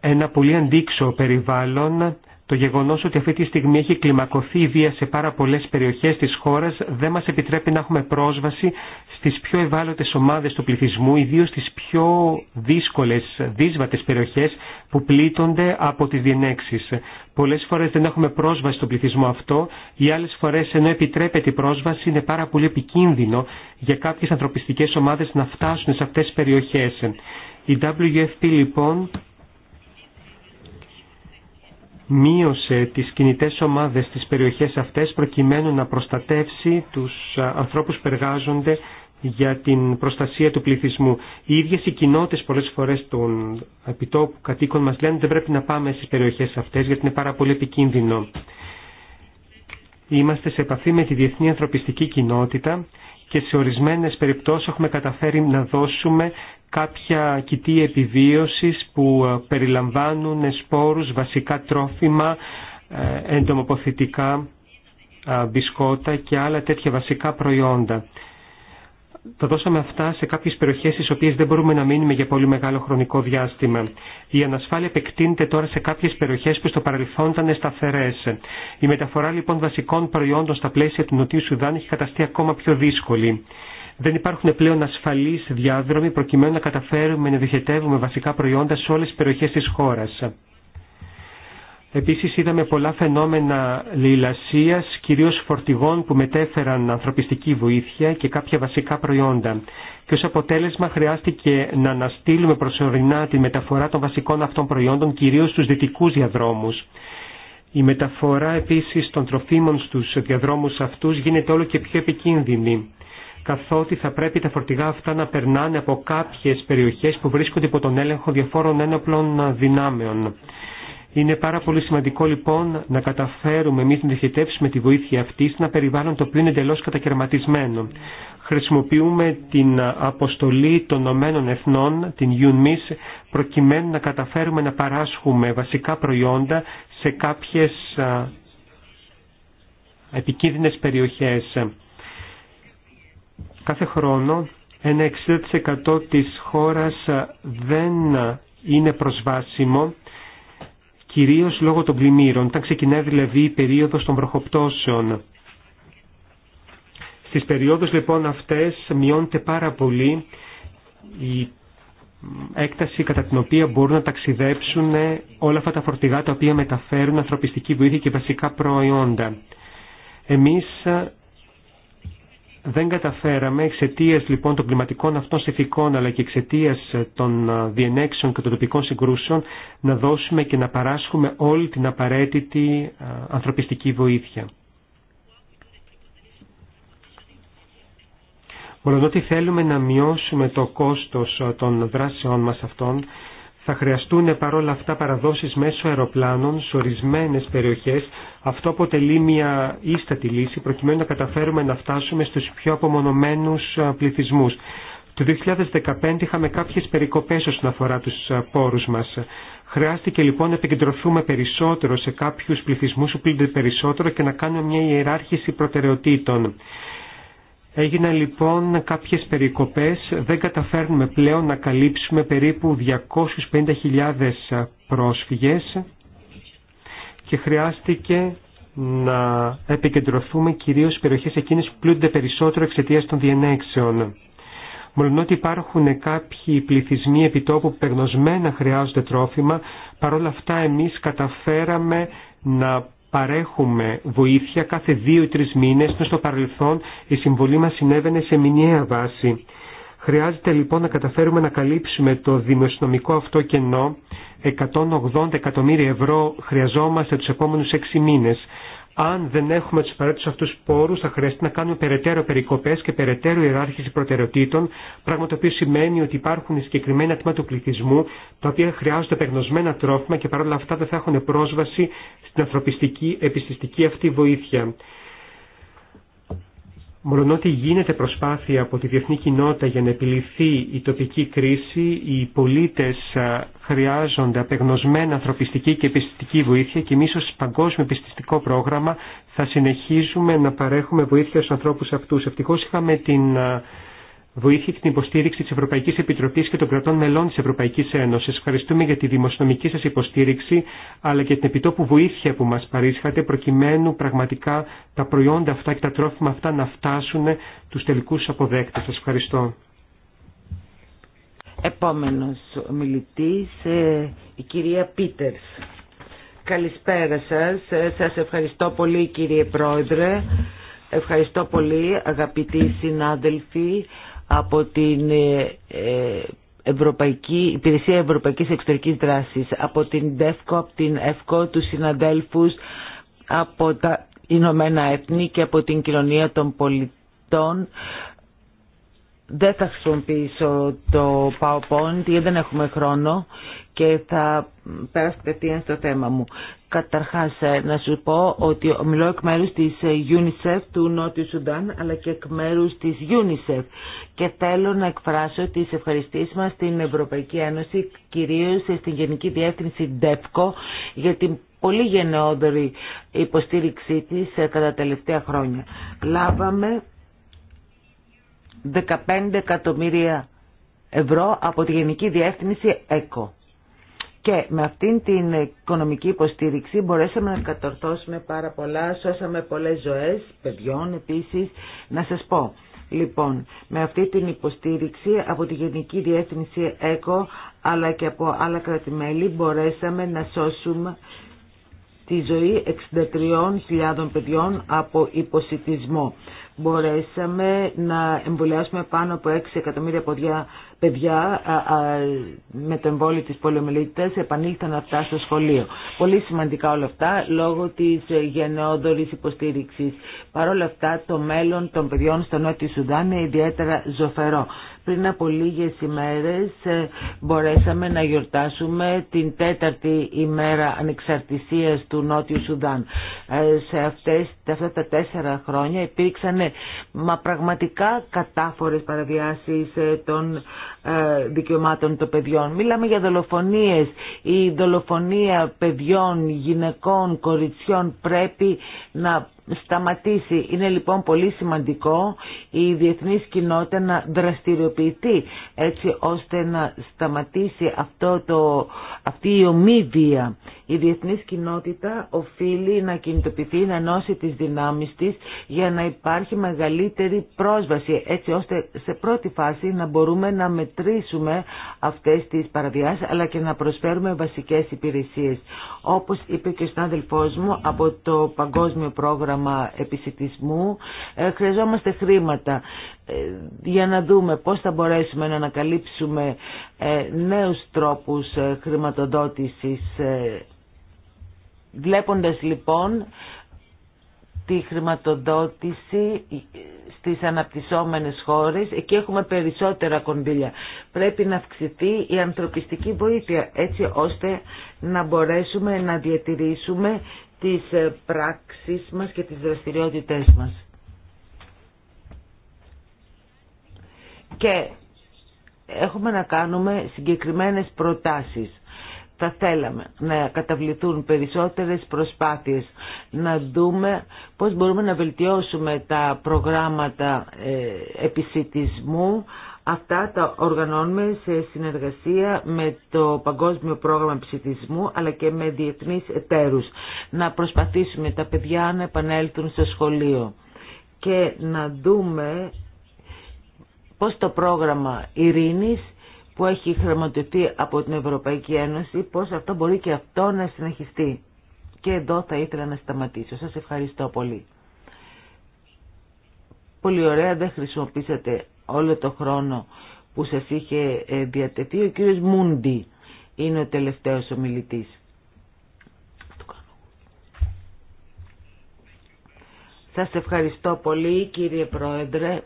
ένα πολύ αντίξω περιβάλλον το γεγονό ότι αυτή τη στιγμή έχει κλιμακωθεί η βία σε πάρα πολλέ περιοχέ τη χώρα δεν μα επιτρέπει να έχουμε πρόσβαση στι πιο ευάλωτε ομάδε του πληθυσμού, ιδίω στι πιο δύσκολε, δύσβατε περιοχέ που πλήττονται από τι διενέξει. Πολλέ φορέ δεν έχουμε πρόσβαση στον πληθυσμό αυτό ή άλλε φορέ ενώ επιτρέπεται η πρόσβαση είναι πάρα πολύ επικίνδυνο για κάποιε ανθρωπιστικέ ομάδε να φτάσουν σε αυτέ τι περιοχέ. Η WFP λοιπόν μείωσε τις κινητές ομάδες στις περιοχές αυτές προκειμένου να προστατεύσει τους ανθρώπους που εργάζονται για την προστασία του πληθυσμού. Οι ίδιες οι κοινότητες πολλές φορές των επιτόπου κατοίκων μας λένε ότι δεν πρέπει να πάμε στις περιοχές αυτές γιατί είναι πάρα πολύ επικίνδυνο. Είμαστε σε επαφή με τη διεθνή ανθρωπιστική κοινότητα και σε ορισμένες περιπτώσεις έχουμε καταφέρει να δώσουμε κάποια κοιτή επιβίωσης που ε, περιλαμβάνουν σπόρους, βασικά τρόφιμα, ε, εντομοποθητικά ε, μπισκότα και άλλα τέτοια βασικά προϊόντα. Τα δώσαμε αυτά σε κάποιες περιοχές στις οποίες δεν μπορούμε να μείνουμε για πολύ μεγάλο χρονικό διάστημα. Η ανασφάλεια επεκτείνεται τώρα σε κάποιες περιοχές που στο παρελθόν ήταν σταθερές. Η μεταφορά λοιπόν βασικών προϊόντων στα πλαίσια του Νοτιού Σουδάν έχει καταστεί ακόμα πιο δύσκολη. Δεν υπάρχουν πλέον ασφαλείς διάδρομοι προκειμένου να καταφέρουμε να διοχετεύουμε βασικά προϊόντα σε όλες τις περιοχές της χώρας. Επίσης είδαμε πολλά φαινόμενα λαιλασίας, κυρίως φορτηγών που μετέφεραν ανθρωπιστική βοήθεια και κάποια βασικά προϊόντα. Και ως αποτέλεσμα χρειάστηκε να αναστείλουμε προσωρινά τη μεταφορά των βασικών αυτών προϊόντων, κυρίως στους δυτικούς διαδρόμους. Η μεταφορά επίσης των τροφίμων στους διαδρόμους αυτούς γίνεται όλο και πιο επικίνδυνη καθότι θα πρέπει τα φορτηγά αυτά να περνάνε από κάποιες περιοχές που βρίσκονται υπό τον έλεγχο διαφόρων ένοπλων δυνάμεων. Είναι πάρα πολύ σημαντικό λοιπόν να καταφέρουμε εμεί να διοχετεύσουμε τη βοήθεια αυτή σε ένα περιβάλλον το οποίο είναι εντελώ κατακαιρματισμένο. Χρησιμοποιούμε την αποστολή των Ηνωμένων Εθνών, την UNMIS, προκειμένου να καταφέρουμε να παράσχουμε βασικά προϊόντα σε κάποιες επικίνδυνες περιοχές. Κάθε χρόνο ένα 60% της χώρας ε, δεν ε, είναι προσβάσιμο κυρίως λόγω των πλημμύρων, όταν ξεκινάει δηλαδή η περίοδος των προχοπτώσεων. Στις περιόδους λοιπόν αυτές μειώνεται πάρα πολύ η έκταση κατά την οποία μπορούν να ταξιδέψουν ε, όλα αυτά τα φορτηγά τα οποία μεταφέρουν ανθρωπιστική βοήθεια και βασικά προϊόντα. Εμείς δεν καταφέραμε εξαιτία λοιπόν των κλιματικών αυτών συνθηκών αλλά και εξαιτία ε, των ε, διενέξεων και των τοπικών συγκρούσεων να δώσουμε και να παράσχουμε όλη την απαραίτητη ε, ανθρωπιστική βοήθεια. ότι θέλουμε να μειώσουμε το κόστος των δράσεών μας αυτών, θα χρειαστούν παρόλα αυτά παραδόσεις μέσω αεροπλάνων σε ορισμένες περιοχές. Αυτό αποτελεί μια ίστατη λύση προκειμένου να καταφέρουμε να φτάσουμε στους πιο απομονωμένους πληθυσμούς. Το 2015 είχαμε κάποιες περικοπές όσον αφορά τους πόρους μας. Χρειάστηκε λοιπόν να επικεντρωθούμε περισσότερο σε κάποιους πληθυσμούς που πλήττονται περισσότερο και να κάνουμε μια ιεράρχηση προτεραιοτήτων. Έγιναν λοιπόν κάποιες περικοπές, δεν καταφέρνουμε πλέον να καλύψουμε περίπου 250.000 πρόσφυγες και χρειάστηκε να επικεντρωθούμε κυρίως στις περιοχές εκείνες που πλούνται περισσότερο εξαιτία των διενέξεων. Μολονότι υπάρχουν κάποιοι πληθυσμοί επιτόπου που περνοσμένα χρειάζονται τρόφιμα, παρόλα αυτά εμείς καταφέραμε να παρέχουμε βοήθεια κάθε δύο ή τρεις μήνες, ενώ στο παρελθόν η συμβολή μας συνέβαινε σε μηνιαία βάση. Χρειάζεται λοιπόν να καταφέρουμε να καλύψουμε το δημοσιονομικό αυτό κενό. 180 εκατομμύρια ευρώ χρειαζόμαστε τους επόμενους έξι μήνες. Αν δεν έχουμε τους απαραίτητους αυτούς πόρους θα χρειαστεί να κάνουμε περαιτέρω περικοπές και περαιτέρω ιεράρχηση προτεραιοτήτων, πράγμα το οποίο σημαίνει ότι υπάρχουν συγκεκριμένα τμήματα του πληθυσμού τα οποία χρειάζονται περνοσμένα τρόφιμα και παρόλα αυτά δεν θα έχουν πρόσβαση την ανθρωπιστική επιστηστική αυτή βοήθεια. Μολονότι γίνεται προσπάθεια από τη διεθνή κοινότητα για να επιληθεί η τοπική κρίση, οι πολίτες χρειάζονται απεγνωσμένα ανθρωπιστική και επιστηστική βοήθεια και εμείς ως παγκόσμιο επιστηστικό πρόγραμμα θα συνεχίζουμε να παρέχουμε βοήθεια στους ανθρώπους αυτούς. Ευτυχώς είχαμε την βοήθεια την υποστήριξη τη Ευρωπαϊκή Επιτροπή και των κρατών μελών τη Ευρωπαϊκή Ένωση. Ευχαριστούμε για τη δημοσιονομική σα υποστήριξη, αλλά και την επιτόπου βοήθεια που μα παρήσχατε, προκειμένου πραγματικά τα προϊόντα αυτά και τα τρόφιμα αυτά να φτάσουν του τελικού αποδέκτε. Σα ευχαριστώ. Επόμενος μιλητής, ε, η κυρία Πίτερ. Καλησπέρα σας. Ε, σα ευχαριστώ πολύ κύριε Πρόεδρε. Ευχαριστώ πολύ αγαπητοί συνάδελφοι από την ε, ε, Ευρωπαϊκή, Υπηρεσία Ευρωπαϊκής Εξωτερικής Δράσης, από την ΔΕΦΚΟ, από την ΕΦΚΟ, του συναδέλφους, από τα Ηνωμένα Έθνη και από την Κοινωνία των Πολιτών δεν θα χρησιμοποιήσω το PowerPoint γιατί δεν έχουμε χρόνο και θα πέρασω κατευθείαν στο θέμα μου. Καταρχάς ε, να σου πω ότι μιλώ εκ μέρους της ε, UNICEF του Νότιου Σουντάν αλλά και εκ μέρους της UNICEF και θέλω να εκφράσω τις ευχαριστήσεις μας στην Ευρωπαϊκή Ένωση κυρίως στην Γενική Διεύθυνση DEFCO για την πολύ γενναιόδορη υποστήριξή της ε, κατά τα τελευταία χρόνια. Λάβαμε 15 εκατομμύρια ευρώ από τη Γενική Διεύθυνση ΕΚΟ. Και με αυτήν την οικονομική υποστήριξη μπορέσαμε να κατορθώσουμε πάρα πολλά, σώσαμε πολλές ζωές, παιδιών επίσης. Να σας πω, λοιπόν, με αυτή την υποστήριξη από τη Γενική Διεύθυνση ΕΚΟ αλλά και από άλλα κρατημέλη μπορέσαμε να σώσουμε τη ζωή 63.000 παιδιών από υποσυτισμό μπορέσαμε να εμβολιάσουμε πάνω από 6 εκατομμύρια παιδιά, με το εμβόλιο της πολιομελίτητας επανήλθαν αυτά στο σχολείο. Πολύ σημαντικά όλα αυτά λόγω της γενναιόδορης υποστήριξης. Παρ' όλα αυτά το μέλλον των παιδιών στο Νότιο Σουδάν είναι ιδιαίτερα ζωφερό. Πριν από λίγες ημέρες ε, μπορέσαμε να γιορτάσουμε την τέταρτη ημέρα ανεξαρτησίας του Νότιου Σουδάν. Ε, σε αυτές, αυτά τα τέσσερα χρόνια υπήρξαν ε, μα πραγματικά κατάφορες παραβιάσεις των δικαιωμάτων των παιδιών. Μιλάμε για δολοφονίες. Η δολοφονία παιδιών, γυναικών, κοριτσιών πρέπει να σταματήσει. Είναι λοιπόν πολύ σημαντικό η διεθνή κοινότητα να δραστηριοποιηθεί έτσι ώστε να σταματήσει αυτό το, αυτή η ομίδια η διεθνής κοινότητα οφείλει να κινητοποιηθεί, να ενώσει τις δυνάμεις της για να υπάρχει μεγαλύτερη πρόσβαση έτσι ώστε σε πρώτη φάση να μπορούμε να μετρήσουμε αυτές τις παραβιάσεις αλλά και να προσφέρουμε βασικές υπηρεσίες. Όπως είπε και ο συνάδελφός μου από το Παγκόσμιο Πρόγραμμα Επισητισμού ε, χρειαζόμαστε χρήματα ε, για να δούμε πώς θα μπορέσουμε να ανακαλύψουμε ε, νέους τρόπους χρηματοδότησης Βλέποντας λοιπόν τη χρηματοδότηση στις αναπτυσσόμενες χώρες, εκεί έχουμε περισσότερα κονδύλια. Πρέπει να αυξηθεί η ανθρωπιστική βοήθεια, έτσι ώστε να μπορέσουμε να διατηρήσουμε τις πράξεις μας και τις δραστηριότητές μας. Και έχουμε να κάνουμε συγκεκριμένες προτάσεις θα θέλαμε να καταβληθούν περισσότερες προσπάθειες να δούμε πώς μπορούμε να βελτιώσουμε τα προγράμματα ε, επισητισμού Αυτά τα οργανώνουμε σε συνεργασία με το Παγκόσμιο Πρόγραμμα Ψητισμού αλλά και με διεθνείς εταίρους. Να προσπαθήσουμε τα παιδιά να επανέλθουν στο σχολείο και να δούμε πώς το πρόγραμμα ειρήνης που έχει χρηματοδοτεί από την Ευρωπαϊκή Ένωση, πώς αυτό μπορεί και αυτό να συνεχιστεί. Και εδώ θα ήθελα να σταματήσω. Σας ευχαριστώ πολύ. Πολύ ωραία, δεν χρησιμοποίησατε όλο το χρόνο που σας είχε ε, διατεθεί. Ο κύριος Μούντι είναι ο τελευταίος ομιλητής. Σας ευχαριστώ πολύ κύριε Πρόεδρε.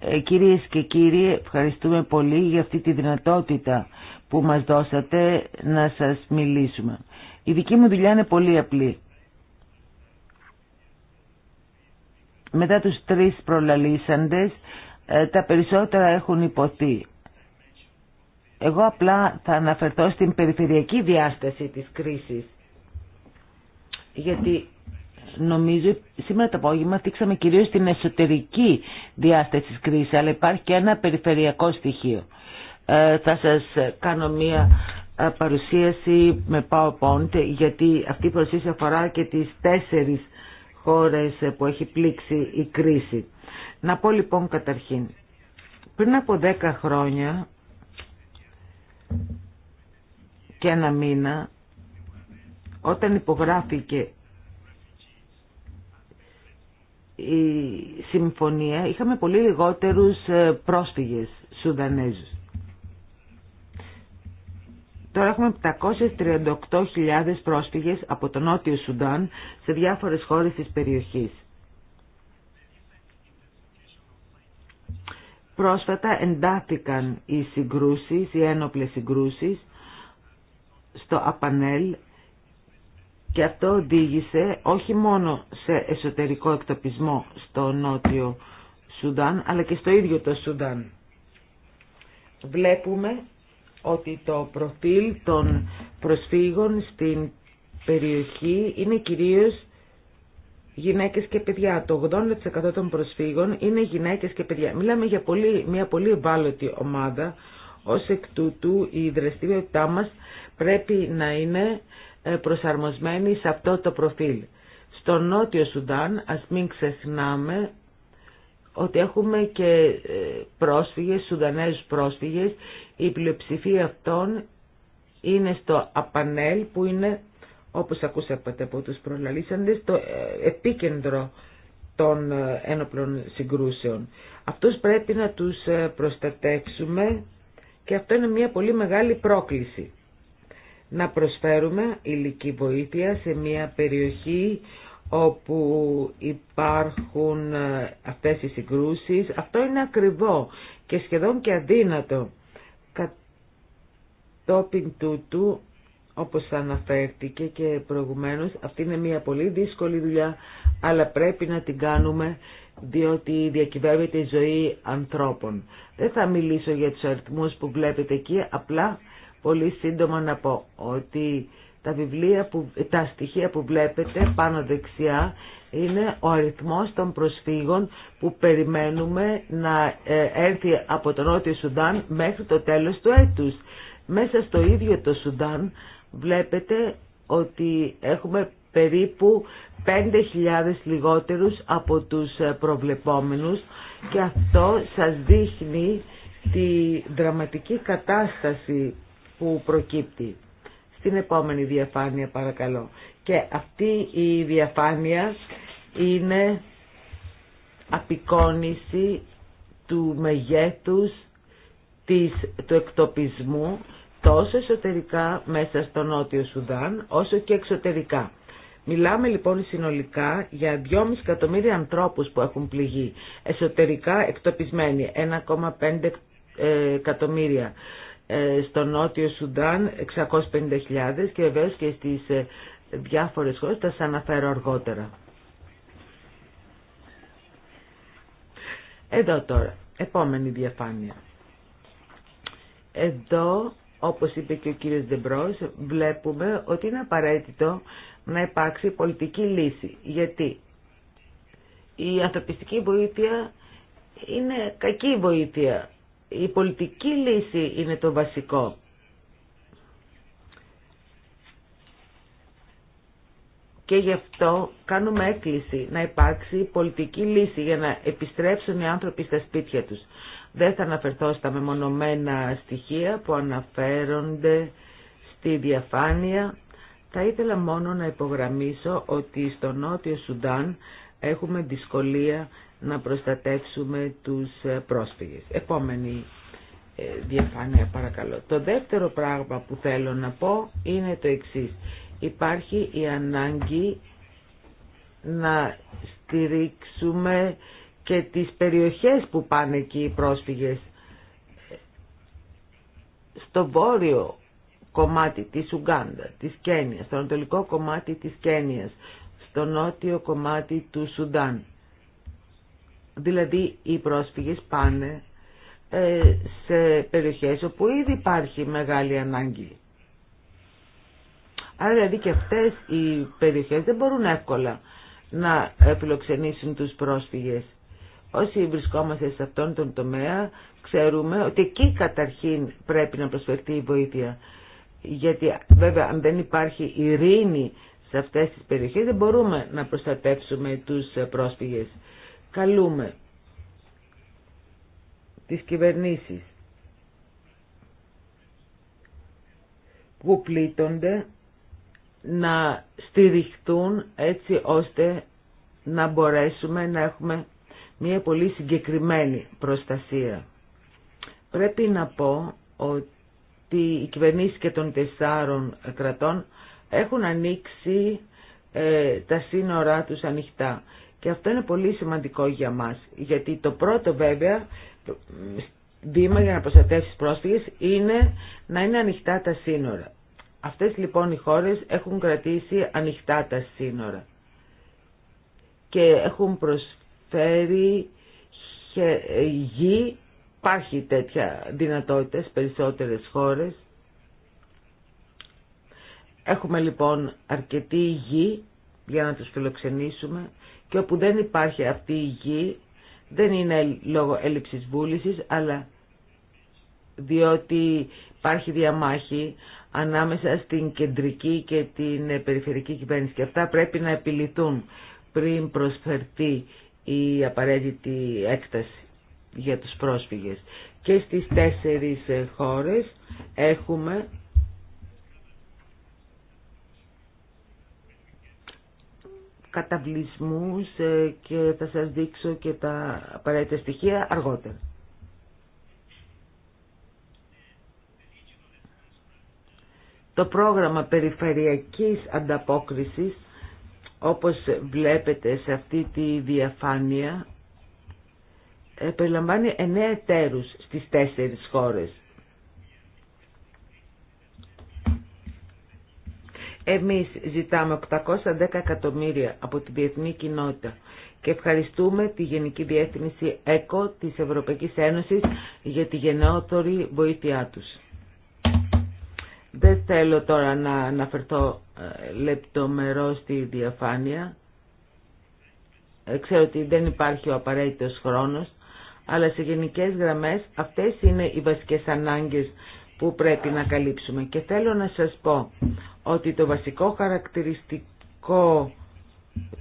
Ε, κυρίες και κύριοι, ευχαριστούμε πολύ για αυτή τη δυνατότητα που μας δώσατε να σας μιλήσουμε. Η δική μου δουλειά είναι πολύ απλή. Μετά τους τρεις προλαλήσαντες, ε, τα περισσότερα έχουν υποθεί. Εγώ απλά θα αναφερθώ στην περιφερειακή διάσταση της κρίσης. Γιατί Νομίζω σήμερα το απόγευμα θίξαμε κυρίως την εσωτερική διάσταση της κρίσης, αλλά υπάρχει και ένα περιφερειακό στοιχείο. Ε, θα σας κάνω μία ε, παρουσίαση με PowerPoint, γιατί αυτή η παρουσίαση αφορά και τις τέσσερις χώρες που έχει πλήξει η κρίση. Να πω λοιπόν καταρχήν, πριν από δέκα χρόνια και ένα μήνα, όταν υπογράφηκε η συμφωνία είχαμε πολύ λιγότερους ε, πρόσφυγες Σουδανέζους. Τώρα έχουμε 738.000 πρόσφυγες από τον Νότιο Σουδάν σε διάφορες χώρες της περιοχής. Πρόσφατα εντάθηκαν οι συγκρούσεις, οι ένοπλες συγκρούσεις στο Απανέλ και αυτό οδήγησε όχι μόνο σε εσωτερικό εκτοπισμό στο νότιο Σουδάν, αλλά και στο ίδιο το Σουδάν. Βλέπουμε ότι το προφίλ των προσφύγων στην περιοχή είναι κυρίως γυναίκες και παιδιά. Το 80% των προσφύγων είναι γυναίκες και παιδιά. Μιλάμε για πολύ, μια πολύ ευάλωτη ομάδα. Ως εκ τούτου η δραστηριότητά μας πρέπει να είναι προσαρμοσμένη σε αυτό το προφίλ. Στο Νότιο Σουδάν, ας μην ξεχνάμε ότι έχουμε και ε, πρόσφυγες, Σουδανέζους πρόσφυγες, η πλειοψηφία αυτών είναι στο Απανέλ που είναι, όπως ακούσατε από τους προλαλήσαντες, το ε, επίκεντρο των ε, ένοπλων συγκρούσεων. Αυτούς πρέπει να τους προστατεύσουμε και αυτό είναι μια πολύ μεγάλη πρόκληση να προσφέρουμε υλική βοήθεια σε μια περιοχή όπου υπάρχουν ε, αυτές οι συγκρούσεις. Αυτό είναι ακριβό και σχεδόν και αδύνατο. Κατόπιν τούτου, όπως αναφέρθηκε και προηγουμένως, αυτή είναι μια πολύ δύσκολη δουλειά, αλλά πρέπει να την κάνουμε διότι διακυβεύεται η ζωή ανθρώπων. Δεν θα μιλήσω για τους αριθμούς που βλέπετε εκεί, απλά πολύ σύντομα να πω ότι τα, βιβλία που, τα στοιχεία που βλέπετε πάνω δεξιά είναι ο αριθμός των προσφύγων που περιμένουμε να ε, έρθει από τον Νότιο Σουντάν μέχρι το τέλος του έτους. Μέσα στο ίδιο το Σουντάν βλέπετε ότι έχουμε περίπου 5.000 λιγότερους από τους ε, προβλεπόμενους και αυτό σας δείχνει τη δραματική κατάσταση που προκύπτει. Στην επόμενη διαφάνεια παρακαλώ. Και αυτή η διαφάνεια είναι απεικόνηση του μεγέθους της, του εκτοπισμού τόσο εσωτερικά μέσα στο Νότιο Σουδάν όσο και εξωτερικά. Μιλάμε λοιπόν συνολικά για 2,5 εκατομμύρια ανθρώπους που έχουν πληγεί, εσωτερικά εκτοπισμένοι 1,5 ε, εκατομμύρια, ε, στο Νότιο Σουντάν 650.000 και βέβαια και στις ε, διάφορες χώρες, θα σας αναφέρω αργότερα. Εδώ τώρα, επόμενη διαφάνεια. Εδώ, όπως είπε και ο κύριος Δεμπρός, βλέπουμε ότι είναι απαραίτητο να υπάρξει πολιτική λύση. Γιατί η ανθρωπιστική βοήθεια είναι κακή βοήθεια η πολιτική λύση είναι το βασικό. Και γι' αυτό κάνουμε έκκληση να υπάρξει πολιτική λύση για να επιστρέψουν οι άνθρωποι στα σπίτια τους. Δεν θα αναφερθώ στα μεμονωμένα στοιχεία που αναφέρονται στη διαφάνεια. Θα ήθελα μόνο να υπογραμμίσω ότι στο Νότιο Σουδάν έχουμε δυσκολία να προστατεύσουμε τους ε, πρόσφυγες. Επόμενη ε, διαφάνεια παρακαλώ. Το δεύτερο πράγμα που θέλω να πω είναι το εξής. Υπάρχει η ανάγκη να στηρίξουμε και τις περιοχές που πάνε εκεί οι πρόσφυγες. Στο βόρειο κομμάτι της Ουγκάντα, της Κένιας, στο ανατολικό κομμάτι της Κένιας, στο νότιο κομμάτι του Σουντάν. Δηλαδή οι πρόσφυγες πάνε ε, σε περιοχές όπου ήδη υπάρχει μεγάλη ανάγκη. Άρα δηλαδή και αυτές οι περιοχές δεν μπορούν εύκολα να φιλοξενήσουν τους πρόσφυγες. Όσοι βρισκόμαστε σε αυτόν τον τομέα ξέρουμε ότι εκεί καταρχήν πρέπει να προσφερθεί η βοήθεια. Γιατί βέβαια αν δεν υπάρχει ειρήνη σε αυτές τις περιοχές δεν μπορούμε να προστατεύσουμε τους ε, πρόσφυγες καλούμε τις κυβερνήσεις που πλήττονται να στηριχτούν έτσι ώστε να μπορέσουμε να έχουμε μια πολύ συγκεκριμένη προστασία. Πρέπει να πω ότι οι κυβερνήσεις και των τεσσάρων κρατών έχουν ανοίξει ε, τα σύνορά τους ανοιχτά και αυτό είναι πολύ σημαντικό για μας, γιατί το πρώτο βέβαια βήμα για να προστατεύσει πρόσφυγες είναι να είναι ανοιχτά τα σύνορα. Αυτές λοιπόν οι χώρες έχουν κρατήσει ανοιχτά τα σύνορα και έχουν προσφέρει ε, γη, υπάρχει τέτοια δυνατότητα περισσότερες χώρες. Έχουμε λοιπόν αρκετή γη για να τους φιλοξενήσουμε και όπου δεν υπάρχει αυτή η γη δεν είναι λόγω έλλειψης βούλησης αλλά διότι υπάρχει διαμάχη ανάμεσα στην κεντρική και την περιφερική κυβέρνηση και αυτά πρέπει να επιληθούν πριν προσφερθεί η απαραίτητη έκταση για τους πρόσφυγες. Και στις τέσσερις χώρες έχουμε καταβλισμούς ε, και θα σας δείξω και τα απαραίτητα στοιχεία αργότερα. Το πρόγραμμα περιφερειακής ανταπόκρισης, όπως βλέπετε σε αυτή τη διαφάνεια, περιλαμβάνει εννέα εταίρους στις τέσσερις χώρες. Εμείς ζητάμε 810 εκατομμύρια από την διεθνή κοινότητα και ευχαριστούμε τη Γενική Διεύθυνση ΕΚΟ της Ευρωπαϊκής Ένωσης για τη γενναιότερη βοήθειά τους. Δεν θέλω τώρα να αναφερθώ ε, λεπτομερό στη διαφάνεια. Ε, ξέρω ότι δεν υπάρχει ο απαραίτητος χρόνος, αλλά σε γενικές γραμμές αυτές είναι οι βασικές ανάγκες που πρέπει να καλύψουμε. Και θέλω να σας πω ότι το βασικό χαρακτηριστικό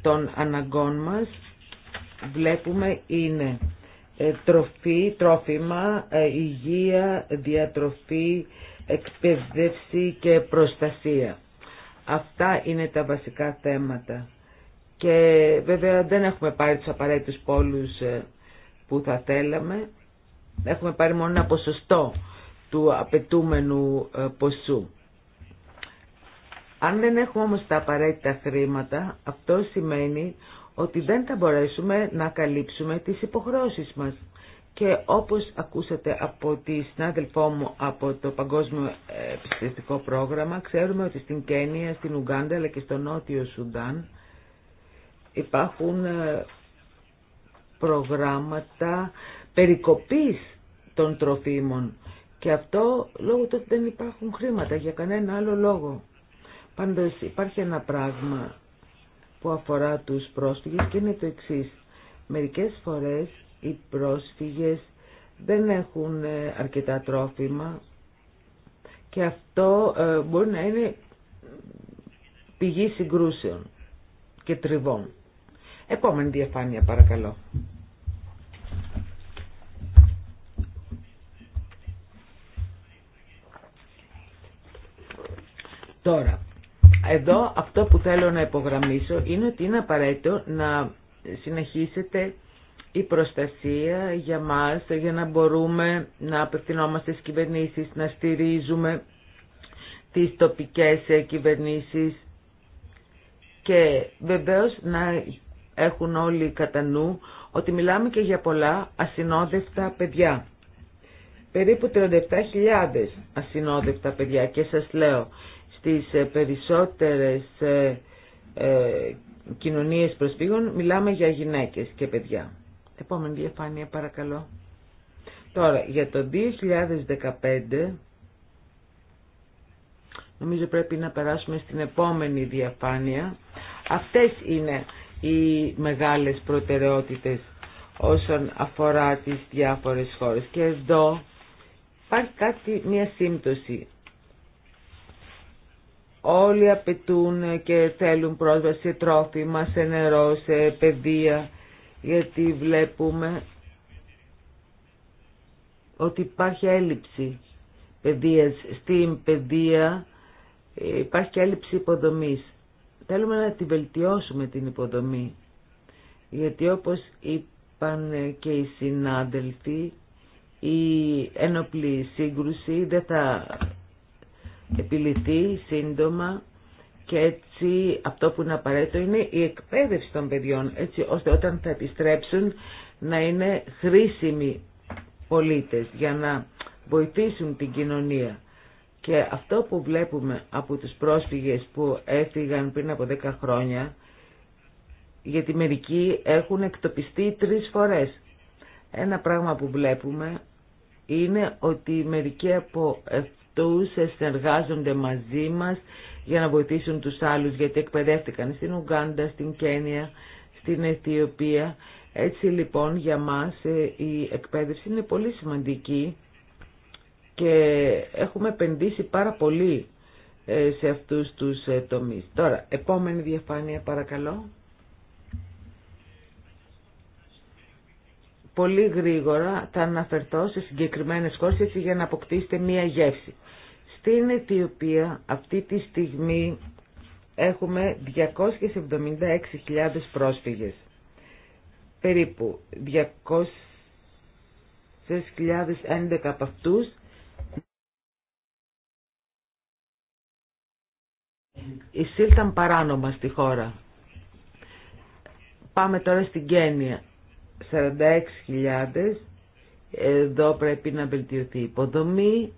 των αναγκών μας βλέπουμε είναι ε, τροφή, τρόφιμα, ε, υγεία, διατροφή, εκπαιδεύση και προστασία. Αυτά είναι τα βασικά θέματα. Και βέβαια δεν έχουμε πάρει τους απαραίτητους πόλους ε, που θα θέλαμε. Έχουμε πάρει μόνο ένα ποσοστό του απαιτούμενου ε, ποσού. Αν δεν έχουμε όμως τα απαραίτητα χρήματα, αυτό σημαίνει ότι δεν θα μπορέσουμε να καλύψουμε τις υποχρώσεις μας. Και όπως ακούσατε από τη συνάδελφό μου από το Παγκόσμιο ε, Επιστημιστικό Πρόγραμμα, ξέρουμε ότι στην Κένια, στην Ουγκάντα αλλά και στο Νότιο Σουντάν υπάρχουν ε, προγράμματα περικοπής των τροφίμων. Και αυτό λόγω του ότι δεν υπάρχουν χρήματα για κανένα άλλο λόγο. Πάντως υπάρχει ένα πράγμα που αφορά τους πρόσφυγες και είναι το εξής. Μερικές φορές οι πρόσφυγες δεν έχουν ε, αρκετά τρόφιμα και αυτό ε, μπορεί να είναι πηγή συγκρούσεων και τριβών. Επόμενη διαφάνεια παρακαλώ. Τώρα, εδώ αυτό που θέλω να υπογραμμίσω είναι ότι είναι απαραίτητο να συνεχίσετε η προστασία για μας, για να μπορούμε να απευθυνόμαστε στις κυβερνήσεις, να στηρίζουμε τις τοπικές κυβερνήσεις και βεβαίως να έχουν όλοι κατά νου ότι μιλάμε και για πολλά ασυνόδευτα παιδιά. Περίπου 37.000 ασυνόδευτα παιδιά και σας λέω στις ε, περισσότερες ε, ε, κοινωνίες προσφύγων μιλάμε για γυναίκες και παιδιά. Επόμενη διαφάνεια παρακαλώ. Τώρα, για το 2015 νομίζω πρέπει να περάσουμε στην επόμενη διαφάνεια. Αυτές είναι οι μεγάλες προτεραιότητες όσον αφορά τις διάφορες χώρες. Και εδώ υπάρχει κάτι, μια σύμπτωση. Όλοι απαιτούν και θέλουν πρόσβαση σε τρόφιμα, σε νερό, σε παιδεία, γιατί βλέπουμε ότι υπάρχει έλλειψη παιδείας. Στην παιδεία ε, υπάρχει και έλλειψη υποδομής. Θέλουμε να τη βελτιώσουμε την υποδομή, γιατί όπως είπαν και οι συνάδελφοι, η ένοπλη σύγκρουση δεν θα επιληθεί σύντομα και έτσι αυτό που είναι απαραίτητο είναι η εκπαίδευση των παιδιών έτσι ώστε όταν θα επιστρέψουν να είναι χρήσιμοι πολίτες για να βοηθήσουν την κοινωνία. Και αυτό που βλέπουμε από τους πρόσφυγες που έφυγαν πριν από 10 χρόνια, γιατί μερικοί έχουν εκτοπιστεί τρεις φορές. Ένα πράγμα που βλέπουμε είναι ότι μερικοί από αυτούς συνεργάζονται μαζί μας για να βοηθήσουν τους άλλους γιατί εκπαιδεύτηκαν στην Ουγγάντα, στην Κένια, στην Αιθιοπία. Έτσι λοιπόν για μας ε, η εκπαίδευση είναι πολύ σημαντική και έχουμε επενδύσει πάρα πολύ ε, σε αυτούς τους ε, τομείς. Τώρα, επόμενη διαφάνεια παρακαλώ. πολύ γρήγορα θα αναφερθώ σε συγκεκριμένες χώρες για να αποκτήσετε μία γεύση. Στην Αιτιοπία αυτή τη στιγμή έχουμε 276.000 πρόσφυγες. Περίπου 200.011 από αυτούς εισήλθαν παράνομα στη χώρα. Πάμε τώρα στην Κένια. 46.000 εδώ πρέπει να βελτιωθεί η υποδομή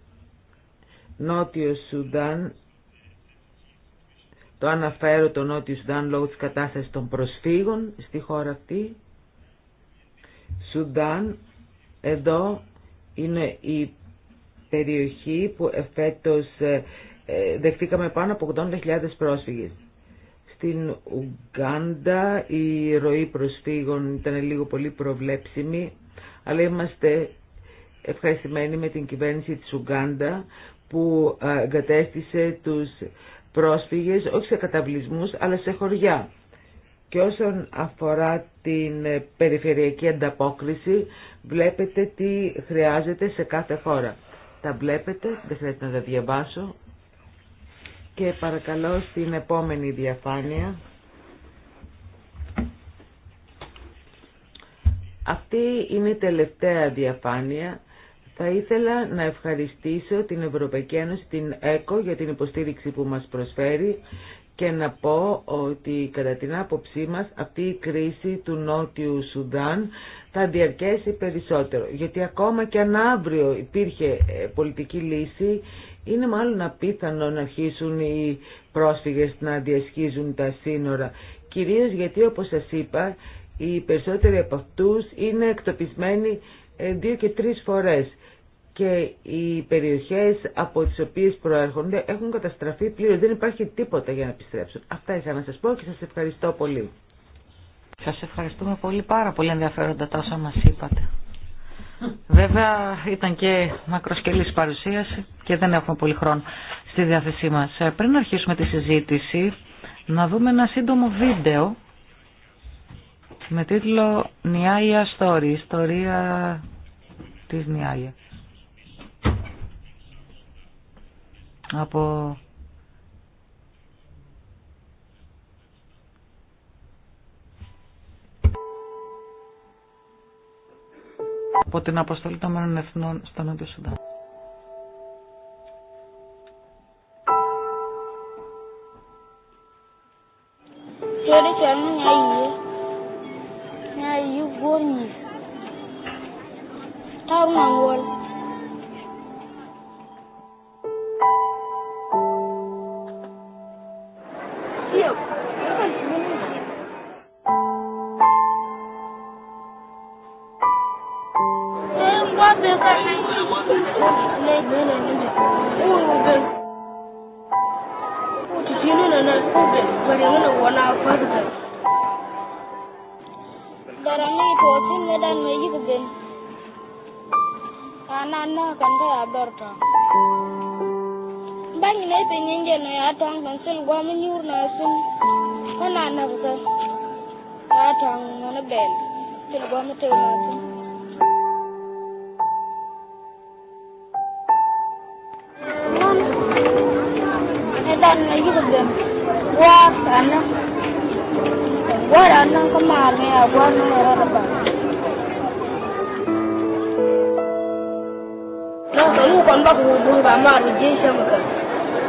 Νότιο Σουδάν το αναφέρω το Νότιο Σουδάν λόγω της κατάστασης των προσφύγων στη χώρα αυτή Σουδάν εδώ είναι η περιοχή που εφέτος ε, δεχτήκαμε πάνω από 80.000 πρόσφυγες στην Ουγκάντα η ροή προσφύγων ήταν λίγο πολύ προβλέψιμη, αλλά είμαστε ευχαριστημένοι με την κυβέρνηση της Ουγκάντα που εγκατέστησε τους πρόσφυγες όχι σε καταβλισμούς αλλά σε χωριά. Και όσον αφορά την περιφερειακή ανταπόκριση, βλέπετε τι χρειάζεται σε κάθε χώρα. Τα βλέπετε, δεν χρειάζεται να τα διαβάσω, και παρακαλώ στην επόμενη διαφάνεια. Αυτή είναι η τελευταία διαφάνεια. Θα ήθελα να ευχαριστήσω την Ευρωπαϊκή Ένωση, την ΕΚΟ, για την υποστήριξη που μας προσφέρει και να πω ότι κατά την άποψή μας αυτή η κρίση του Νότιου Σουδάν θα διαρκέσει περισσότερο. Γιατί ακόμα και αν αύριο υπήρχε ε, πολιτική λύση, είναι μάλλον απίθανο να αρχίσουν οι πρόσφυγες να διασχίζουν τα σύνορα, κυρίως γιατί όπως σας είπα οι περισσότεροι από αυτούς είναι εκτοπισμένοι ε, δύο και τρεις φορές και οι περιοχές από τις οποίες προέρχονται έχουν καταστραφεί πλήρως. Δεν υπάρχει τίποτα για να επιστρέψουν. Αυτά ήθελα να σας πω και σας ευχαριστώ πολύ. Σας ευχαριστούμε πολύ πάρα πολύ ενδιαφέροντα τόσα μας είπατε. Βέβαια ήταν και μακροσκελής παρουσίαση και δεν έχουμε πολύ χρόνο στη διάθεσή μας. Ε, πριν αρχίσουμε τη συζήτηση, να δούμε ένα σύντομο βίντεο με τίτλο «Νιάια Story», ιστορία της Νιάια. Από από την αποστολή των Μένων Εθνών στο Νότιο Σουδάν. Υπότιτλοι AUTHORWAVE sen yenge ya ta kan sel gwa mun yur na sun kana na na bel sel gwa mun te na sun dan na yi wa kuma me na kan ba ku dun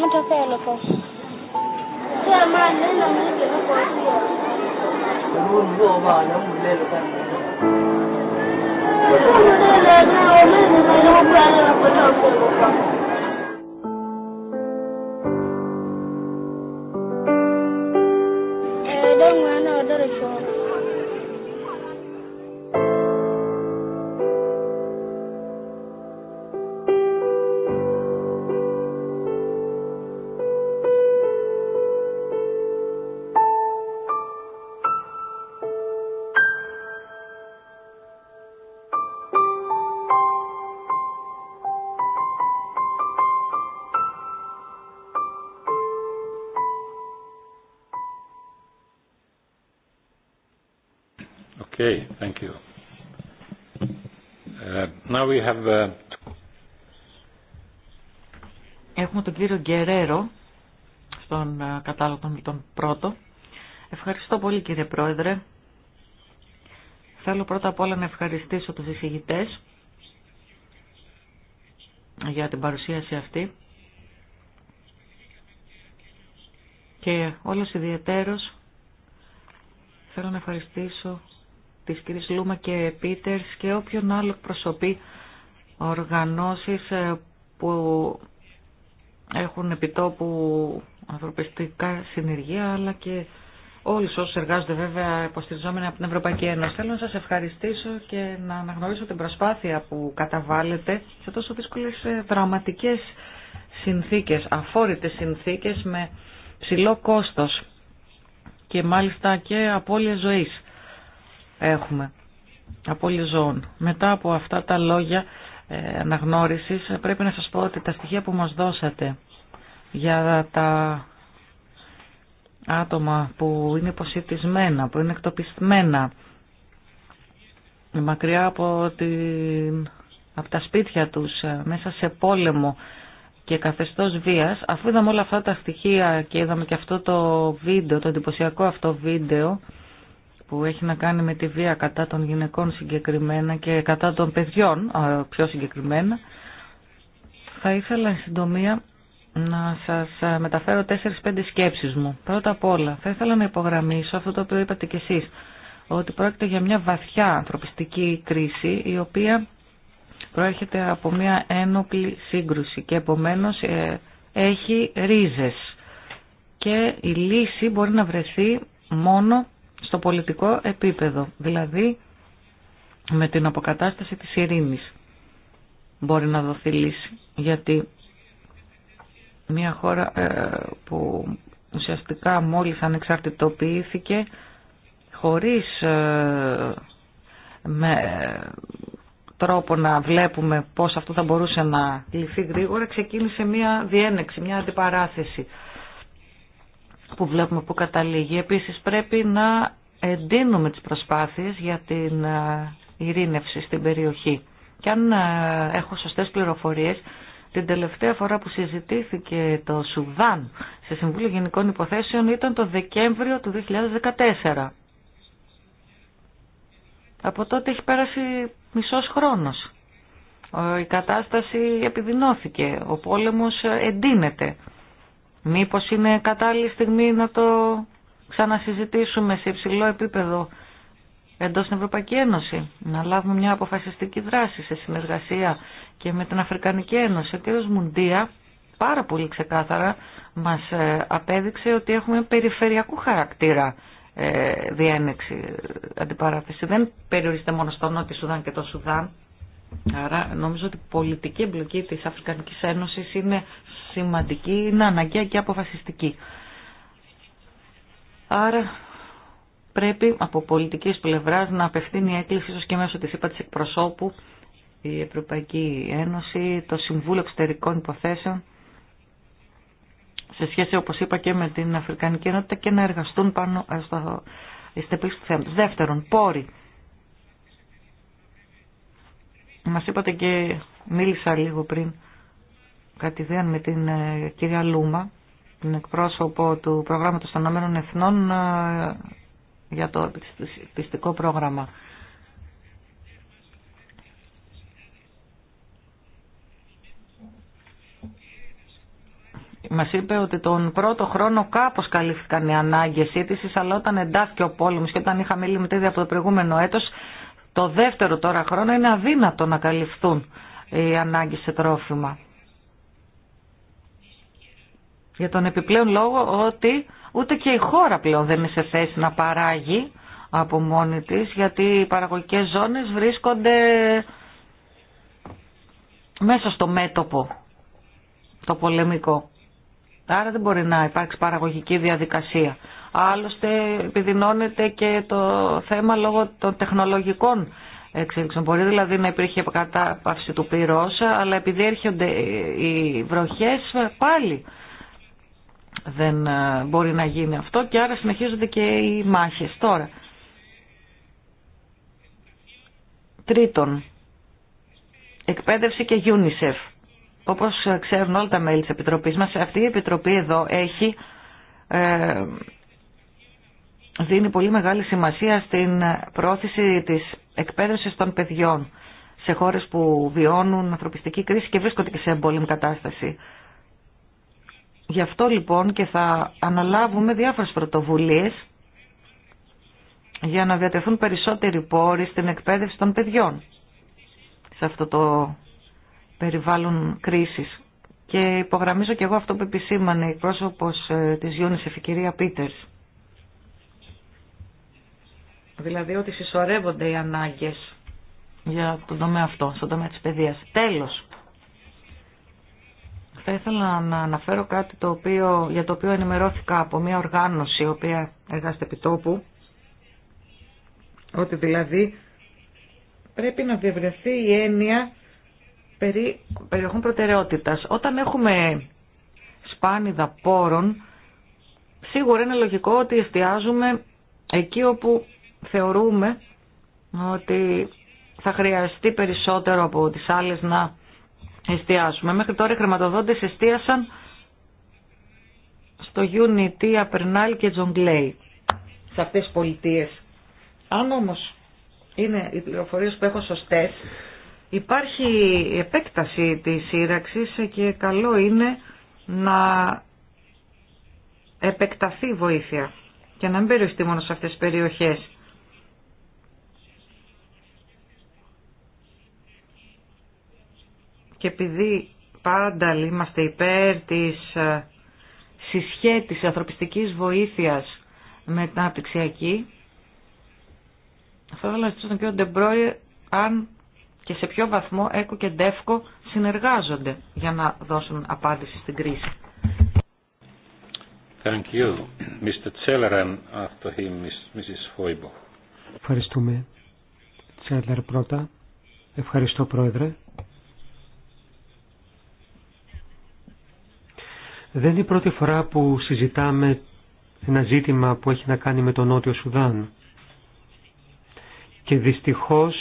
άμα το θέλω πως. Σε αμάν δεν νομίζω και εγώ πολύ. Εγώ ζω να μου λέω κάτι. Εγώ δεν λέω να λέω το Uh, Έχουμε τον κύριο Γκερέρο στον ε, κατάλογο των τον πρώτο. Ευχαριστώ πολύ κύριε Πρόεδρε. Θέλω πρώτα απ' όλα να ευχαριστήσω τους εισηγητές για την παρουσίαση αυτή και όλος ιδιαίτερος θέλω να ευχαριστήσω τις κυρίες Λούμα και Πίτερς και όποιον άλλο προσωπεί οργανώσεις ε, που έχουν επιτόπου ανθρωπιστικά συνεργεία αλλά και όλους όσους εργάζονται βέβαια υποστηριζόμενοι από την Ευρωπαϊκή Ένωση. Θέλω να σας ευχαριστήσω και να αναγνωρίσω την προσπάθεια που καταβάλλετε σε τόσο δύσκολες ε, δραματικές συνθήκες, αφόρητες συνθήκες με ψηλό κόστος και μάλιστα και απώλεια ζωής έχουμε, απώλεια ζώων. Μετά από αυτά τα λόγια αναγνώρισης, πρέπει να σας πω ότι τα στοιχεία που μας δώσατε για τα άτομα που είναι υποσυτισμένα, που είναι εκτοπισμένα, μακριά από, την, από τα σπίτια τους, μέσα σε πόλεμο και καθεστώς βίας, αφού είδαμε όλα αυτά τα στοιχεία και είδαμε και αυτό το βίντεο, το εντυπωσιακό αυτό βίντεο, που έχει να κάνει με τη βία κατά των γυναικών συγκεκριμένα και κατά των παιδιών πιο συγκεκριμένα, θα ήθελα συντομία να σας μεταφερω τεσσερις τέσσερις-πέντε σκέψεις μου. Πρώτα απ' όλα, θα ήθελα να υπογραμμίσω αυτό το οποίο είπατε κι εσείς, ότι πρόκειται για μια βαθιά ανθρωπιστική κρίση, η οποία προέρχεται από μια ένοπλη σύγκρουση και επομένως ε, έχει ρίζες. Και η λύση μπορεί να βρεθεί μόνο στο πολιτικό επίπεδο, δηλαδή με την αποκατάσταση της ειρήνης μπορεί να δοθεί λύση. Γιατί μια χώρα ε, που ουσιαστικά μόλις ανεξαρτητοποιήθηκε χωρίς ε, με τρόπο να βλέπουμε πώς αυτό θα μπορούσε να λυθεί γρήγορα ξεκίνησε μια διένεξη, μια αντιπαράθεση που βλέπουμε που καταλήγει. Επίσης πρέπει να εντείνουμε τις προσπάθειες για την ε, ειρήνευση στην περιοχή. Και αν ε, έχω σωστές πληροφορίες, την τελευταία φορά που συζητήθηκε το Σουδάν σε Συμβούλιο Γενικών Υποθέσεων ήταν το Δεκέμβριο του 2014. Από τότε έχει πέρασει μισός χρόνος. Η κατάσταση επιδεινώθηκε, ο πόλεμος ε, εντείνεται. Μήπως είναι κατάλληλη στιγμή να το ξανασυζητήσουμε σε υψηλό επίπεδο εντός στην Ευρωπαϊκή Ένωση, να λάβουμε μια αποφασιστική δράση σε συνεργασία και με την Αφρικανική Ένωση. Ο κ. Μουντία πάρα πολύ ξεκάθαρα μας ε, απέδειξε ότι έχουμε περιφερειακού χαρακτήρα ε, διένεξη ε, αντιπαράθεση. Δεν περιορίζεται μόνο στο Νότιο Σουδάν και το Σουδάν. Άρα νομίζω ότι η πολιτική εμπλοκή της Αφρικανικής Ένωσης είναι σημαντική, είναι αναγκαία και αποφασιστική. Άρα πρέπει από πολιτικής πλευράς να απευθύνει η έκκληση ίσως και μέσω της ΥΠΑ της εκπροσώπου η Ευρωπαϊκή Ένωση, το Συμβούλιο Εξωτερικών Υποθέσεων σε σχέση όπως είπα και με την Αφρικανική Ενότητα και να εργαστούν πάνω στο Δεύτερον, πόροι μας είπατε και μίλησα λίγο πριν κατηδίαν με την ε, κυρία Λούμα, την εκπρόσωπο του προγράμματος των Ηνωμένων Εθνών ε, για το πιστικό πρόγραμμα. Μα είπε ότι τον πρώτο χρόνο κάπω καλύφθηκαν οι ανάγκε σύντηση, αλλά όταν εντάχθηκε ο πόλεμο και όταν είχαμε από το προηγούμενο έτος το δεύτερο τώρα χρόνο είναι αδύνατο να καλυφθούν οι ανάγκες σε τρόφιμα. Για τον επιπλέον λόγο ότι ούτε και η χώρα πλέον δεν είναι σε θέση να παράγει από μόνη της, γιατί οι παραγωγικές ζώνες βρίσκονται μέσα στο μέτωπο, το πολεμικό. Άρα δεν μπορεί να υπάρξει παραγωγική διαδικασία. Άλλωστε επιδεινώνεται και το θέμα λόγω των τεχνολογικών εξέλιξεων. Μπορεί δηλαδή να υπήρχε κατάπαυση του πυρός, αλλά επειδή έρχονται οι βροχές πάλι δεν ε, μπορεί να γίνει αυτό και άρα συνεχίζονται και οι μάχες. Τώρα, τρίτον, εκπαίδευση και UNICEF. Όπως ξέρουν όλα τα μέλη της Επιτροπής μας, αυτή η Επιτροπή εδώ έχει ε, δίνει πολύ μεγάλη σημασία στην πρόθεση της εκπαίδευσης των παιδιών σε χώρες που βιώνουν ανθρωπιστική κρίση και βρίσκονται και σε εμπόλεμη κατάσταση. Γι' αυτό λοιπόν και θα αναλάβουμε διάφορες πρωτοβουλίες για να διατεθούν περισσότεροι πόροι στην εκπαίδευση των παιδιών σε αυτό το περιβάλλον κρίσης. Και υπογραμμίζω και εγώ αυτό που επισήμανε η πρόσωπος ε, της UNICEF, η Πίτερς. Δηλαδή ότι συσσωρεύονται οι ανάγκες για τον τομέα αυτό, στον τομέα της παιδείας. Τέλος, θα ήθελα να αναφέρω κάτι το οποίο, για το οποίο ενημερώθηκα από μια οργάνωση η οποία εργάζεται επί τόπου, ότι δηλαδή πρέπει να διευρεθεί η έννοια περί περιοχών προτεραιότητας. Όταν έχουμε σπάνιδα πόρων, σίγουρα είναι λογικό ότι εστιάζουμε εκεί όπου θεωρούμε ότι θα χρειαστεί περισσότερο από τις άλλες να εστιάσουμε. Μέχρι τώρα οι χρηματοδότες εστίασαν στο Unity, Απερνάλ και Τζογκλέι, σε αυτές τις πολιτείες. Αν όμως είναι οι πληροφορίες που έχω σωστές, υπάρχει επέκταση της σύραξης και καλό είναι να επεκταθεί βοήθεια και να μην περιοριστεί μόνο σε αυτές τις περιοχές. και επειδή πάντα είμαστε υπέρ της ε, συσχέτισης ανθρωπιστικής βοήθειας με την αναπτυξιακή, θα ήθελα να ζητήσω τον κύριο Ντεμπρόι αν και σε ποιο βαθμό ΕΚΟ και ΝΤΕΦΚΟ συνεργάζονται για να δώσουν απάντηση στην κρίση. Thank you. Mr. Ευχαριστούμε. Τσέλερ πρώτα. Ευχαριστώ, Πρόεδρε. Δεν είναι η πρώτη φορά που συζητάμε ένα ζήτημα που έχει να κάνει με τον Νότιο Σουδάν. Και δυστυχώς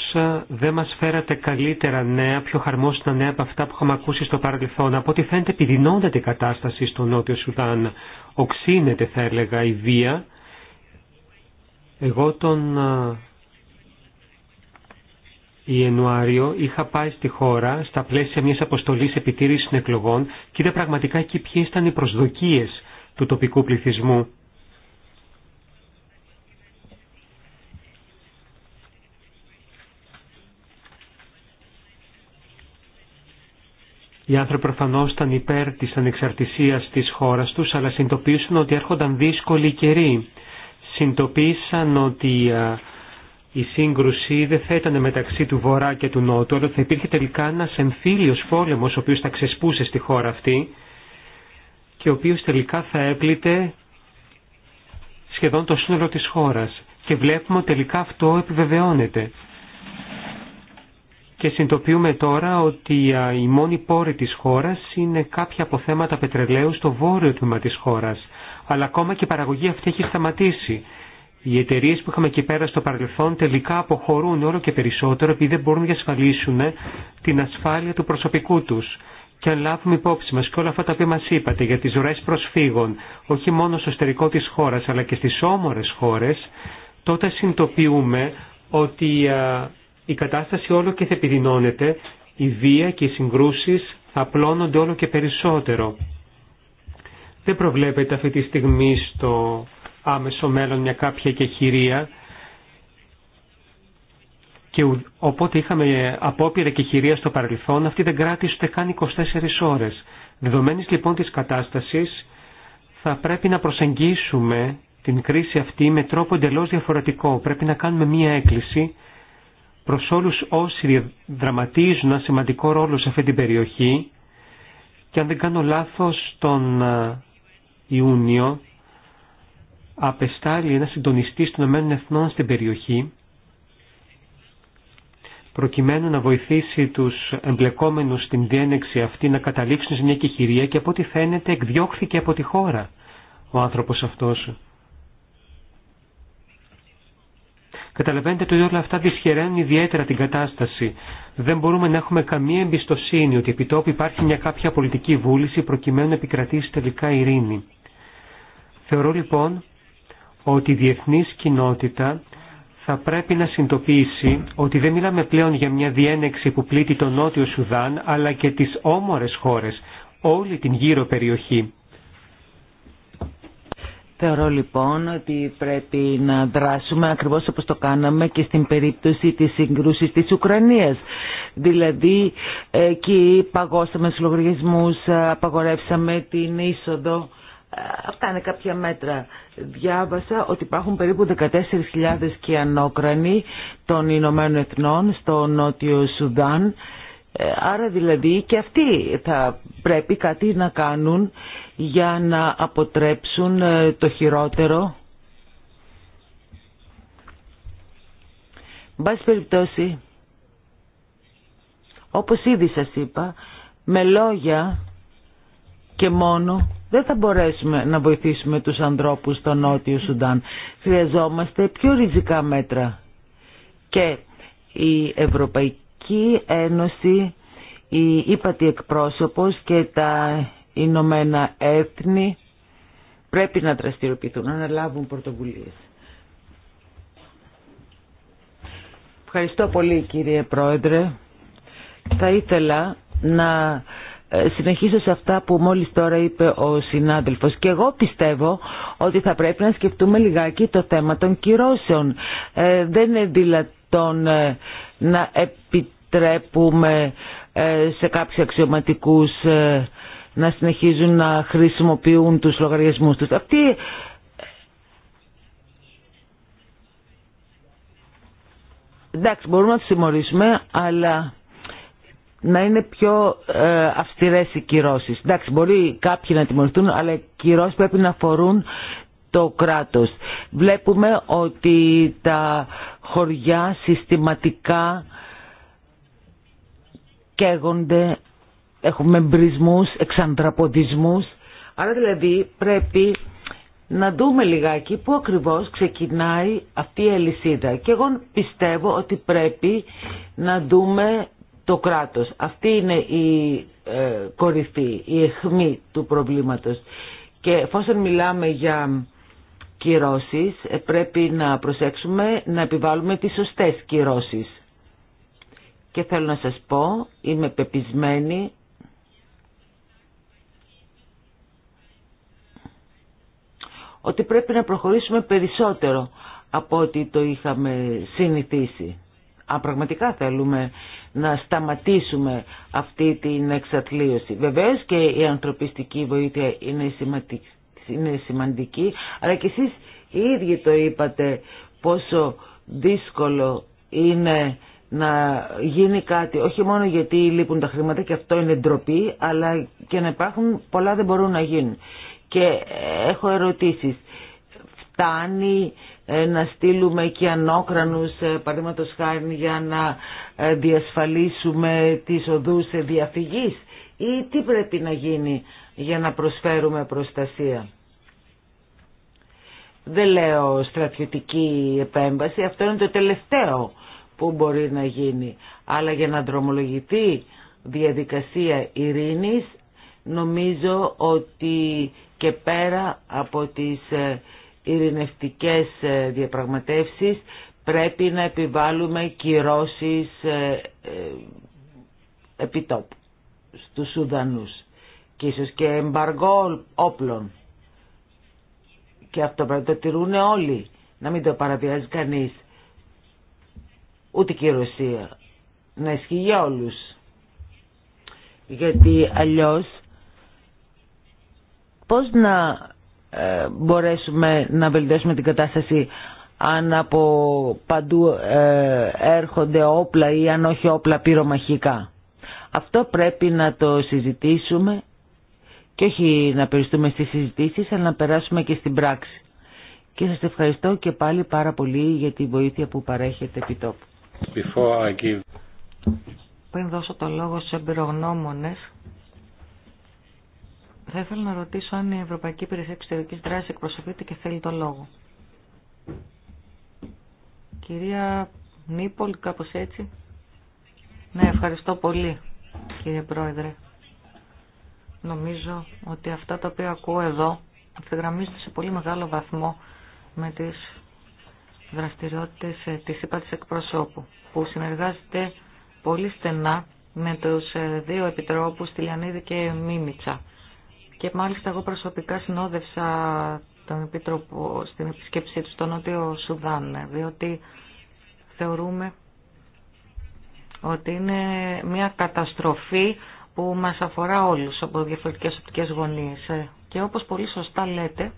δεν μας φέρατε καλύτερα νέα, πιο χαρμόσυνα νέα από αυτά που είχαμε ακούσει στο παρελθόν. Από ό,τι φαίνεται επιδεινώνεται η κατάσταση στο Νότιο Σουδάν. Οξύνεται θα έλεγα η βία. Εγώ τον Ιανουάριο είχα πάει στη χώρα στα πλαίσια μιας αποστολής επιτήρησης εκλογών και είδα πραγματικά εκεί ποιε ήταν οι προσδοκίες του τοπικού πληθυσμού. Οι άνθρωποι προφανώ ήταν υπέρ της ανεξαρτησία της χώρας τους αλλά συνειδητοποίησαν ότι έρχονταν δύσκολοι καιροί. Συντοπίσαν ότι η σύγκρουση δεν θα ήταν μεταξύ του Βορρά και του Νότου, αλλά θα υπήρχε τελικά ένα εμφύλιος φόλεμο ο οποίο θα ξεσπούσε στη χώρα αυτή και ο οποίο τελικά θα έπλητε σχεδόν το σύνολο της χώρας. Και βλέπουμε ότι τελικά αυτό επιβεβαιώνεται. Και συνειδητοποιούμε τώρα ότι η μόνη πόρη της χώρας είναι κάποια αποθέματα πετρελαίου στο βόρειο τμήμα της χώρας. Αλλά ακόμα και η παραγωγή αυτή έχει σταματήσει. Οι εταιρείε που είχαμε εκεί πέρα στο παρελθόν τελικά αποχωρούν όλο και περισσότερο επειδή δεν μπορούν να διασφαλίσουν την ασφάλεια του προσωπικού του Και αν λάβουμε υπόψη μα και όλα αυτά τα οποία μας είπατε για τι ροέ προσφύγων, όχι μόνο στο εσωτερικό τη χώρα, αλλά και στι όμορε χώρε, τότε συνειδητοποιούμε ότι η κατάσταση όλο και θα επιδεινώνεται, η βία και οι συγκρούσει θα απλώνονται όλο και περισσότερο. Δεν προβλέπεται αυτή τη στιγμή στο άμεσο μέλλον μια κάποια κεχηρία και οπότε είχαμε απόπειρα και στο παρελθόν, αυτή δεν κράτησε ούτε καν 24 ώρες. Δεδομένης λοιπόν της κατάστασης, θα πρέπει να προσεγγίσουμε την κρίση αυτή με τρόπο εντελώ διαφορετικό. Πρέπει να κάνουμε μία έκκληση προς όλους όσοι δραματίζουν ένα σημαντικό ρόλο σε αυτή την περιοχή και αν δεν κάνω λάθος τον ε, Ιούνιο απεστάλει ένα συντονιστή των Εθνών στην περιοχή προκειμένου να βοηθήσει τους εμπλεκόμενους στην διένεξη αυτή να καταλήξουν σε μια κεχηρία και από ό,τι φαίνεται εκδιώχθηκε από τη χώρα ο άνθρωπος αυτός. Καταλαβαίνετε ότι όλα αυτά δυσχεραίνουν ιδιαίτερα την κατάσταση. Δεν μπορούμε να έχουμε καμία εμπιστοσύνη ότι επί τόπου υπάρχει μια κάποια πολιτική βούληση προκειμένου να επικρατήσει τελικά ειρήνη. Θεωρώ λοιπόν ότι η διεθνής κοινότητα θα πρέπει να συντοπίσει ότι δεν μιλάμε πλέον για μια διένεξη που πλήττει τον Νότιο Σουδάν, αλλά και τις όμορες χώρες, όλη την γύρω περιοχή. Θεωρώ λοιπόν ότι πρέπει να δράσουμε ακριβώς όπως το κάναμε και στην περίπτωση της σύγκρουσης της Ουκρανίας. Δηλαδή εκεί παγώσαμε τους λογαριασμούς, απαγορεύσαμε την είσοδο Αυτά είναι κάποια μέτρα. Διάβασα ότι υπάρχουν περίπου 14.000 κιανόκρανοι των Ηνωμένων Εθνών στο Νότιο Σουδάν. Ε, άρα δηλαδή και αυτοί θα πρέπει κάτι να κάνουν για να αποτρέψουν ε, το χειρότερο. Μπας περιπτώσει, όπως ήδη σας είπα, με λόγια και μόνο δεν θα μπορέσουμε να βοηθήσουμε τους ανθρώπους στο Νότιο Σουντάν. Χρειαζόμαστε πιο ριζικά μέτρα. Και η Ευρωπαϊκή Ένωση, η ύπατη εκπρόσωπος και τα Ηνωμένα Έθνη πρέπει να δραστηριοποιηθούν, να λάβουν πρωτοβουλίες. Ευχαριστώ πολύ κύριε Πρόεδρε. Θα ήθελα να ε, συνεχίζω σε αυτά που μόλις τώρα είπε ο συνάδελφος και εγώ πιστεύω ότι θα πρέπει να σκεφτούμε λιγάκι το θέμα των κυρώσεων. Ε, δεν είναι δυνατόν ε, να επιτρέπουμε σε κάποιους αξιωματικούς να συνεχίζουν να χρησιμοποιούν τους λογαριασμούς τους. Αυτή εντάξει μπορούμε να τους συμμορήσουμε αλλά να είναι πιο ε, αυστηρές οι κυρώσεις. Εντάξει, μπορεί κάποιοι να τιμωρηθούν, αλλά οι κυρώσεις πρέπει να αφορούν το κράτος. Βλέπουμε ότι τα χωριά συστηματικά καίγονται, έχουμε μπρισμούς, εξαντραποδισμούς, άρα δηλαδή πρέπει να δούμε λιγάκι πού ακριβώς ξεκινάει αυτή η αλυσίδα. Και εγώ πιστεύω ότι πρέπει να δούμε το κράτος. Αυτή είναι η ε, κορυφή, η αιχμή του προβλήματος. Και εφόσον μιλάμε για κυρώσεις, ε, πρέπει να προσέξουμε να επιβάλλουμε τις σωστές κυρώσεις. Και θέλω να σας πω, είμαι πεπισμένη ότι πρέπει να προχωρήσουμε περισσότερο από ό,τι το είχαμε συνηθίσει. Αν πραγματικά θέλουμε να σταματήσουμε αυτή την εξατλίωση. Βεβαίως και η ανθρωπιστική βοήθεια είναι σημαντική, είναι σημαντική αλλά και εσείς οι ίδιοι το είπατε πόσο δύσκολο είναι να γίνει κάτι, όχι μόνο γιατί λείπουν τα χρήματα και αυτό είναι ντροπή, αλλά και να υπάρχουν πολλά δεν μπορούν να γίνουν. Και έχω ερωτήσεις. Φτάνει ε, να στείλουμε και ανόκρανους ε, παραδείγματος χάρη για να ε, διασφαλίσουμε τις οδούς διαφυγής ή τι πρέπει να γίνει για να προσφέρουμε προστασία. Δεν λέω στρατιωτική επέμβαση, αυτό είναι το τελευταίο που μπορεί να γίνει. Αλλά για να δρομολογηθεί διαδικασία ειρήνης νομίζω ότι και πέρα από τις ειρηνευτικές ε, διαπραγματεύσεις πρέπει να επιβάλλουμε κυρώσεις ε, ε, επιτόπου στους Σουδανούς και ίσως και εμπαργό όπλων και αυτό πρέπει να το τηρούν όλοι να μην το παραβιάζει κανείς ούτε και η Ρωσία να ισχύει για όλους γιατί αλλιώς πώς να ε, μπορέσουμε να βελτιώσουμε την κατάσταση αν από παντού ε, έρχονται όπλα ή αν όχι όπλα πυρομαχικά. Αυτό πρέπει να το συζητήσουμε και όχι να περιστούμε στις συζητήσεις αλλά να περάσουμε και στην πράξη. Και σας ευχαριστώ και πάλι πάρα πολύ για τη βοήθεια που παρέχετε επί τόπου. Πριν δώσω το λόγο στους εμπειρογνώμονες, θα ήθελα να ρωτήσω αν η Ευρωπαϊκή Υπηρεσία Εξωτερική Δράσης εκπροσωπείται και θέλει το λόγο. Κυρία Νίπολ, κάπω έτσι. Ναι, ευχαριστώ πολύ, κύριε Πρόεδρε. Νομίζω ότι αυτά τα οποία ακούω εδώ ευθυγραμμίζονται σε πολύ μεγάλο βαθμό με τις δραστηριότητες ε, τη ΥΠΑ εκπροσώπου, που συνεργάζεται πολύ στενά με τους ε, δύο επιτρόπους, Τηλιανίδη και Μίμητσα. Και μάλιστα εγώ προσωπικά συνόδευσα τον Επίτροπο στην επισκέψή του στο Νότιο Σουδάν, διότι θεωρούμε ότι είναι μια καταστροφή που μας αφορά όλους από διαφορετικές οπτικές γωνίες. Και όπως πολύ σωστά λέτε,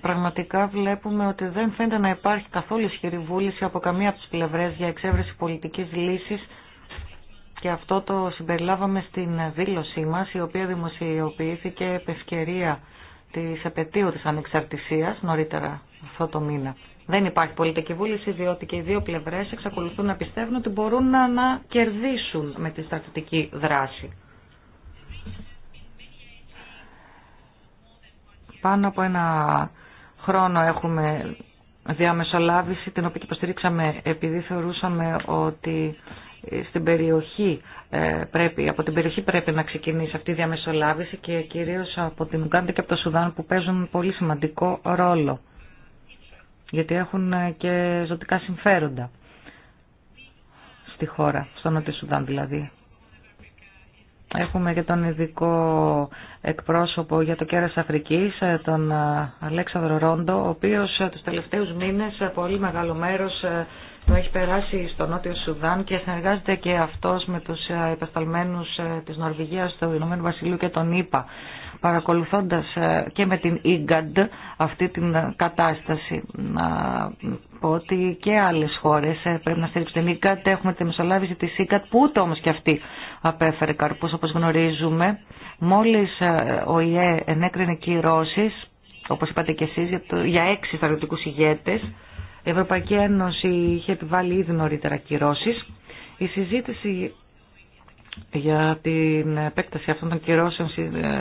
Πραγματικά βλέπουμε ότι δεν φαίνεται να υπάρχει καθόλου ισχυρή βούληση από καμία από τις πλευρές για εξέβρεση πολιτικής λύσης και αυτό το συμπεριλάβαμε στην δήλωσή μας, η οποία δημοσιοποιήθηκε επευκαιρία της επαιτίου της ανεξαρτησίας νωρίτερα αυτό το μήνα. Δεν υπάρχει πολιτική βούληση, διότι και οι δύο πλευρές εξακολουθούν να πιστεύουν ότι μπορούν να, να κερδίσουν με τη στρατιωτική δράση. Πάνω από ένα χρόνο έχουμε διαμεσολάβηση, την οποία υποστηρίξαμε επειδή θεωρούσαμε ότι στην περιοχή ε, πρέπει, από την περιοχή πρέπει να ξεκινήσει αυτή η διαμεσολάβηση και κυρίως από την Ουγκάντα και από το Σουδάν που παίζουν πολύ σημαντικό ρόλο γιατί έχουν ε, και ζωτικά συμφέροντα στη χώρα, στο Νότιο Σουδάν δηλαδή. Έχουμε και τον ειδικό εκπρόσωπο για το κέρας Αφρικής, ε, τον Αλέξανδρο Ρόντο, ο οποίος τους τελευταίους μήνες πολύ μεγάλο μέρος που έχει περάσει στο Νότιο Σουδάν και συνεργάζεται και αυτός με τους επεσταλμένους ε, της Νορβηγίας, του Ηνωμένου Βασιλείου και τον ΙΠΑ, παρακολουθώντας ε, και με την ΙΓΑΝΤ αυτή την ε, κατάσταση. Να πω ότι και άλλες χώρες πρέπει να στηρίξουν την ΙΓΑΝΤ. Έχουμε τη μεσολάβηση της ΙΓΑΤ που ούτε όμως και αυτή απέφερε καρπούς όπως γνωρίζουμε. Μόλις ο ΙΕ ενέκρινε κυρώσεις, όπως είπατε και εσείς, για έξι στρατιωτικούς ηγέτες, η Ευρωπαϊκή Ένωση είχε επιβάλει ήδη νωρίτερα κυρώσεις. Η συζήτηση για την επέκταση αυτών των κυρώσεων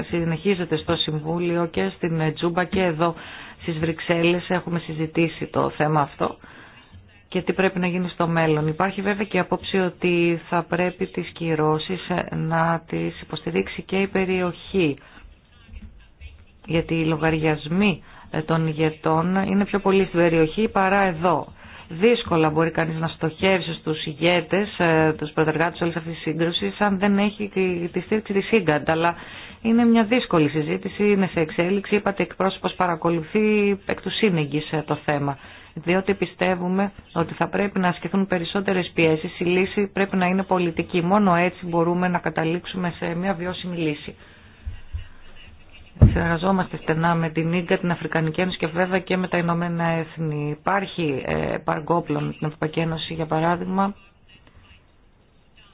συνεχίζεται στο Συμβούλιο και στην Τζούμπα και εδώ στις Βρυξέλλες έχουμε συζητήσει το θέμα αυτό και τι πρέπει να γίνει στο μέλλον. Υπάρχει βέβαια και απόψη ότι θα πρέπει τις κυρώσεις να τις υποστηρίξει και η περιοχή γιατί οι λογαριασμοί ε, των ηγετών είναι πιο πολύ στην περιοχή παρά εδώ. Δύσκολα μπορεί κανείς να στοχεύσει στους ηγέτες, ε, τους προτεργάτες όλης αυτής της σύγκρουσης, αν δεν έχει τη στήριξη της σύγκαντα. Αλλά είναι μια δύσκολη συζήτηση, είναι σε εξέλιξη. Είπατε εκπρόσωπος παρακολουθεί εκ του σύνεγγης ε, το θέμα. Διότι πιστεύουμε ότι θα πρέπει να ασκηθούν περισσότερες πιέσεις. Η λύση πρέπει να είναι πολιτική. Μόνο έτσι μπορούμε να καταλήξουμε σε μια βιώσιμη λύση. Συνεργαζόμαστε στενά με την Ίγκα, την Αφρικανική Ένωση και βέβαια και με τα Ηνωμένα Έθνη. Υπάρχει ε, όπλων με την Ευρωπαϊκή Ένωση, για παράδειγμα,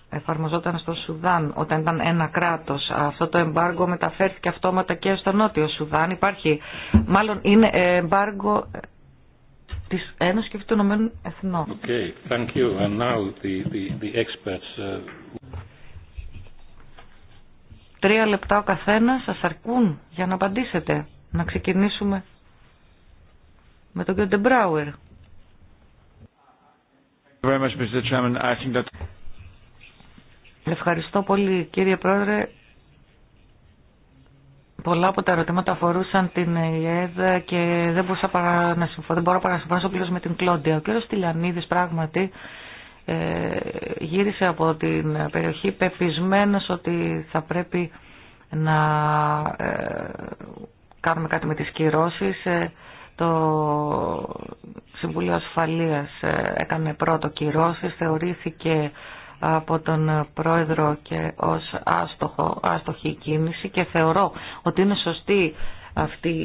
εφαρμοζόταν στο Σουδάν όταν ήταν ένα κράτος. Αυτό το εμπάργκο μεταφέρθηκε αυτόματα και στο Νότιο Σουδάν. Υπάρχει, μάλλον είναι εμπάργκο της Ένωσης και του Ηνωμένων Εθνών. Okay, uh, Τρία λεπτά ο καθένα σας αρκούν για να απαντήσετε. Να ξεκινήσουμε με τον κύριο Ντεμπράουερ. Ευχαριστώ πολύ κύριε Πρόεδρε. Πολλά από τα ερωτήματα αφορούσαν την ΕΕΔ και δεν, να μπορώ παρά να συμφωνήσω πλήρω με την Κλόντια. Ο κύριο Τηλιανίδη πράγματι ε, γύρισε από την περιοχή πεπισμένος ότι θα πρέπει να ε, κάνουμε κάτι με τις κυρώσεις. Ε, το Συμβουλίο Ασφαλείας έκανε πρώτο κυρώσεις, θεωρήθηκε από τον πρόεδρο και ως άστοχο, άστοχη κίνηση και θεωρώ ότι είναι σωστή αυτή,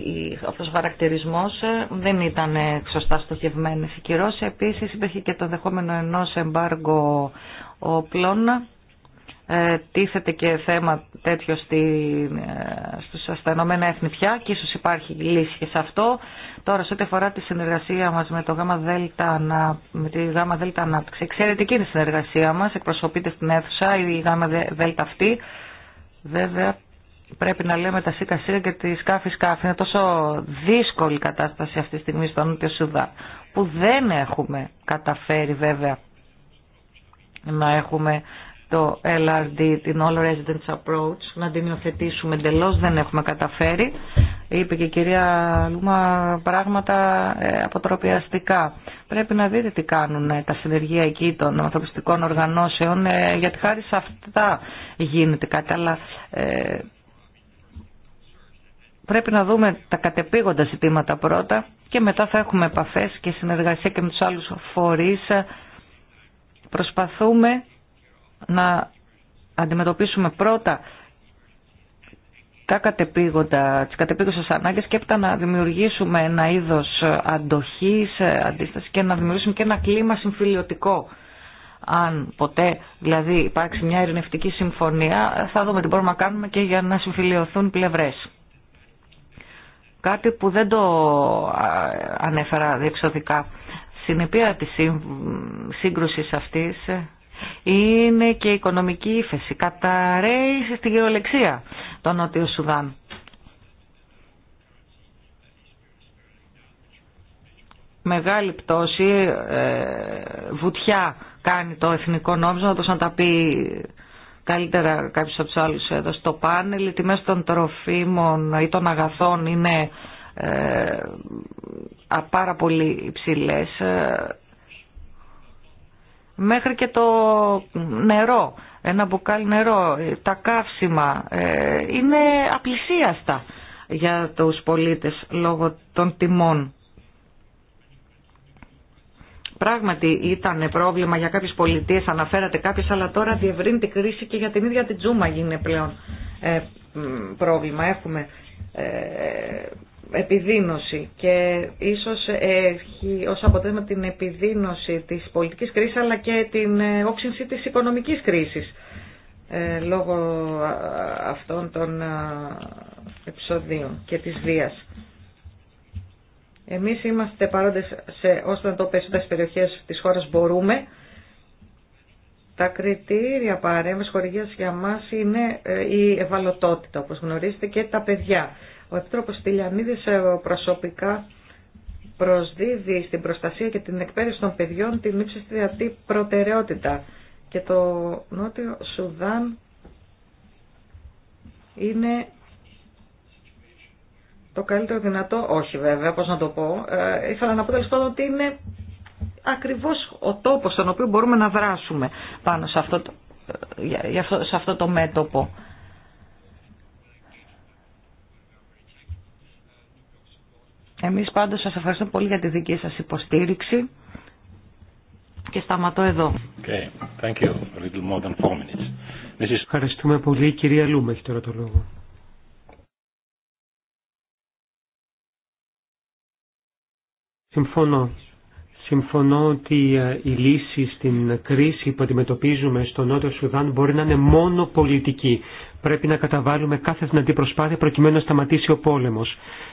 αυτός ο χαρακτηρισμός ε, δεν ήταν ε, σωστά στοχευμένες οι Επίσης υπήρχε και το δεχόμενο ενός εμπάργκο όπλων. Ε, τίθεται και θέμα τέτοιο στη, ε, στους, στα Έθνη και ίσως υπάρχει λύση και σε αυτό. Τώρα σε ό,τι αφορά τη συνεργασία μας με, το γάμα δέλτα, με τη ΓΑΜΑ ΔΕΛΤΑ ανάπτυξη, εξαιρετική είναι η συνεργασία μας, εκπροσωπείται στην αίθουσα η ΓΑΜΑ ΔΕΛΤΑ αυτή. Βέβαια Πρέπει να λέμε τα σίκα σίκα και τη σκάφη σκάφη. Είναι τόσο δύσκολη η κατάσταση αυτή τη στιγμή στο Νότιο Σουδά που δεν έχουμε καταφέρει βέβαια να έχουμε το LRD, την All Residents Approach, να την υιοθετήσουμε εντελώ δεν έχουμε καταφέρει. Είπε και η κυρία Λούμα πράγματα ε, αποτροπιαστικά. Πρέπει να δείτε τι κάνουν ε, τα συνεργεία εκεί των ανθρωπιστικών οργανώσεων, ε, γιατί χάρη σε αυτά γίνεται κάτι. Αλλά πρέπει να δούμε τα κατεπήγοντα ζητήματα πρώτα και μετά θα έχουμε επαφές και συνεργασία και με τους άλλους φορείς. Προσπαθούμε να αντιμετωπίσουμε πρώτα τα κατεπήγοντα, τις κατεπήγουσες ανάγκες και έπειτα να δημιουργήσουμε ένα είδος αντοχής, αντίσταση και να δημιουργήσουμε και ένα κλίμα συμφιλιωτικό. Αν ποτέ δηλαδή υπάρξει μια ειρηνευτική συμφωνία, θα δούμε τι μπορούμε να κάνουμε και για να συμφιλειωθούν πλευρές κάτι που δεν το ανέφερα διεξοδικά. Συνεπία της σύγκρουσης αυτής είναι και η οικονομική ύφεση. Καταραίει στη γεωλεξία το Νότιο Σουδάν. Μεγάλη πτώση, ε, βουτιά κάνει το εθνικό νόμισμα, όπως να τα πει καλύτερα κάποιος από τους άλλους εδώ στο πάνελ. Οι τιμές των τροφίμων ή των αγαθών είναι ε, πάρα πολύ υψηλές. Ε, μέχρι και το νερό, ένα μπουκάλι νερό, τα καύσιμα ε, είναι απλησίαστα για τους πολίτες λόγω των τιμών πράγματι ήταν πρόβλημα για κάποιες πολιτείες, αναφέρατε κάποιες, αλλά τώρα διευρύνει την κρίση και για την ίδια την Τζούμα γίνεται πλέον ε, πρόβλημα. Έχουμε ε, επιδίνωση και ίσως έχει ως αποτέλεσμα την επιδίνωση της πολιτικής κρίσης αλλά και την ε, όξυνση της οικονομικής κρίσης ε, λόγω αυτών των ε, επεισοδίων και της βίας. Εμείς είμαστε παρόντες σε όσο να το περιοχές της χώρας μπορούμε. Τα κριτήρια παρέμβαση χορηγία για μα είναι ε, η ευαλωτότητα, όπως γνωρίζετε, και τα παιδιά. Ο Επίτροπο Τηλιανίδη ε, προσωπικά προσδίδει στην προστασία και την εκπαίδευση των παιδιών την ύψιστη δυνατή προτεραιότητα. Και το Νότιο Σουδάν είναι το καλύτερο δυνατό, όχι βέβαια, πώς να το πω, ε, ήθελα να πω τέλος ότι είναι ακριβώς ο τόπος στον οποίο μπορούμε να δράσουμε πάνω σε αυτό το, ε, σε αυτό το μέτωπο. Εμείς πάντως σας ευχαριστούμε πολύ για τη δική σας υποστήριξη και σταματώ εδώ. Okay. Ευχαριστούμε πολύ. κυρία Λούμε, έχει τώρα το λόγο. Συμφωνώ. Συμφωνώ ότι η ε, λύση στην κρίση που αντιμετωπίζουμε στο Νότιο Σουδάν μπορεί να είναι μόνο πολιτική. Πρέπει να καταβάλουμε κάθε δυνατή προσπάθεια προκειμένου να σταματήσει ο πόλεμο.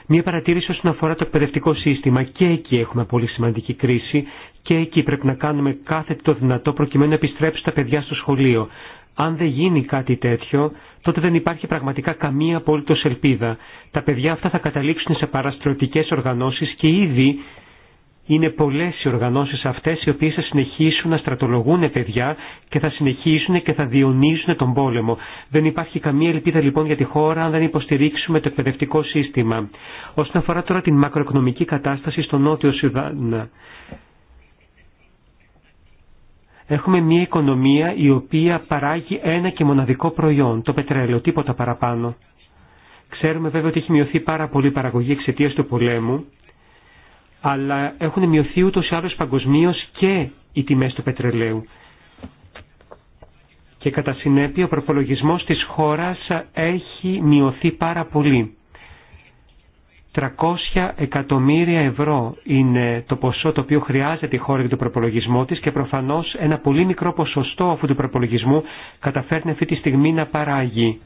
Μία παρατήρηση όσον αφορά το εκπαιδευτικό σύστημα. Και εκεί έχουμε πολύ σημαντική κρίση και εκεί πρέπει να κάνουμε κάθε το δυνατό προκειμένου να επιστρέψουν τα παιδιά στο σχολείο. Αν δεν γίνει κάτι τέτοιο, τότε δεν υπάρχει πραγματικά καμία απόλυτο ελπίδα. Τα παιδιά αυτά θα καταλήξουν σε παραστροτικέ οργανώσει και ήδη είναι πολλές οι οργανώσεις αυτές οι οποίες θα συνεχίσουν να στρατολογούν παιδιά και θα συνεχίσουν και θα διονύσουν τον πόλεμο. Δεν υπάρχει καμία ελπίδα λοιπόν για τη χώρα αν δεν υποστηρίξουμε το εκπαιδευτικό σύστημα. Όσον αφορά τώρα την μακροοικονομική κατάσταση στο Νότιο Σουδάν. Έχουμε μια οικονομία η οποία παράγει ένα και μοναδικό προϊόν, το πετρέλαιο, τίποτα παραπάνω. Ξέρουμε βέβαια ότι έχει μειωθεί πάρα πολύ η παραγωγή εξαιτία του πολέμου αλλά έχουν μειωθεί ούτως ή άλλως παγκοσμίω και οι τιμέ του πετρελαίου. Και κατά συνέπεια ο προπολογισμό της χώρας έχει μειωθεί πάρα πολύ. 300 εκατομμύρια ευρώ είναι το ποσό το οποίο χρειάζεται η χώρα για τον προπολογισμό της και προφανώς ένα πολύ μικρό ποσοστό αυτού του προπολογισμού καταφέρνει αυτή τη στιγμή να παράγει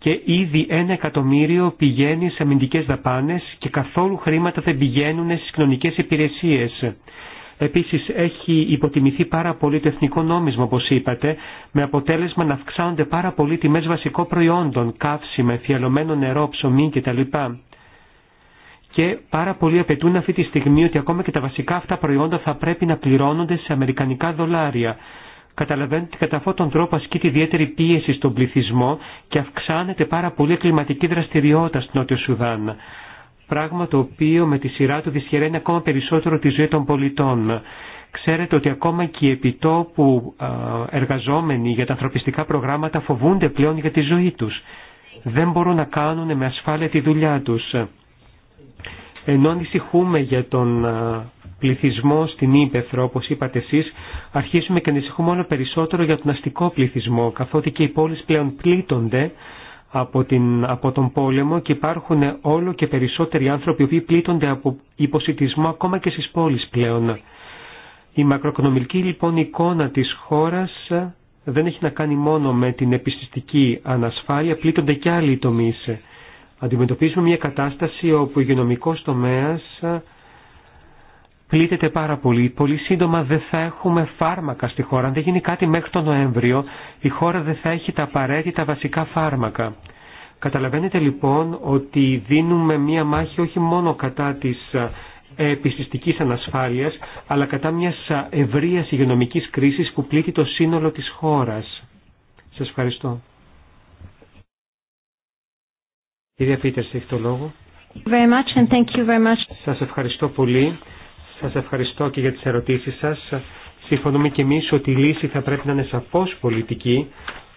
και ήδη ένα εκατομμύριο πηγαίνει σε αμυντικές δαπάνες και καθόλου χρήματα δεν πηγαίνουν στις κοινωνικές υπηρεσίες. Επίσης έχει υποτιμηθεί πάρα πολύ το εθνικό νόμισμα όπως είπατε με αποτέλεσμα να αυξάνονται πάρα πολύ τιμές βασικών προϊόντων, καύσιμα, εφιαλωμένο νερό, ψωμί κτλ. Και πάρα πολλοί απαιτούν αυτή τη στιγμή ότι ακόμα και τα βασικά αυτά προϊόντα θα πρέπει να πληρώνονται σε αμερικανικά δολάρια καταλαβαίνετε ότι κατά αυτόν τον τρόπο ασκείται ιδιαίτερη πίεση στον πληθυσμό και αυξάνεται πάρα πολύ η κλιματική δραστηριότητα στην Νότιο Σουδάν. Πράγμα το οποίο με τη σειρά του δυσχεραίνει ακόμα περισσότερο τη ζωή των πολιτών. Ξέρετε ότι ακόμα και οι επιτόπου εργαζόμενοι για τα ανθρωπιστικά προγράμματα φοβούνται πλέον για τη ζωή τους. Δεν μπορούν να κάνουν με ασφάλεια τη δουλειά τους. Ενώ ανησυχούμε για τον πληθυσμό στην Ήπεθρο, όπω είπατε εσεί, αρχίζουμε και ανησυχούμε όλο περισσότερο για τον αστικό πληθυσμό, καθότι και οι πόλεις πλέον πλήττονται από, την, από τον πόλεμο και υπάρχουν όλο και περισσότεροι άνθρωποι που πλήττονται από υποσυτισμό ακόμα και στι πόλει πλέον. Η μακροοικονομική λοιπόν εικόνα τη χώρα δεν έχει να κάνει μόνο με την επιστηστική ανασφάλεια, πλήττονται και άλλοι τομεί. Αντιμετωπίζουμε μια κατάσταση όπου ο υγειονομικό τομέα πλήττεται πάρα πολύ. Πολύ σύντομα δεν θα έχουμε φάρμακα στη χώρα. Αν δεν γίνει κάτι μέχρι τον Νοέμβριο, η χώρα δεν θα έχει τα απαραίτητα βασικά φάρμακα. Καταλαβαίνετε λοιπόν ότι δίνουμε μία μάχη όχι μόνο κατά της ε, επιστηστικής ανασφάλειας, αλλά κατά μιας ε, ευρείας υγειονομικής κρίσης που πλήττει το σύνολο της χώρας. Σας ευχαριστώ. Κυρία Πίτερς, έχει το λόγο. Σας ευχαριστώ πολύ. Σας ευχαριστώ και για τις ερωτήσεις σας. Συμφωνούμε και εμείς ότι η λύση θα πρέπει να είναι σαφώς πολιτική,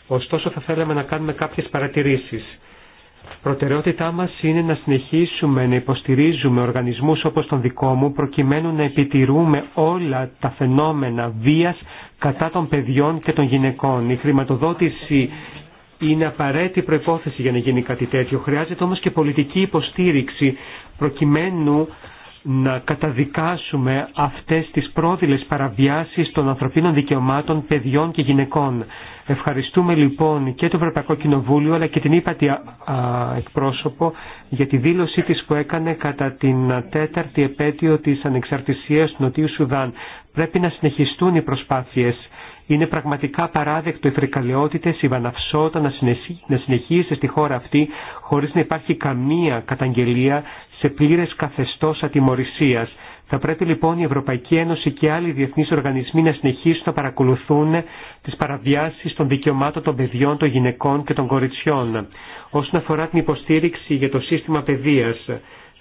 ωστόσο θα θέλαμε να κάνουμε κάποιες παρατηρήσεις. Προτεραιότητά μας είναι να συνεχίσουμε να υποστηρίζουμε οργανισμούς όπως τον δικό μου προκειμένου να επιτηρούμε όλα τα φαινόμενα βίας κατά των παιδιών και των γυναικών. Η χρηματοδότηση είναι απαραίτητη προϋπόθεση για να γίνει κάτι τέτοιο. Χρειάζεται όμως και πολιτική υποστήριξη προκειμένου να καταδικάσουμε αυτές τις πρόδειλες παραβιάσεις των ανθρωπίνων δικαιωμάτων παιδιών και γυναικών. Ευχαριστούμε λοιπόν και το Ευρωπαϊκό Κοινοβούλιο αλλά και την ύπατη εκπρόσωπο για τη δήλωσή της που έκανε κατά την τέταρτη επέτειο της ανεξαρτησίας του Νοτιού Σουδάν. Πρέπει να συνεχιστούν οι προσπάθειες. Είναι πραγματικά παράδεκτο οι φρικαλαιότητες, η βαναυσότα να συνεχίσει στη χώρα αυτή χωρίς να υπάρχει καμία καταγγελία σε πλήρες καθεστώς ατιμορρησίας. Θα πρέπει λοιπόν η Ευρωπαϊκή Ένωση και άλλοι διεθνείς οργανισμοί να συνεχίσουν να παρακολουθούν τις παραβιάσεις των δικαιωμάτων των παιδιών, των γυναικών και των κοριτσιών. Όσον αφορά την υποστήριξη για το σύστημα παιδείας,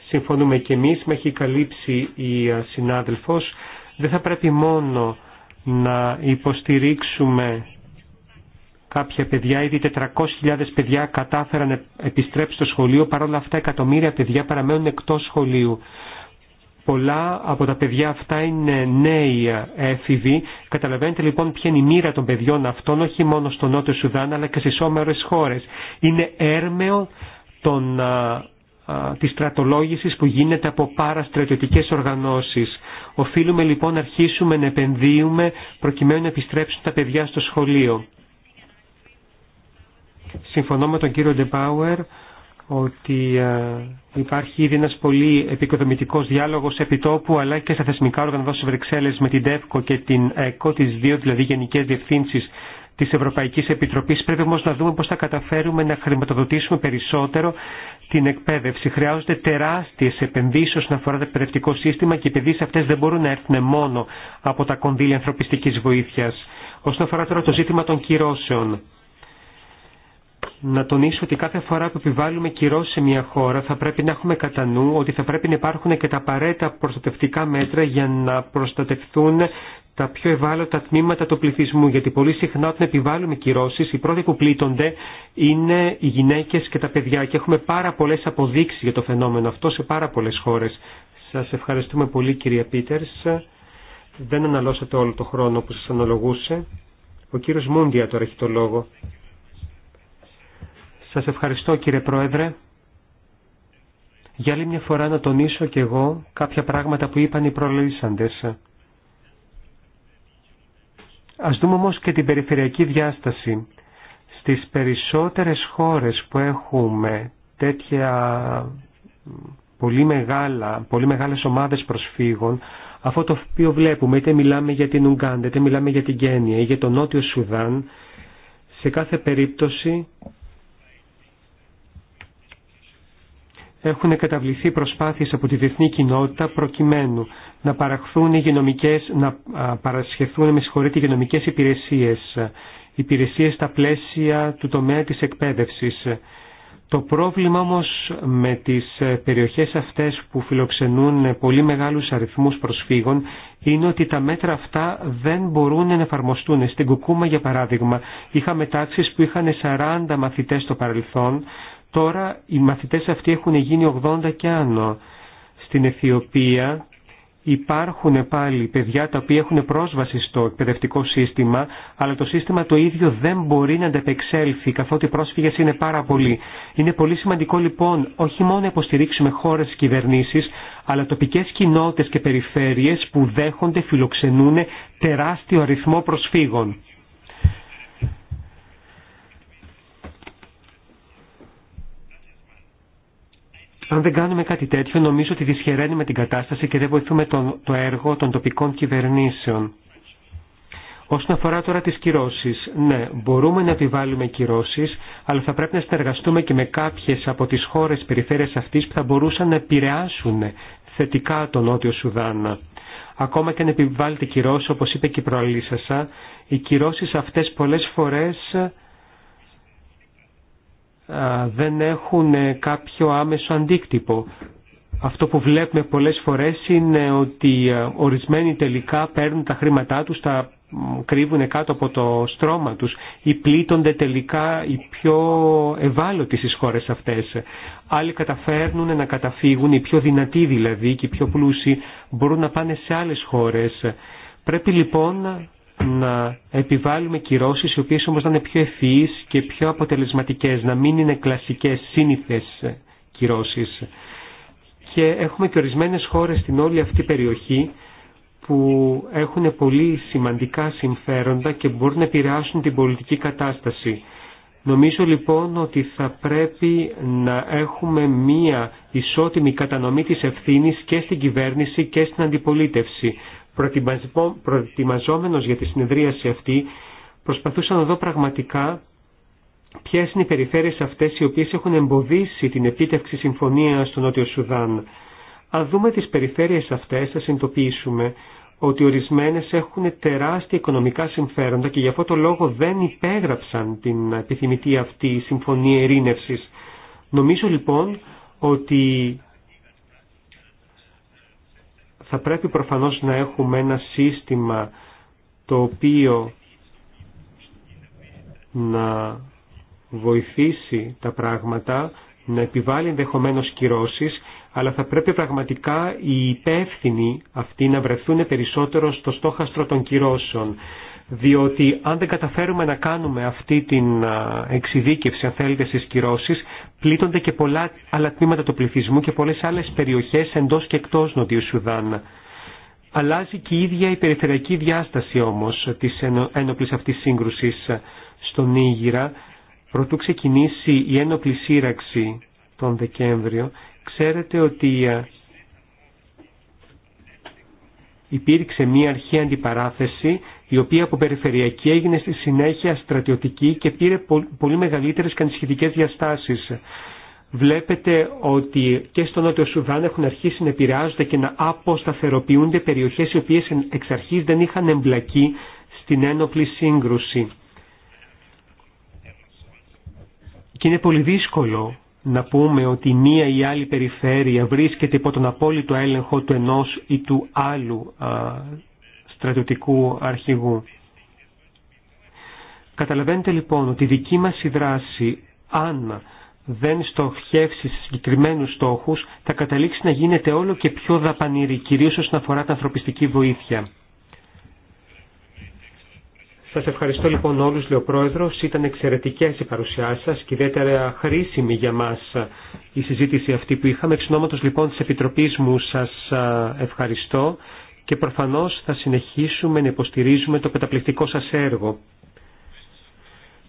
συμφωνούμε και εμείς, με έχει καλύψει η συνάδελφος, δεν θα πρέπει μόνο να υποστηρίξουμε Κάποια παιδιά, ήδη 400.000 παιδιά κατάφεραν να επιστρέψουν στο σχολείο, παρόλα αυτά εκατομμύρια παιδιά παραμένουν εκτός σχολείου. Πολλά από τα παιδιά αυτά είναι νέοι έφηβοι. Καταλαβαίνετε λοιπόν ποια είναι η μοίρα των παιδιών αυτών, όχι μόνο στο Νότιο Σουδάν, αλλά και στις όμερες χώρες. Είναι έρμεο των, α, α, της στρατολόγησης που γίνεται από παραστρατιωτικές οργανώσεις. Οφείλουμε λοιπόν να αρχίσουμε να επενδύουμε προκειμένου να επιστρέψουν τα παιδιά στο σχολείο. Συμφωνώ με τον κύριο Ντεπάουερ ότι ε, υπάρχει ήδη ένας πολύ επικοδομητικός διάλογος επιτόπου αλλά και στα θεσμικά όργανα στι Βρυξέλλες με την ΤΕΦΚΟ και την ΕΚΟ, τις δύο δηλαδή γενικές διευθύνσεις της Ευρωπαϊκής Επιτροπής. Πρέπει όμως να δούμε πώς θα καταφέρουμε να χρηματοδοτήσουμε περισσότερο την εκπαίδευση. Χρειάζονται τεράστιε επενδύσει όσον αφορά το εκπαιδευτικό σύστημα και οι επενδύσεις αυτέ δεν μπορούν να έρθουν μόνο από τα κονδύλια ανθρωπιστική βοήθεια. Όσον αφορά τώρα το ζήτημα των κυρώσεων να τονίσω ότι κάθε φορά που επιβάλλουμε κυρώσει σε μια χώρα θα πρέπει να έχουμε κατά νου ότι θα πρέπει να υπάρχουν και τα απαραίτητα προστατευτικά μέτρα για να προστατευτούν τα πιο ευάλωτα τμήματα του πληθυσμού, γιατί πολύ συχνά όταν επιβάλλουμε κυρώσει, οι πρώτοι που πλήττονται είναι οι γυναίκε και τα παιδιά. Και έχουμε πάρα πολλέ αποδείξει για το φαινόμενο αυτό σε πάρα πολλέ χώρε. Σα ευχαριστούμε πολύ, κυρία Πίτερ. Δεν αναλώσατε όλο το χρόνο που σα αναλογούσε. Ο κύριο Μούντια τώρα έχει το λόγο. Σας ευχαριστώ κύριε Πρόεδρε. Για άλλη μια φορά να τονίσω και εγώ κάποια πράγματα που είπαν οι προλύσαντες. Ας δούμε όμως και την περιφερειακή διάσταση. Στις περισσότερες χώρες που έχουμε τέτοια πολύ, μεγάλα, πολύ μεγάλες ομάδες προσφύγων, αυτό το οποίο βλέπουμε, είτε μιλάμε για την Ουγκάντα, είτε μιλάμε για την Κένια ή για τον Νότιο Σουδάν, σε κάθε περίπτωση έχουν καταβληθεί προσπάθειες από τη διεθνή κοινότητα προκειμένου να παραχθούν γενομικές να παρασχεθούν με συγχωρείτε γενομικές υπηρεσίες, υπηρεσίες στα πλαίσια του τομέα της εκπαίδευσης. Το πρόβλημα όμως με τις ε, περιοχές αυτές που φιλοξενούν ε, πολύ μεγάλους αριθμούς προσφύγων είναι ότι τα μέτρα αυτά δεν μπορούν να εφαρμοστούν. Στην Κουκούμα για παράδειγμα είχαμε τάξεις που είχαν 40 μαθητές στο παρελθόν Τώρα οι μαθητές αυτοί έχουν γίνει 80 και άνω. Στην Αιθιοπία υπάρχουν πάλι παιδιά τα οποία έχουν πρόσβαση στο εκπαιδευτικό σύστημα, αλλά το σύστημα το ίδιο δεν μπορεί να ανταπεξέλθει, καθότι οι πρόσφυγες είναι πάρα πολλοί. Είναι πολύ σημαντικό λοιπόν όχι μόνο να υποστηρίξουμε χώρες και κυβερνήσεις, αλλά τοπικές κοινότητες και περιφέρειες που δέχονται, φιλοξενούν τεράστιο αριθμό προσφύγων. Αν δεν κάνουμε κάτι τέτοιο, νομίζω ότι δυσχεραίνουμε την κατάσταση και δεν βοηθούμε το, έργο των τοπικών κυβερνήσεων. Όσον αφορά τώρα τις κυρώσεις, ναι, μπορούμε να επιβάλλουμε κυρώσεις, αλλά θα πρέπει να συνεργαστούμε και με κάποιες από τις χώρες περιφέρειας αυτής που θα μπορούσαν να επηρεάσουν θετικά τον Νότιο Σουδάνα. Ακόμα και αν επιβάλλεται κυρώσεις, όπως είπε και η προαλήσασα, οι κυρώσεις αυτές πολλές φορές δεν έχουν ε, κάποιο άμεσο αντίκτυπο. Αυτό που βλέπουμε πολλές φορές είναι ότι ε, ορισμένοι τελικά παίρνουν τα χρήματά τους, τα κρύβουν κάτω από το στρώμα τους ή πλήττονται τελικά οι πιο ευάλωτοι στις χώρες αυτές. Άλλοι καταφέρνουν να καταφύγουν, οι πιο δυνατοί δηλαδή και οι πιο πλούσιοι μπορούν να πάνε σε άλλες χώρες. Πρέπει λοιπόν να επιβάλλουμε κυρώσεις οι οποίες όμως να είναι πιο ευφυείς και πιο αποτελεσματικές, να μην είναι κλασικές, σύνηθες κυρώσεις. Και έχουμε και ορισμένε χώρες στην όλη αυτή περιοχή που έχουν πολύ σημαντικά συμφέροντα και μπορούν να επηρεάσουν την πολιτική κατάσταση. Νομίζω λοιπόν ότι θα πρέπει να έχουμε μία ισότιμη κατανομή της ευθύνης και στην κυβέρνηση και στην αντιπολίτευση. Προετοιμαζόμενος για τη συνεδρίαση αυτή, προσπαθούσα να δω πραγματικά ποιες είναι οι περιφέρειες αυτές οι οποίες έχουν εμποδίσει την επίτευξη συμφωνία στο Νότιο Σουδάν. Αν δούμε τις περιφέρειες αυτές θα συνειδητοποιήσουμε ότι ορισμένες έχουν τεράστια οικονομικά συμφέροντα και γι' αυτό το λόγο δεν υπέγραψαν την επιθυμητή αυτή συμφωνία ειρήνευσης. Νομίζω λοιπόν ότι θα πρέπει προφανώς να έχουμε ένα σύστημα το οποίο να βοηθήσει τα πράγματα, να επιβάλλει ενδεχομένως κυρώσεις, αλλά θα πρέπει πραγματικά οι υπεύθυνοι αυτοί να βρεθούν περισσότερο στο στόχαστρο των κυρώσεων διότι αν δεν καταφέρουμε να κάνουμε αυτή την εξειδίκευση, αν θέλετε, στις κυρώσεις, πλήττονται και πολλά άλλα τμήματα του πληθυσμού και πολλές άλλες περιοχές εντός και εκτός Νοτιού Σουδάν. Αλλάζει και η ίδια η περιφερειακή διάσταση όμως της ένοπλης αυτής σύγκρουσης στον Νίγηρα, Προτού ξεκινήσει η ένοπλη σύραξη τον Δεκέμβριο, ξέρετε ότι υπήρξε μία αρχή αντιπαράθεση η οποία από περιφερειακή έγινε στη συνέχεια στρατιωτική και πήρε πολύ μεγαλύτερες και διαστάσεις. Βλέπετε ότι και στο Νότιο Σουδάν έχουν αρχίσει να επηρεάζονται και να αποσταθεροποιούνται περιοχές οι οποίες εξ αρχής δεν είχαν εμπλακεί στην ένοπλη σύγκρουση. Και είναι πολύ δύσκολο να πούμε ότι μία ή άλλη περιφέρεια βρίσκεται υπό τον απόλυτο έλεγχο του ενός ή του άλλου στρατιωτικού αρχηγού. Καταλαβαίνετε λοιπόν ότι η δική μας η δράση, αν δεν στοχεύσει σε συγκεκριμένους στόχους, θα καταλήξει να γίνεται όλο και πιο δαπανηρή, κυρίως όσον αφορά την ανθρωπιστική βοήθεια. Σας ευχαριστώ λοιπόν όλους, λέει ο Πρόεδρος. Ήταν εξαιρετικές οι παρουσιάσεις σας και ιδιαίτερα χρήσιμη για μας η συζήτηση αυτή που είχαμε. Εξ λοιπόν της Επιτροπής μου σας ευχαριστώ και προφανώς θα συνεχίσουμε να υποστηρίζουμε το καταπληκτικό σας έργο.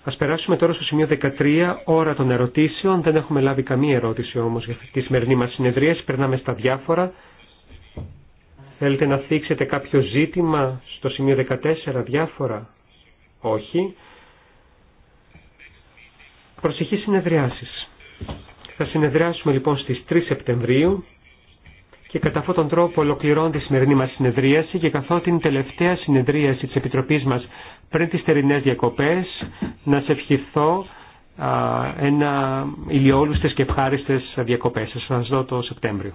Ας περάσουμε τώρα στο σημείο 13, ώρα των ερωτήσεων. Δεν έχουμε λάβει καμία ερώτηση όμως για τη σημερινή μας συνεδρία. Περνάμε στα διάφορα. Θέλετε να θίξετε κάποιο ζήτημα στο σημείο 14, διάφορα. Όχι. Προσεχή συνεδριάσεις. Θα συνεδριάσουμε λοιπόν στις 3 Σεπτεμβρίου και κατά αυτόν τον τρόπο ολοκληρώνω τη σημερινή μας συνεδρίαση και την τελευταία συνεδρίαση της Επιτροπής μας πριν τις τερινές διακοπές να σε ευχηθώ ένα ηλιόλουστες και ευχάριστες διακοπές. Σας δω το Σεπτέμβριο.